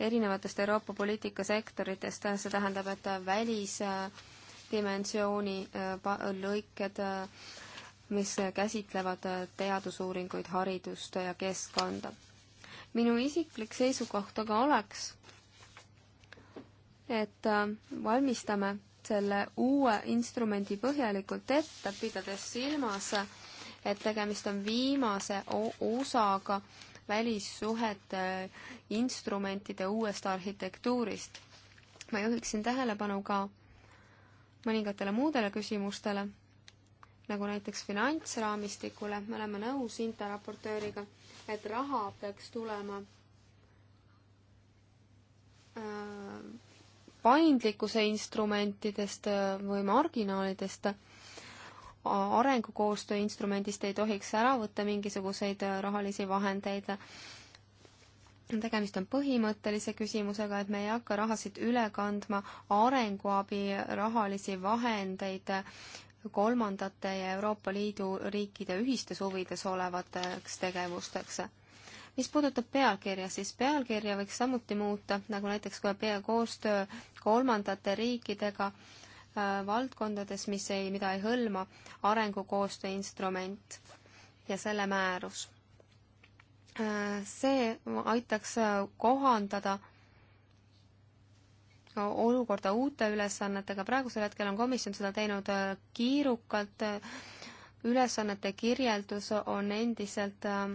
S4: erinevatest Euroopa poliitikasektoritest, äh, see tähendab, et välisdimensiooni lõiked, mis käsitlevad teadusuuringuid, haridust ja keskkonda minu isiklik seisukoht aga oleks, et äh, valmistame selle uue instrumendi põhjalikult ette, pidades silmas, et tegemist on viimase osaga välissuhete äh, instrumentide uuest arhitektuurist. ma juhiksin tähelepanu ka mõningatele muudele küsimustele, nagu näiteks finantsraamistikule, me oleme nõus interraportööriga et raha peaks tulema äh, paindlikkuse instrumentidest äh, või marginaalidest, arengukoostöö instrumendist ei tohiks ära võtta mingisuguseid äh, rahalisi vahendeid. tegemist on põhimõttelise küsimusega, et me ei hakka rahasid üle kandma arenguabi rahalisi vahendeid kolmandate ja Euroopa Liidu riikide ühistes huvides olevateks tegevusteks. mis puudutab pealkirja, siis pealkirja võiks samuti muuta, nagu näiteks kui koostöö kolmandate riikidega äh, valdkondades, mis ei, mida ei hõlma arengukoostöö instrument ja selle määrus äh,. see aitaks kohandada äh, olukorda uute ülesannetega, praegusel hetkel on komisjon seda teinud äh, kiirukalt, ülesannete kirjeldus on endiselt äh,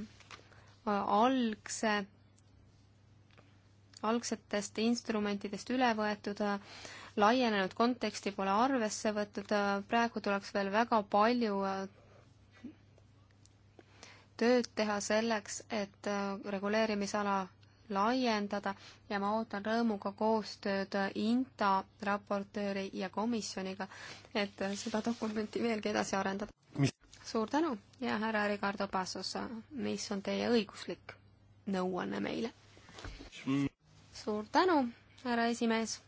S4: algse, algsetest instrumentidest üle võetud, äh, laienenud konteksti pole arvesse võtnud, praegu tuleks veel väga palju tööd teha selleks, et reguleerimisala laiendada ja ma ootan rõõmuga koostööd INTA raportööri ja komisjoniga, et seda dokumenti veelgi edasi arendada. suur tänu ja härra Ricardo Passos, mis on teie õiguslik nõuanne meile? Mm. suur tänu, härra esimees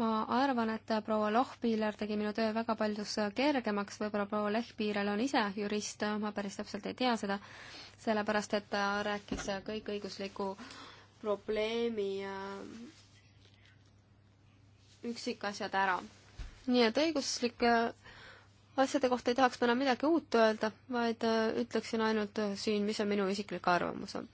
S4: ma arvan, et proua Lohpiiler tegi minu töö väga paljus kergemaks, võib-olla proua Lehpiirel on ise jurist, ma päris täpselt ei tea seda, sellepärast et ta rääkis kõikõigusliku probleemi äh, üksikasjad ära. nii et õiguslike asjade kohta ei tahaks ma enam midagi uut öelda, vaid äh, ütleksin ainult äh, siin, mis on minu isiklik arvamus on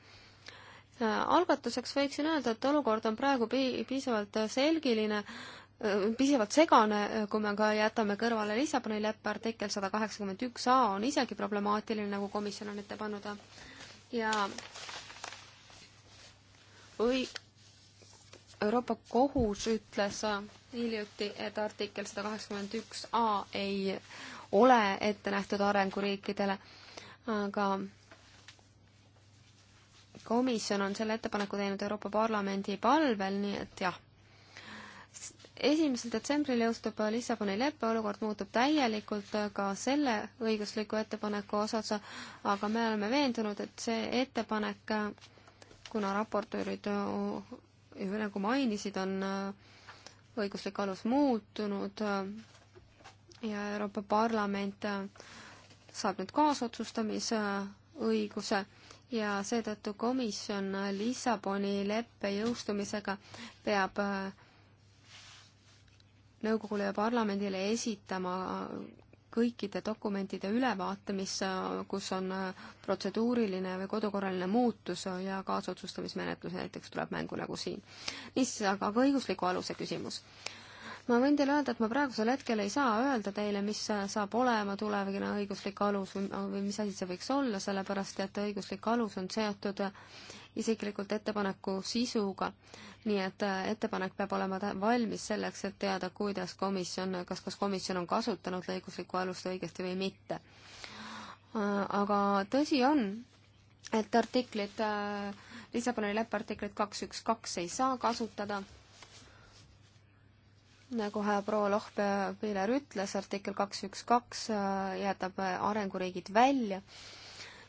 S4: Äh, algatuseks võiksin öelda, et olukord on praegu piisavalt äh, selgiline, äh, piisavalt segane, kui me ka jätame kõrvale Lissaboni leppe artikkel sada kaheksakümmend üks A on isegi problemaatiline, nagu komisjon on ette pannud. ja või Euroopa Kohus ütles hiljuti, et artikkel sada kaheksakümmend üks A ei ole ette nähtud arenguriikidele, aga komisjon on selle ettepaneku teinud Euroopa Parlamendi palvel, nii et jah. esimesel detsembril jõustub Lissaboni lepe, olukord muutub täielikult ka selle õigusliku ettepaneku osas, aga me oleme veendunud, et see ettepanek, kuna raportöörid ju nagu mainisid, on õiguslik alus muutunud ja Euroopa Parlament saab nüüd kaasotsustamise õiguse ja seetõttu komisjon Lissaboni leppe jõustumisega peab äh, nõukogule ja parlamendile esitama kõikide dokumentide ülevaatamisse, kus on äh, protseduuriline või kodukorraline muutus ja kaasotsustamismenetlus näiteks tuleb mängu nagu siin. niisiis, aga ka õigusliku aluse küsimus ma võin teile öelda, et ma praegusel hetkel ei saa öelda teile, mis saab olema tulevane õiguslik alus või mis asi see võiks olla, sellepärast et õiguslik alus on seotud isiklikult ettepaneku sisuga. nii et äh, ettepanek peab olema valmis selleks, et teada, kuidas komisjon, kas, kas komisjon on kasutanud õiguslikku alust õigesti või mitte. Äh, aga tõsi on, et artiklit, äh, Lissaboni leppe artiklit kaks üks kaks ei saa kasutada nagu proua Lohpiler ütles, artikkel kaks üks kaks äh, jätab äh, arenguriigid välja.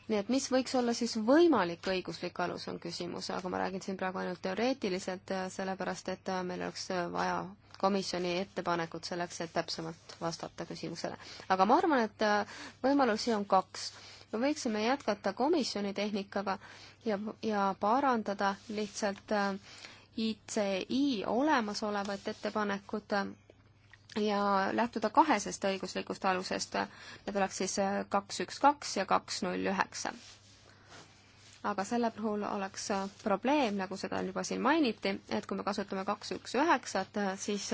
S4: nii et mis võiks olla siis võimalik õiguslik alus, on küsimus, aga ma räägin siin praegu ainult teoreetiliselt, äh, sellepärast et meil oleks vaja komisjoni ettepanekut selleks, et täpsemalt vastata küsimusele. aga ma arvan, et võimalusi on kaks. me võiksime jätkata komisjoni tehnikaga ja, ja parandada lihtsalt äh, ICI olemasolevat ettepanekut ja lähtuda kahesest õiguslikust alusest, need oleks siis kaks, üks, kaks ja kaks, null, üheksa. aga selle puhul oleks probleem, nagu seda juba siin mainiti, et kui me kasutame kaks, üks, üheksat, siis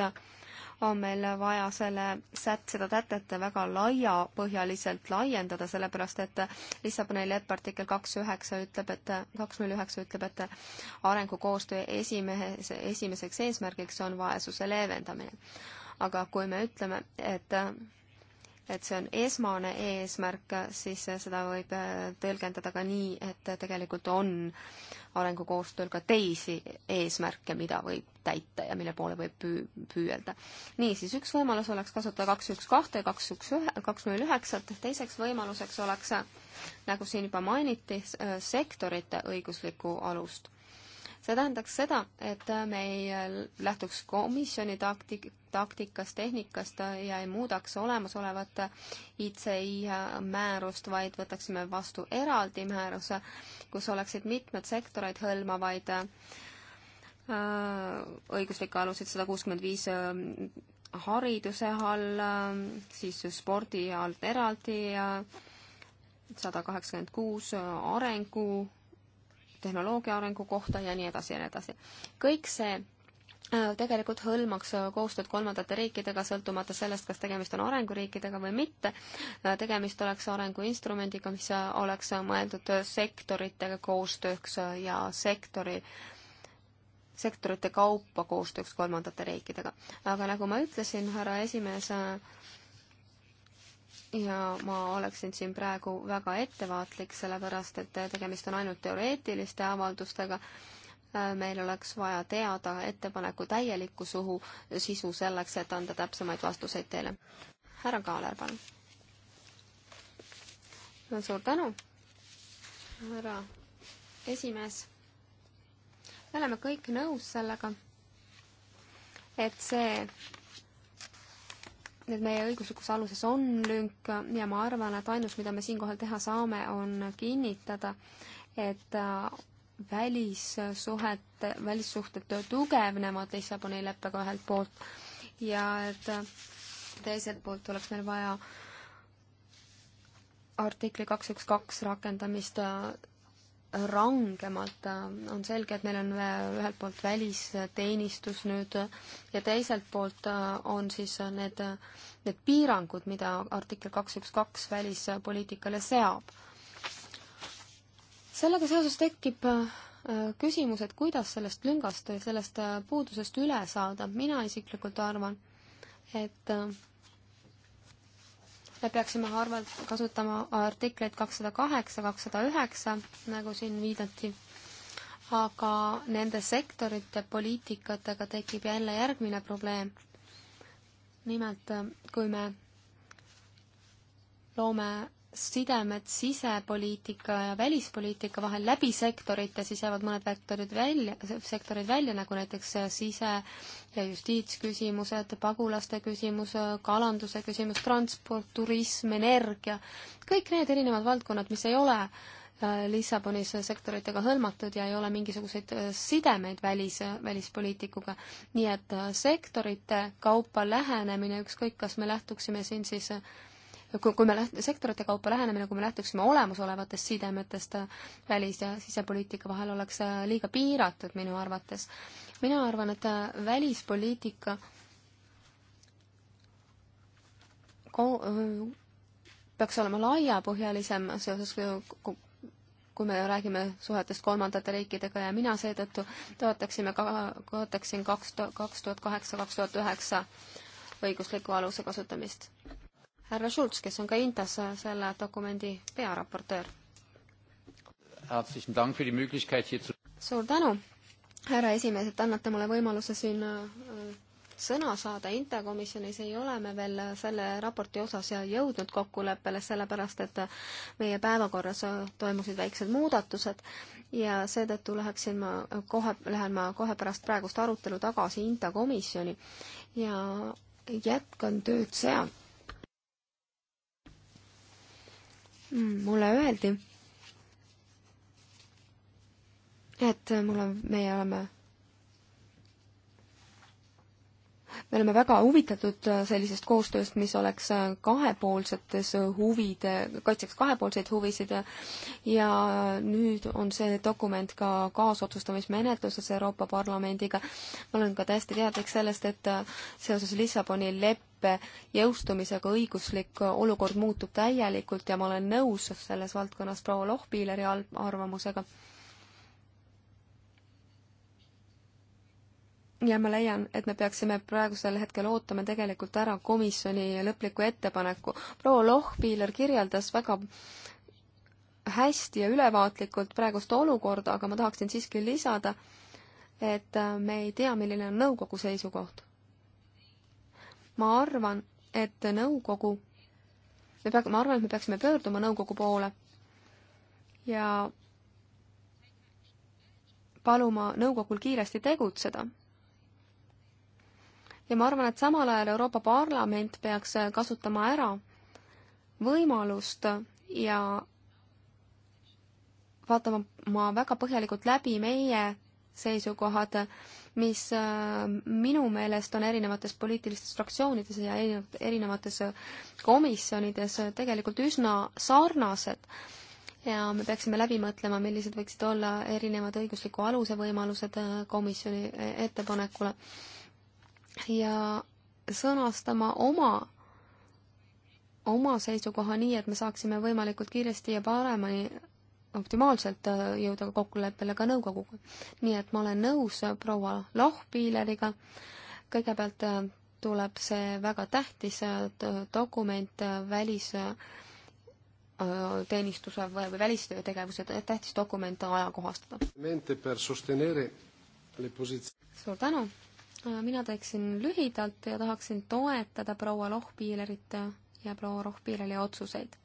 S4: on meil vaja selle sät-, seda tätet väga laiapõhjaliselt laiendada, sellepärast et Lissaboni leppe artikkel kaks üheksa ütleb, et, kaks null üheksa ütleb, et arengukoostöö esimehes, esimeseks eesmärgiks on vaesuse leevendamine. aga kui me ütleme, et et see on esmane eesmärk, siis seda võib äh, tõlgendada ka nii, et tegelikult on arengukoostööl ka teisi eesmärke, mida võib täita ja mille poole võib püü-, püüelda. niisiis, üks võimalus oleks kasutada kaks, üks, kahte, kaks, üks, ühe, kaks, null üheksat, teiseks võimaluseks oleks, nagu siin juba mainiti, sektorite õiguslikku alust see tähendaks seda, et me ei lähtuks komisjoni taktik-, taktikast, tehnikast ja ei muudaks olemasolevat ICI määrust, vaid võtaksime vastu eraldi määruse, kus oleksid mitmed sektoreid hõlmavaid äh, õiguslikke aluseid, sada kuuskümmend viis äh, hariduse all, äh, siis spordi alt eraldi ja sada kaheksakümmend kuus arengu tehnoloogia arengu kohta ja nii edasi ja nii edasi. kõik see äh, tegelikult hõlmaks äh, koostööd kolmandate riikidega, sõltumata sellest, kas tegemist on arenguriikidega või mitte. Äh, tegemist oleks arenguinstrumendiga, mis oleks mõeldud sektoritega koostööks ja sektori sektorite kaupa koostööks kolmandate riikidega. aga nagu ma ütlesin, härra esimees äh,, ja ma oleksin siin praegu väga ettevaatlik, sellepärast et tegemist on ainult teoreetiliste avaldustega. meil oleks vaja teada ettepaneku täielikku suhu, sisu selleks, et anda täpsemaid vastuseid teile. härra Kaaler, palun. no suur tänu, härra esimees. me oleme kõik nõus sellega, et see et meie õiguslikus aluses on lünk ja ma arvan, et ainus, mida me siinkohal teha saame, on kinnitada, et äh, välissuhete, välissuhted tugevnevad Lissaboni leppega ühelt poolt ja et äh, teiselt poolt oleks meil vaja artikli kaks üks kaks rakendamist äh, rangemad. on selge, et meil on ühelt poolt välisteenistus nüüd ja teiselt poolt äh, on siis need, need piirangud, mida artikkel kaks üks kaks välispoliitikale seab. sellega seoses tekib äh, küsimus, et kuidas sellest lüngast või sellest äh, puudusest üle saada. mina isiklikult arvan, et me peaksime arvelt kasutama artikleid kakssada kaheksa, kakssada üheksa, nagu siin viidati, aga nende sektorite poliitikatega tekib jälle järgmine probleem. nimelt, kui me loome sidemed sisepoliitika ja välispoliitika vahel läbi sektorite, siis jäävad mõned vektorid välja, sektorid välja, nagu näiteks äh, sise- ja justiitsküsimused, pagulaste küsimus, äh, kalanduse küsimus, transport, turism, energia, kõik need erinevad valdkonnad, mis ei ole äh, Lissabonis sektoritega hõlmatud ja ei ole mingisuguseid sidemeid välis, välispoliitikuga. nii et sektorite kaupa lähenemine, ükskõik, kas me lähtuksime siin siis kui, kui me läht-, sektorite kaupa läheneme, kui me lähtuksime olemasolevatest sidemetest äh, välis- ja sisepoliitika vahel, oleks äh, liiga piiratud minu arvates. mina arvan, et äh, välispoliitika ko-, peaks olema laiapõhjalisem seoses kui me räägime suhetest kolmandate riikidega ja mina seetõttu toetaksime ka, toetaksin kaks, kaks tuhat kaheksa, kaks tuhat üheksa õigusliku aluse kasutamist härra Schulz, kes on ka Intas selle dokumendi pearaportöör. suur tänu, härra esimees, et annate mulle võimaluse siin äh, sõna saada Interkomisjonis ei ole me veel selle raporti osas jõudnud kokkuleppele, sellepärast et äh, meie päevakorras äh, toimusid väiksed muudatused ja seetõttu läheksin ma kohe, lähen ma kohe pärast praegust arutelu tagasi Interkomisjoni ja jätkan tööd seal mulle öeldi, et mul on, meie oleme, me oleme väga huvitatud sellisest koostööst, mis oleks kahepoolsetes huvide, kaitseks kahepoolseid huvisid ja nüüd on see dokument ka kaasotsustamismenetluses Euroopa Parlamendiga. ma olen ka täiesti teadlik sellest, et seoses Lissaboni leppega leppe jõustumisega õiguslik olukord muutub täielikult ja ma olen nõus selles valdkonnas proua Lohpiileri arvamusega. ja ma leian, et me peaksime praegusel hetkel ootama tegelikult ära komisjoni lõpliku ettepaneku. proua Lohpiiler kirjeldas väga hästi ja ülevaatlikult praegust olukorda, aga ma tahaksin siiski lisada, et me ei tea, milline on nõukogu seisukoht ma arvan, et nõukogu, me pea-, ma arvan, et me peaksime pöörduma nõukogu poole ja paluma nõukogul kiiresti tegutseda. ja ma arvan, et samal ajal Euroopa Parlament peaks kasutama ära võimalust ja vaatama väga põhjalikult läbi meie seisukohad mis äh, minu meelest on erinevates poliitilistes fraktsioonides ja erinevates äh, komisjonides äh, tegelikult üsna sarnased ja me peaksime läbi mõtlema, millised võiksid olla erinevad õigusliku aluse võimalused komisjoni ettepanekule ja sõnastama oma oma seisukoha nii, et me saaksime võimalikult kiiresti ja paremini optimaalselt äh, jõuda kokkuleppele ka nõukoguga. nii et ma olen nõus äh, proua Lohpiileriga, kõigepealt äh, tuleb see väga tähtis dokument välis teenistuse või, või välistöötegevuse tähtis dokument ajakohastada. suur tänu! mina teeksin lühidalt ja tahaksin toetada proua Lohpiilerit ja proua Lohpiileri otsuseid.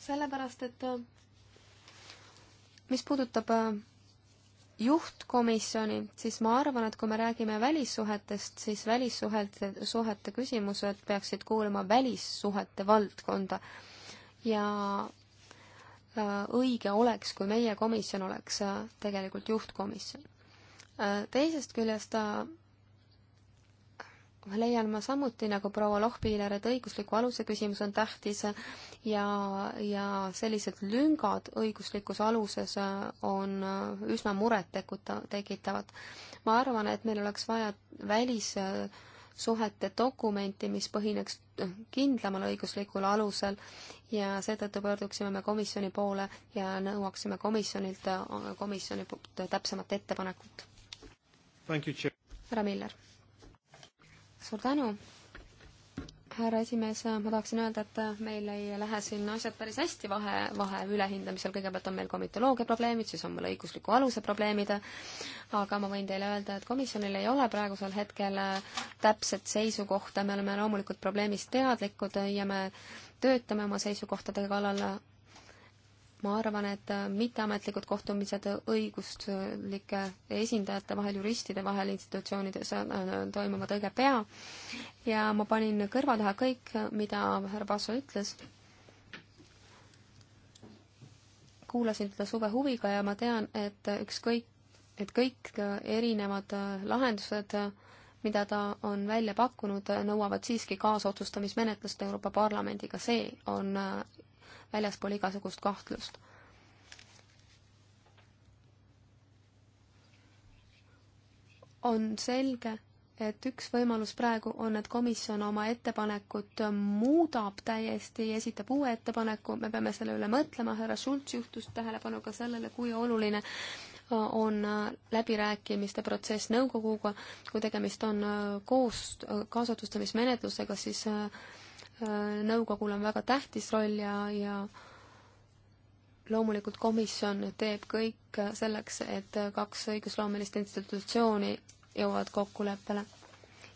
S4: sellepärast, et mis puudutab äh, juhtkomisjoni, siis ma arvan, et kui me räägime välissuhetest, siis välissuhete, suhete küsimused peaksid kuuluma välissuhete valdkonda. ja äh, õige oleks, kui meie komisjon oleks äh, tegelikult juhtkomisjon. Teisest küljest leian ma samuti, nagu proua Lohpiiler, et õigusliku aluse küsimus on tähtis ja, ja sellised lüngad õiguslikus aluses äh, on äh, üsna murettekutav, tekitavad. ma arvan, et meil oleks vaja välissuhete äh, dokumenti, mis põhineks kindlamal õiguslikul alusel ja seetõttu pöörduksime me komisjoni poole ja nõuaksime komisjonilt, komisjoni täpsemat ettepanekut.
S1: härra
S4: Miller. suur tänu härra esimees, ma tahaksin öelda, et meil ei lähe siin asjad päris hästi vahe, vahe ülehindamisel, kõigepealt on meil komitoloogia probleemid, siis on meil õigusliku aluse probleemid, aga ma võin teile öelda, et komisjonil ei ole praegusel hetkel täpset seisukohta, me oleme loomulikult probleemist teadlikud ja me töötame oma seisukohtade kallal ma arvan, et äh, mitteametlikud kohtumised õiguslike esindajate vahel, juristide vahel institutsioonides äh, toimuvad õige pea ja ma panin kõrva taha kõik, mida härra Basso ütles. kuulasin teda suve huviga ja ma tean, et ükskõik, et kõik erinevad äh, lahendused mida ta on välja pakkunud, nõuavad siiski kaasotsustamismenetlust Euroopa Parlamendiga, see on väljaspool igasugust kahtlust. on selge, et üks võimalus praegu on, et komisjon oma ettepanekut muudab täiesti, esitab uue ettepaneku, me peame selle üle mõtlema, härra Schultz juhtus tähelepanu ka sellele, kui oluline on läbirääkimiste protsess nõukoguga, kui tegemist on koos kaasotustamismenetlusega, siis äh, Äh, nõukogul on väga tähtis roll ja, ja loomulikult komisjon teeb kõik selleks, et kaks õigusloomelist institutsiooni jõuavad kokkuleppele.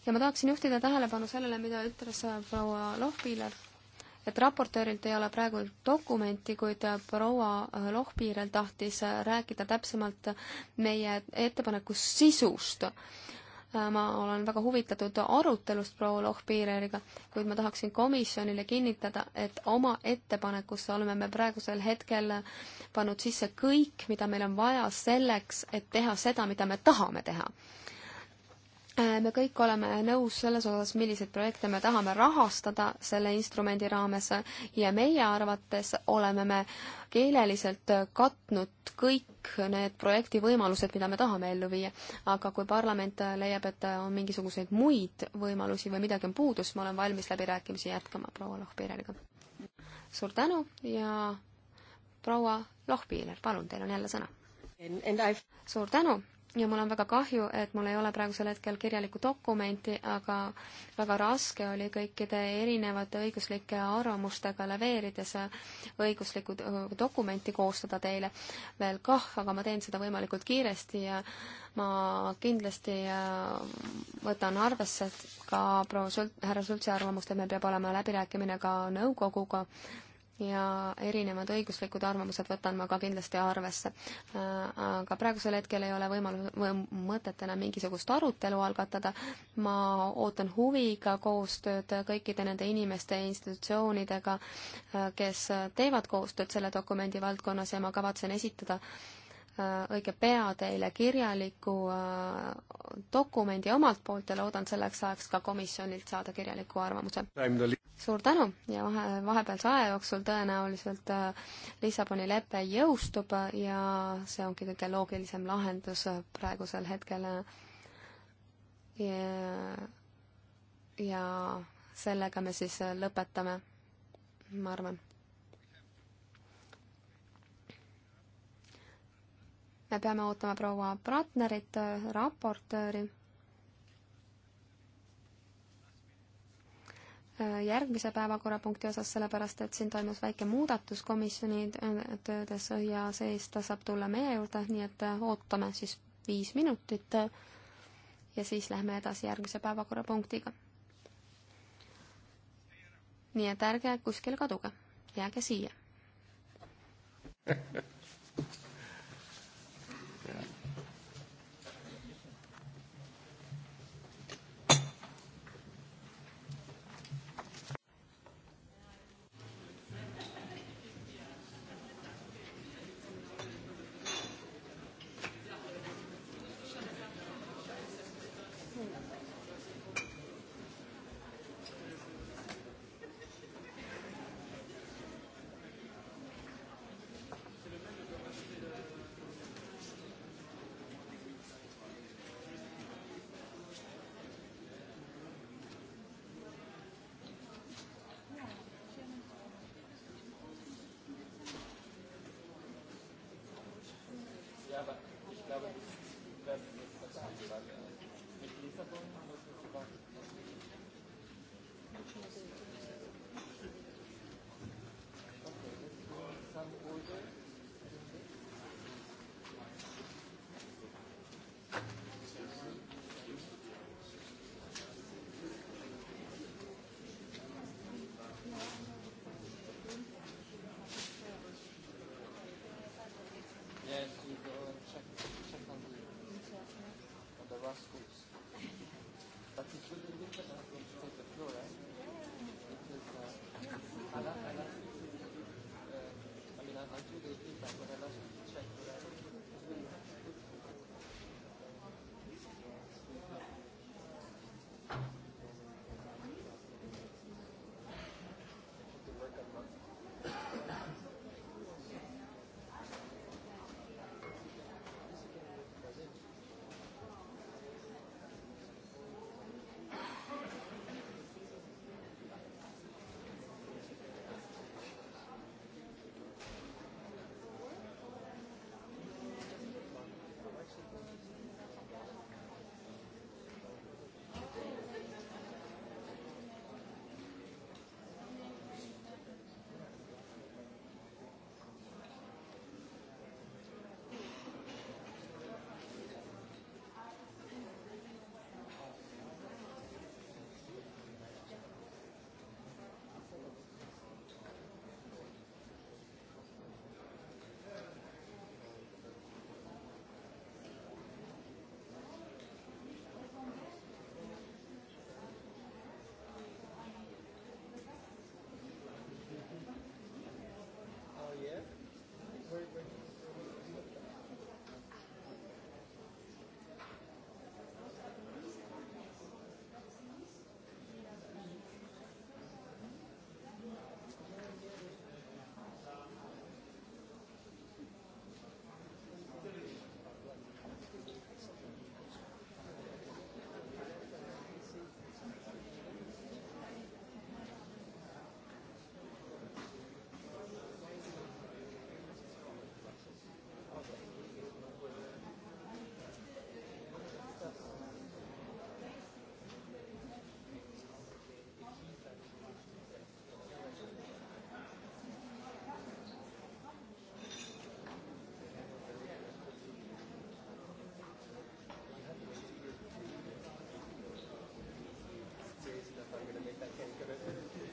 S4: ja ma tahaksin juhtida tähelepanu sellele, mida ütles proua Lohpiiler, et raportöörilt ei ole praegu dokumenti, kuid proua Lohpiirel tahtis rääkida täpsemalt meie ettepaneku sisust Äh, ma olen väga huvitatud arutelust proua Lohpiireriga, kuid ma tahaksin komisjonile kinnitada, et oma ettepanekusse oleme me praegusel hetkel pannud sisse kõik, mida meil on vaja selleks, et teha seda, mida me tahame teha Äh, me kõik oleme nõus selles osas, milliseid projekte me tahame rahastada selle instrumendi raames ja meie arvates oleme me keeleliselt katnud kõik need projekti võimalused, mida me tahame ellu viia. aga kui parlament leiab, et on mingisuguseid muid võimalusi või midagi on puudu, siis ma olen valmis läbirääkimisi jätkama proua Lohpiileriga. suur tänu ja proua Lohpiiler, palun, teil on jälle sõna. suur tänu ja mul on väga kahju, et mul ei ole praegusel hetkel kirjalikku dokumenti, aga väga raske oli kõikide erinevate õiguslike arvamustega leveerides õiguslikku dokumenti koostada teile veel kah, aga ma teen seda võimalikult kiiresti ja ma kindlasti äh, võtan arvesse ka proua Sult-, härra Sultsi arvamust, et meil peab olema läbirääkimine ka nõukoguga ja erinevad õiguslikud arvamused võtan ma ka kindlasti arvesse. Äh, aga praegusel hetkel ei ole võimalus, mõtet enam mingisugust arutelu algatada. ma ootan huviga koostööd kõikide nende inimeste ja institutsioonidega, äh, kes teevad koostööd selle dokumendi valdkonnas ja ma kavatsen esitada äh, õige pea teile kirjaliku dokumendi omalt poolt ja loodan selleks ajaks ka komisjonilt saada kirjaliku arvamuse suur tänu ja vahe, vahepealse aja jooksul tõenäoliselt äh, Lissaboni lepe jõustub ja see ongi kõige loogilisem lahendus praegusel hetkel. ja sellega me siis lõpetame, ma arvan. me peame ootama proua Bratnerit, raportööri järgmise päevakorrapunkti osas, sellepärast et siin toimus väike muudatus komisjoni töödes ja siis ta saab tulla meie juurde, nii et ootame siis viis minutit ja siis lähme edasi järgmise päevakorrapunktiga. nii et ärge kuskil kaduge, jääge siia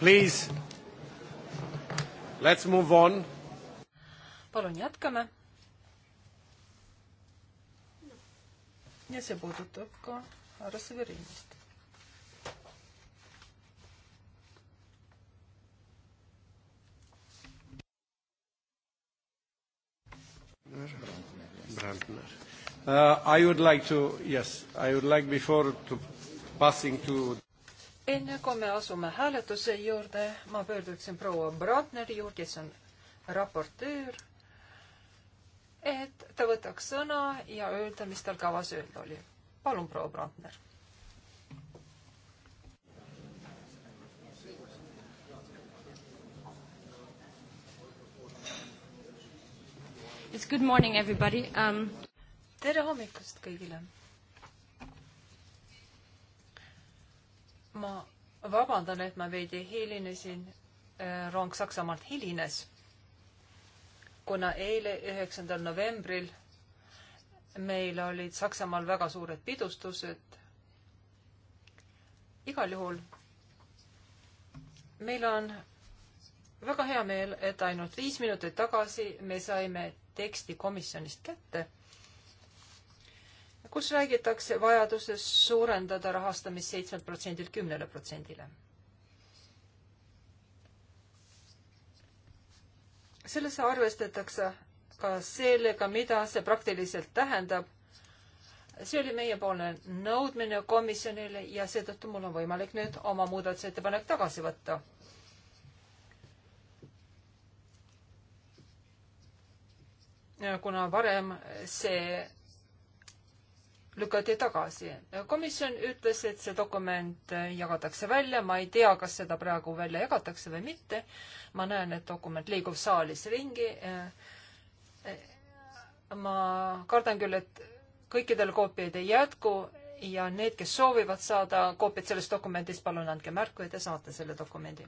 S2: Please, let's move on.
S5: palun jätkame. ja see puudutab ka härra Severinist.
S2: Brandner. Uh, I would like to, yes, I would like before to passing to
S5: enne kui me asume hääletuse juurde, ma pöörduksin proua Brandneri juurde, kes on raportöör, et ta võtaks sõna ja öelda, mis tal kavas öelda oli. palun, proua Brandner
S1: It's good morning everybody
S5: um.... tere hommikust kõigile vabandan, et ma veidi hilinesin. Äh, rong Saksamaalt hilines, kuna eile, üheksandal novembril meil olid Saksamaal väga suured pidustused. igal juhul meil on väga hea meel, et ainult viis minutit tagasi me saime teksti komisjonist kätte kus räägitakse vajadusest suurendada rahastamist seitsmelt protsendilt kümnele protsendile. 10%. selles arvestatakse ka sellega, mida see praktiliselt tähendab. see oli meiepoolne nõudmine komisjonile ja seetõttu mul on võimalik nüüd oma muudatusettepanek tagasi võtta kuna varem see lükati tagasi. komisjon ütles, et see dokument jagatakse välja, ma ei tea, kas seda praegu välja jagatakse või mitte. ma näen, et dokument liigub saalis ringi. ma kardan küll, et kõikidel koopiaid ei jätku ja need, kes soovivad saada koopiat sellest dokumendist, palun andke märku ja te saate selle dokumendi.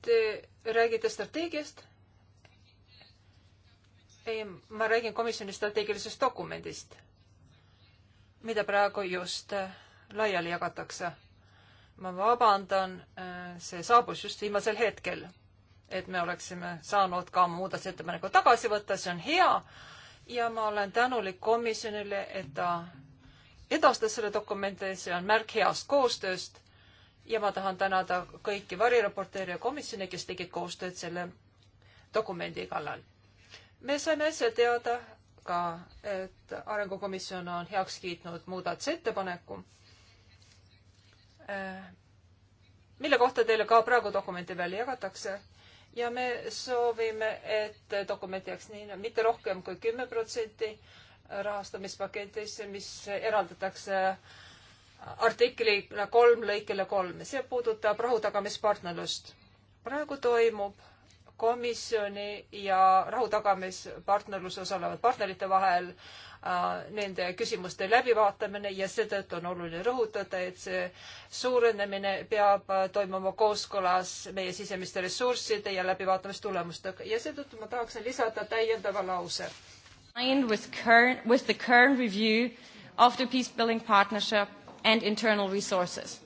S5: Te räägite strateegiast ei, ma räägin komisjoni strateegilisest dokumendist, mida praegu just äh, laiali jagatakse. ma vabandan, äh, see saabus just viimasel hetkel, et me oleksime saanud ka muudatusettepaneku tagasi võtta, see on hea ja ma olen tänulik komisjonile, et ta edastas selle dokumendi, see on märk heast koostööst ja ma tahan tänada kõiki variraporteere ja komisjone, kes tegid koostööd selle dokumendi kallal me saime äsja teada ka, et Arengukomisjon on heaks kiitnud muudatusettepaneku, äh, mille kohta teile ka praegu dokumenti välja jagatakse ja me soovime, et dokument jääks nii, mitte rohkem kui kümme protsenti rahastamispaketisse, mis eraldatakse artikli kolm lõikele kolm. see puudutab rahutagamispartnerlust. praegu toimub komisjoni ja rahutagamispartnerluses osalevate partnerite vahel äh, nende küsimuste läbivaatamine ja seetõttu on oluline rõhutada, et see suurenemine peab äh, toimuma kooskõlas meie sisemiste ressursside ja läbivaatamistulemustega ja seetõttu ma tahaksin lisada täiendava lause. With, current, with the current review of the peace building partnership and internal resources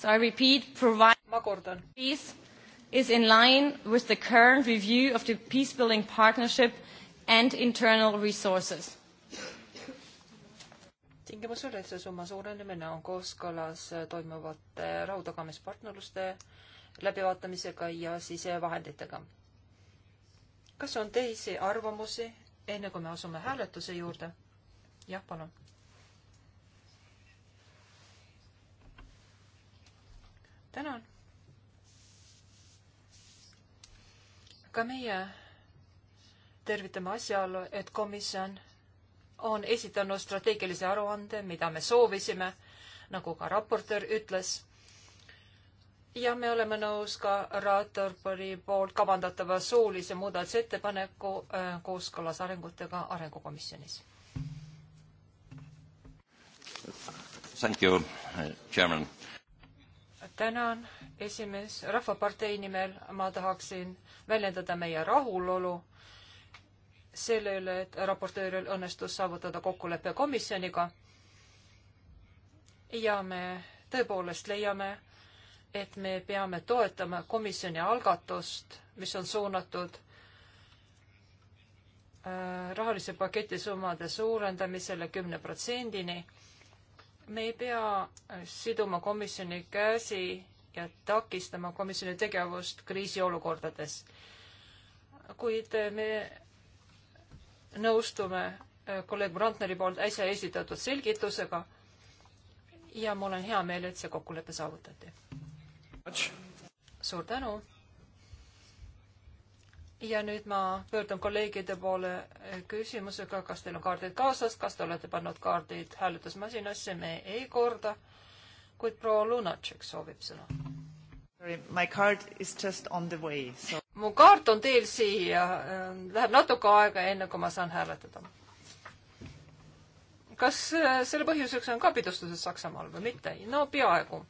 S5: So I repeat, provide ma kordan. peace is in line with the current review of the peace building partnership and internal resources. tingimusel, et see summa suurenemine on kooskõlas toimuvate rahutagamispartnerluste läbivaatamisega ja sisevahenditega. kas on teisi arvamusi, enne kui me asume hääletuse juurde? jah, palun tänan. ka meie tervitame asjaolu, et komisjon on esitanud strateegilise aruande, mida me soovisime, nagu ka raportöör ütles. ja me oleme nõus ka raportööri poolt kavandatava soolise muudatusettepaneku äh, kooskõlas arengutega Arengukomisjonis.
S1: Thank you, Chairman
S5: tänan, esimees. rahvapartei nimel ma tahaksin väljendada meie rahulolu selle üle, et raportööril õnnestus saavutada kokkulepe komisjoniga. ja me tõepoolest leiame, et me peame toetama komisjoni algatust, mis on suunatud äh, rahalise paketi summade suurendamisele kümne protsendini me ei pea siduma komisjoni käsi ja takistama komisjoni tegevust kriisiolukordades. kuid me nõustume äh, kolleeg Brandneri poolt äsja esitatud selgitusega ja mul on hea meel, et see kokkulepe saavutati. suur tänu! ja nüüd ma pöördun kolleegide poole eh, küsimusega, kas teil on kaardid kaasas, kas te olete pannud kaardid hääletusmasinasse, me ei korda, kuid proua Lunatšek soovib sõna. My card is just on the way so.... mu kaart on teel siia, eh, läheb natuke aega, enne kui ma saan hääletada. kas eh, selle põhjuseks on ka pidustused Saksamaal või mitte? no peaaegu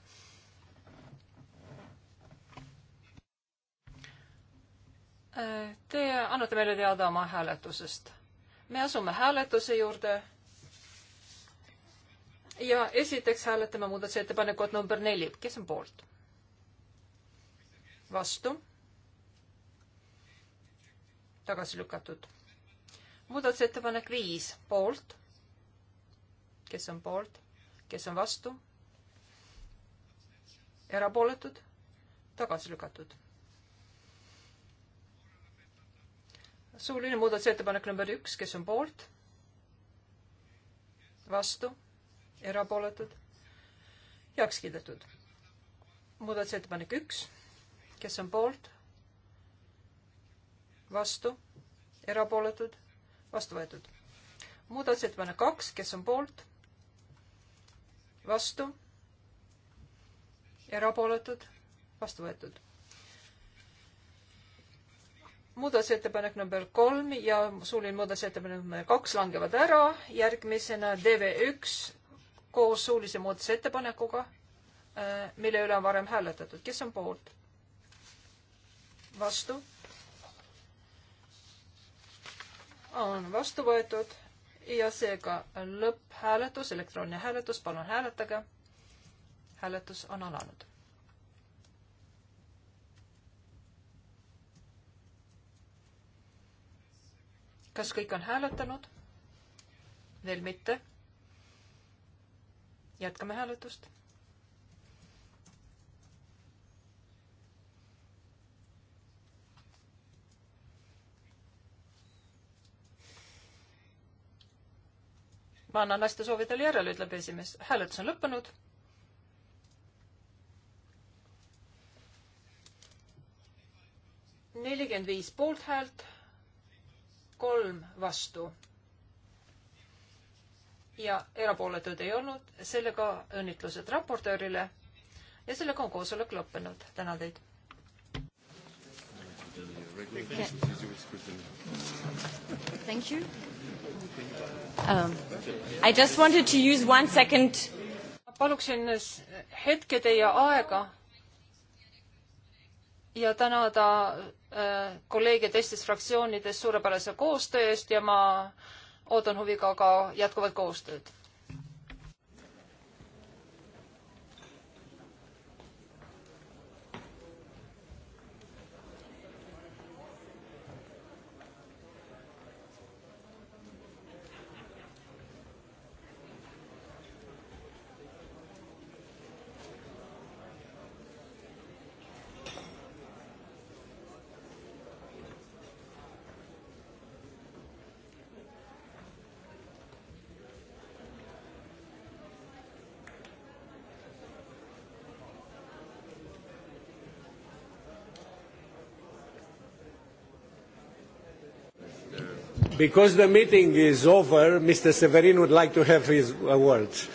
S5: Te annate meile teada oma hääletusest. me asume hääletuse juurde. ja esiteks hääletame muudatusettepanekut number neli, kes on poolt? vastu? tagasi lükatud. muudatusettepanek viis, poolt. kes on poolt, kes on vastu? erapooletud, tagasi lükatud suuline muudatusettepanek number üks, kes on poolt? vastu? erapooletud? heaks kiidetud. muudatusettepanek üks, kes on poolt? vastu? erapooletud? vastu võetud. muudatusettepanek kaks, kes on poolt? vastu? erapooletud? vastu võetud muudatusettepanek number kolm ja suuline muudatusettepanek number kaks langevad ära, järgmisena DV1 koos suulise muudatusettepanekuga, äh, mille üle on varem hääletatud, kes on poolt? vastu? on vastu võetud ja seega lõpphääletus, elektrooniline hääletus, palun hääletage. hääletus on alanud. kas kõik on hääletanud? veel mitte. jätkame hääletust. ma annan laste soovidele järele, ütleb esimees. hääletus on lõppenud nelikümmend viis poolthäält, kolm vastu. ja erapooletuid ei olnud, sellega õnnitlused raportöörile ja sellega on koosolek lõppenud. tänan teid. Thank you.
S1: Um,
S4: I just wanted to use one second.
S5: paluksin hetke teie aega ja tänada äh, kolleege teistest fraktsioonidest suurepärase koostöö eest ja ma ootan huviga ka jätkuvat koostööd.
S2: Because the meeting is over, Mr. Severin would like to have his uh, words.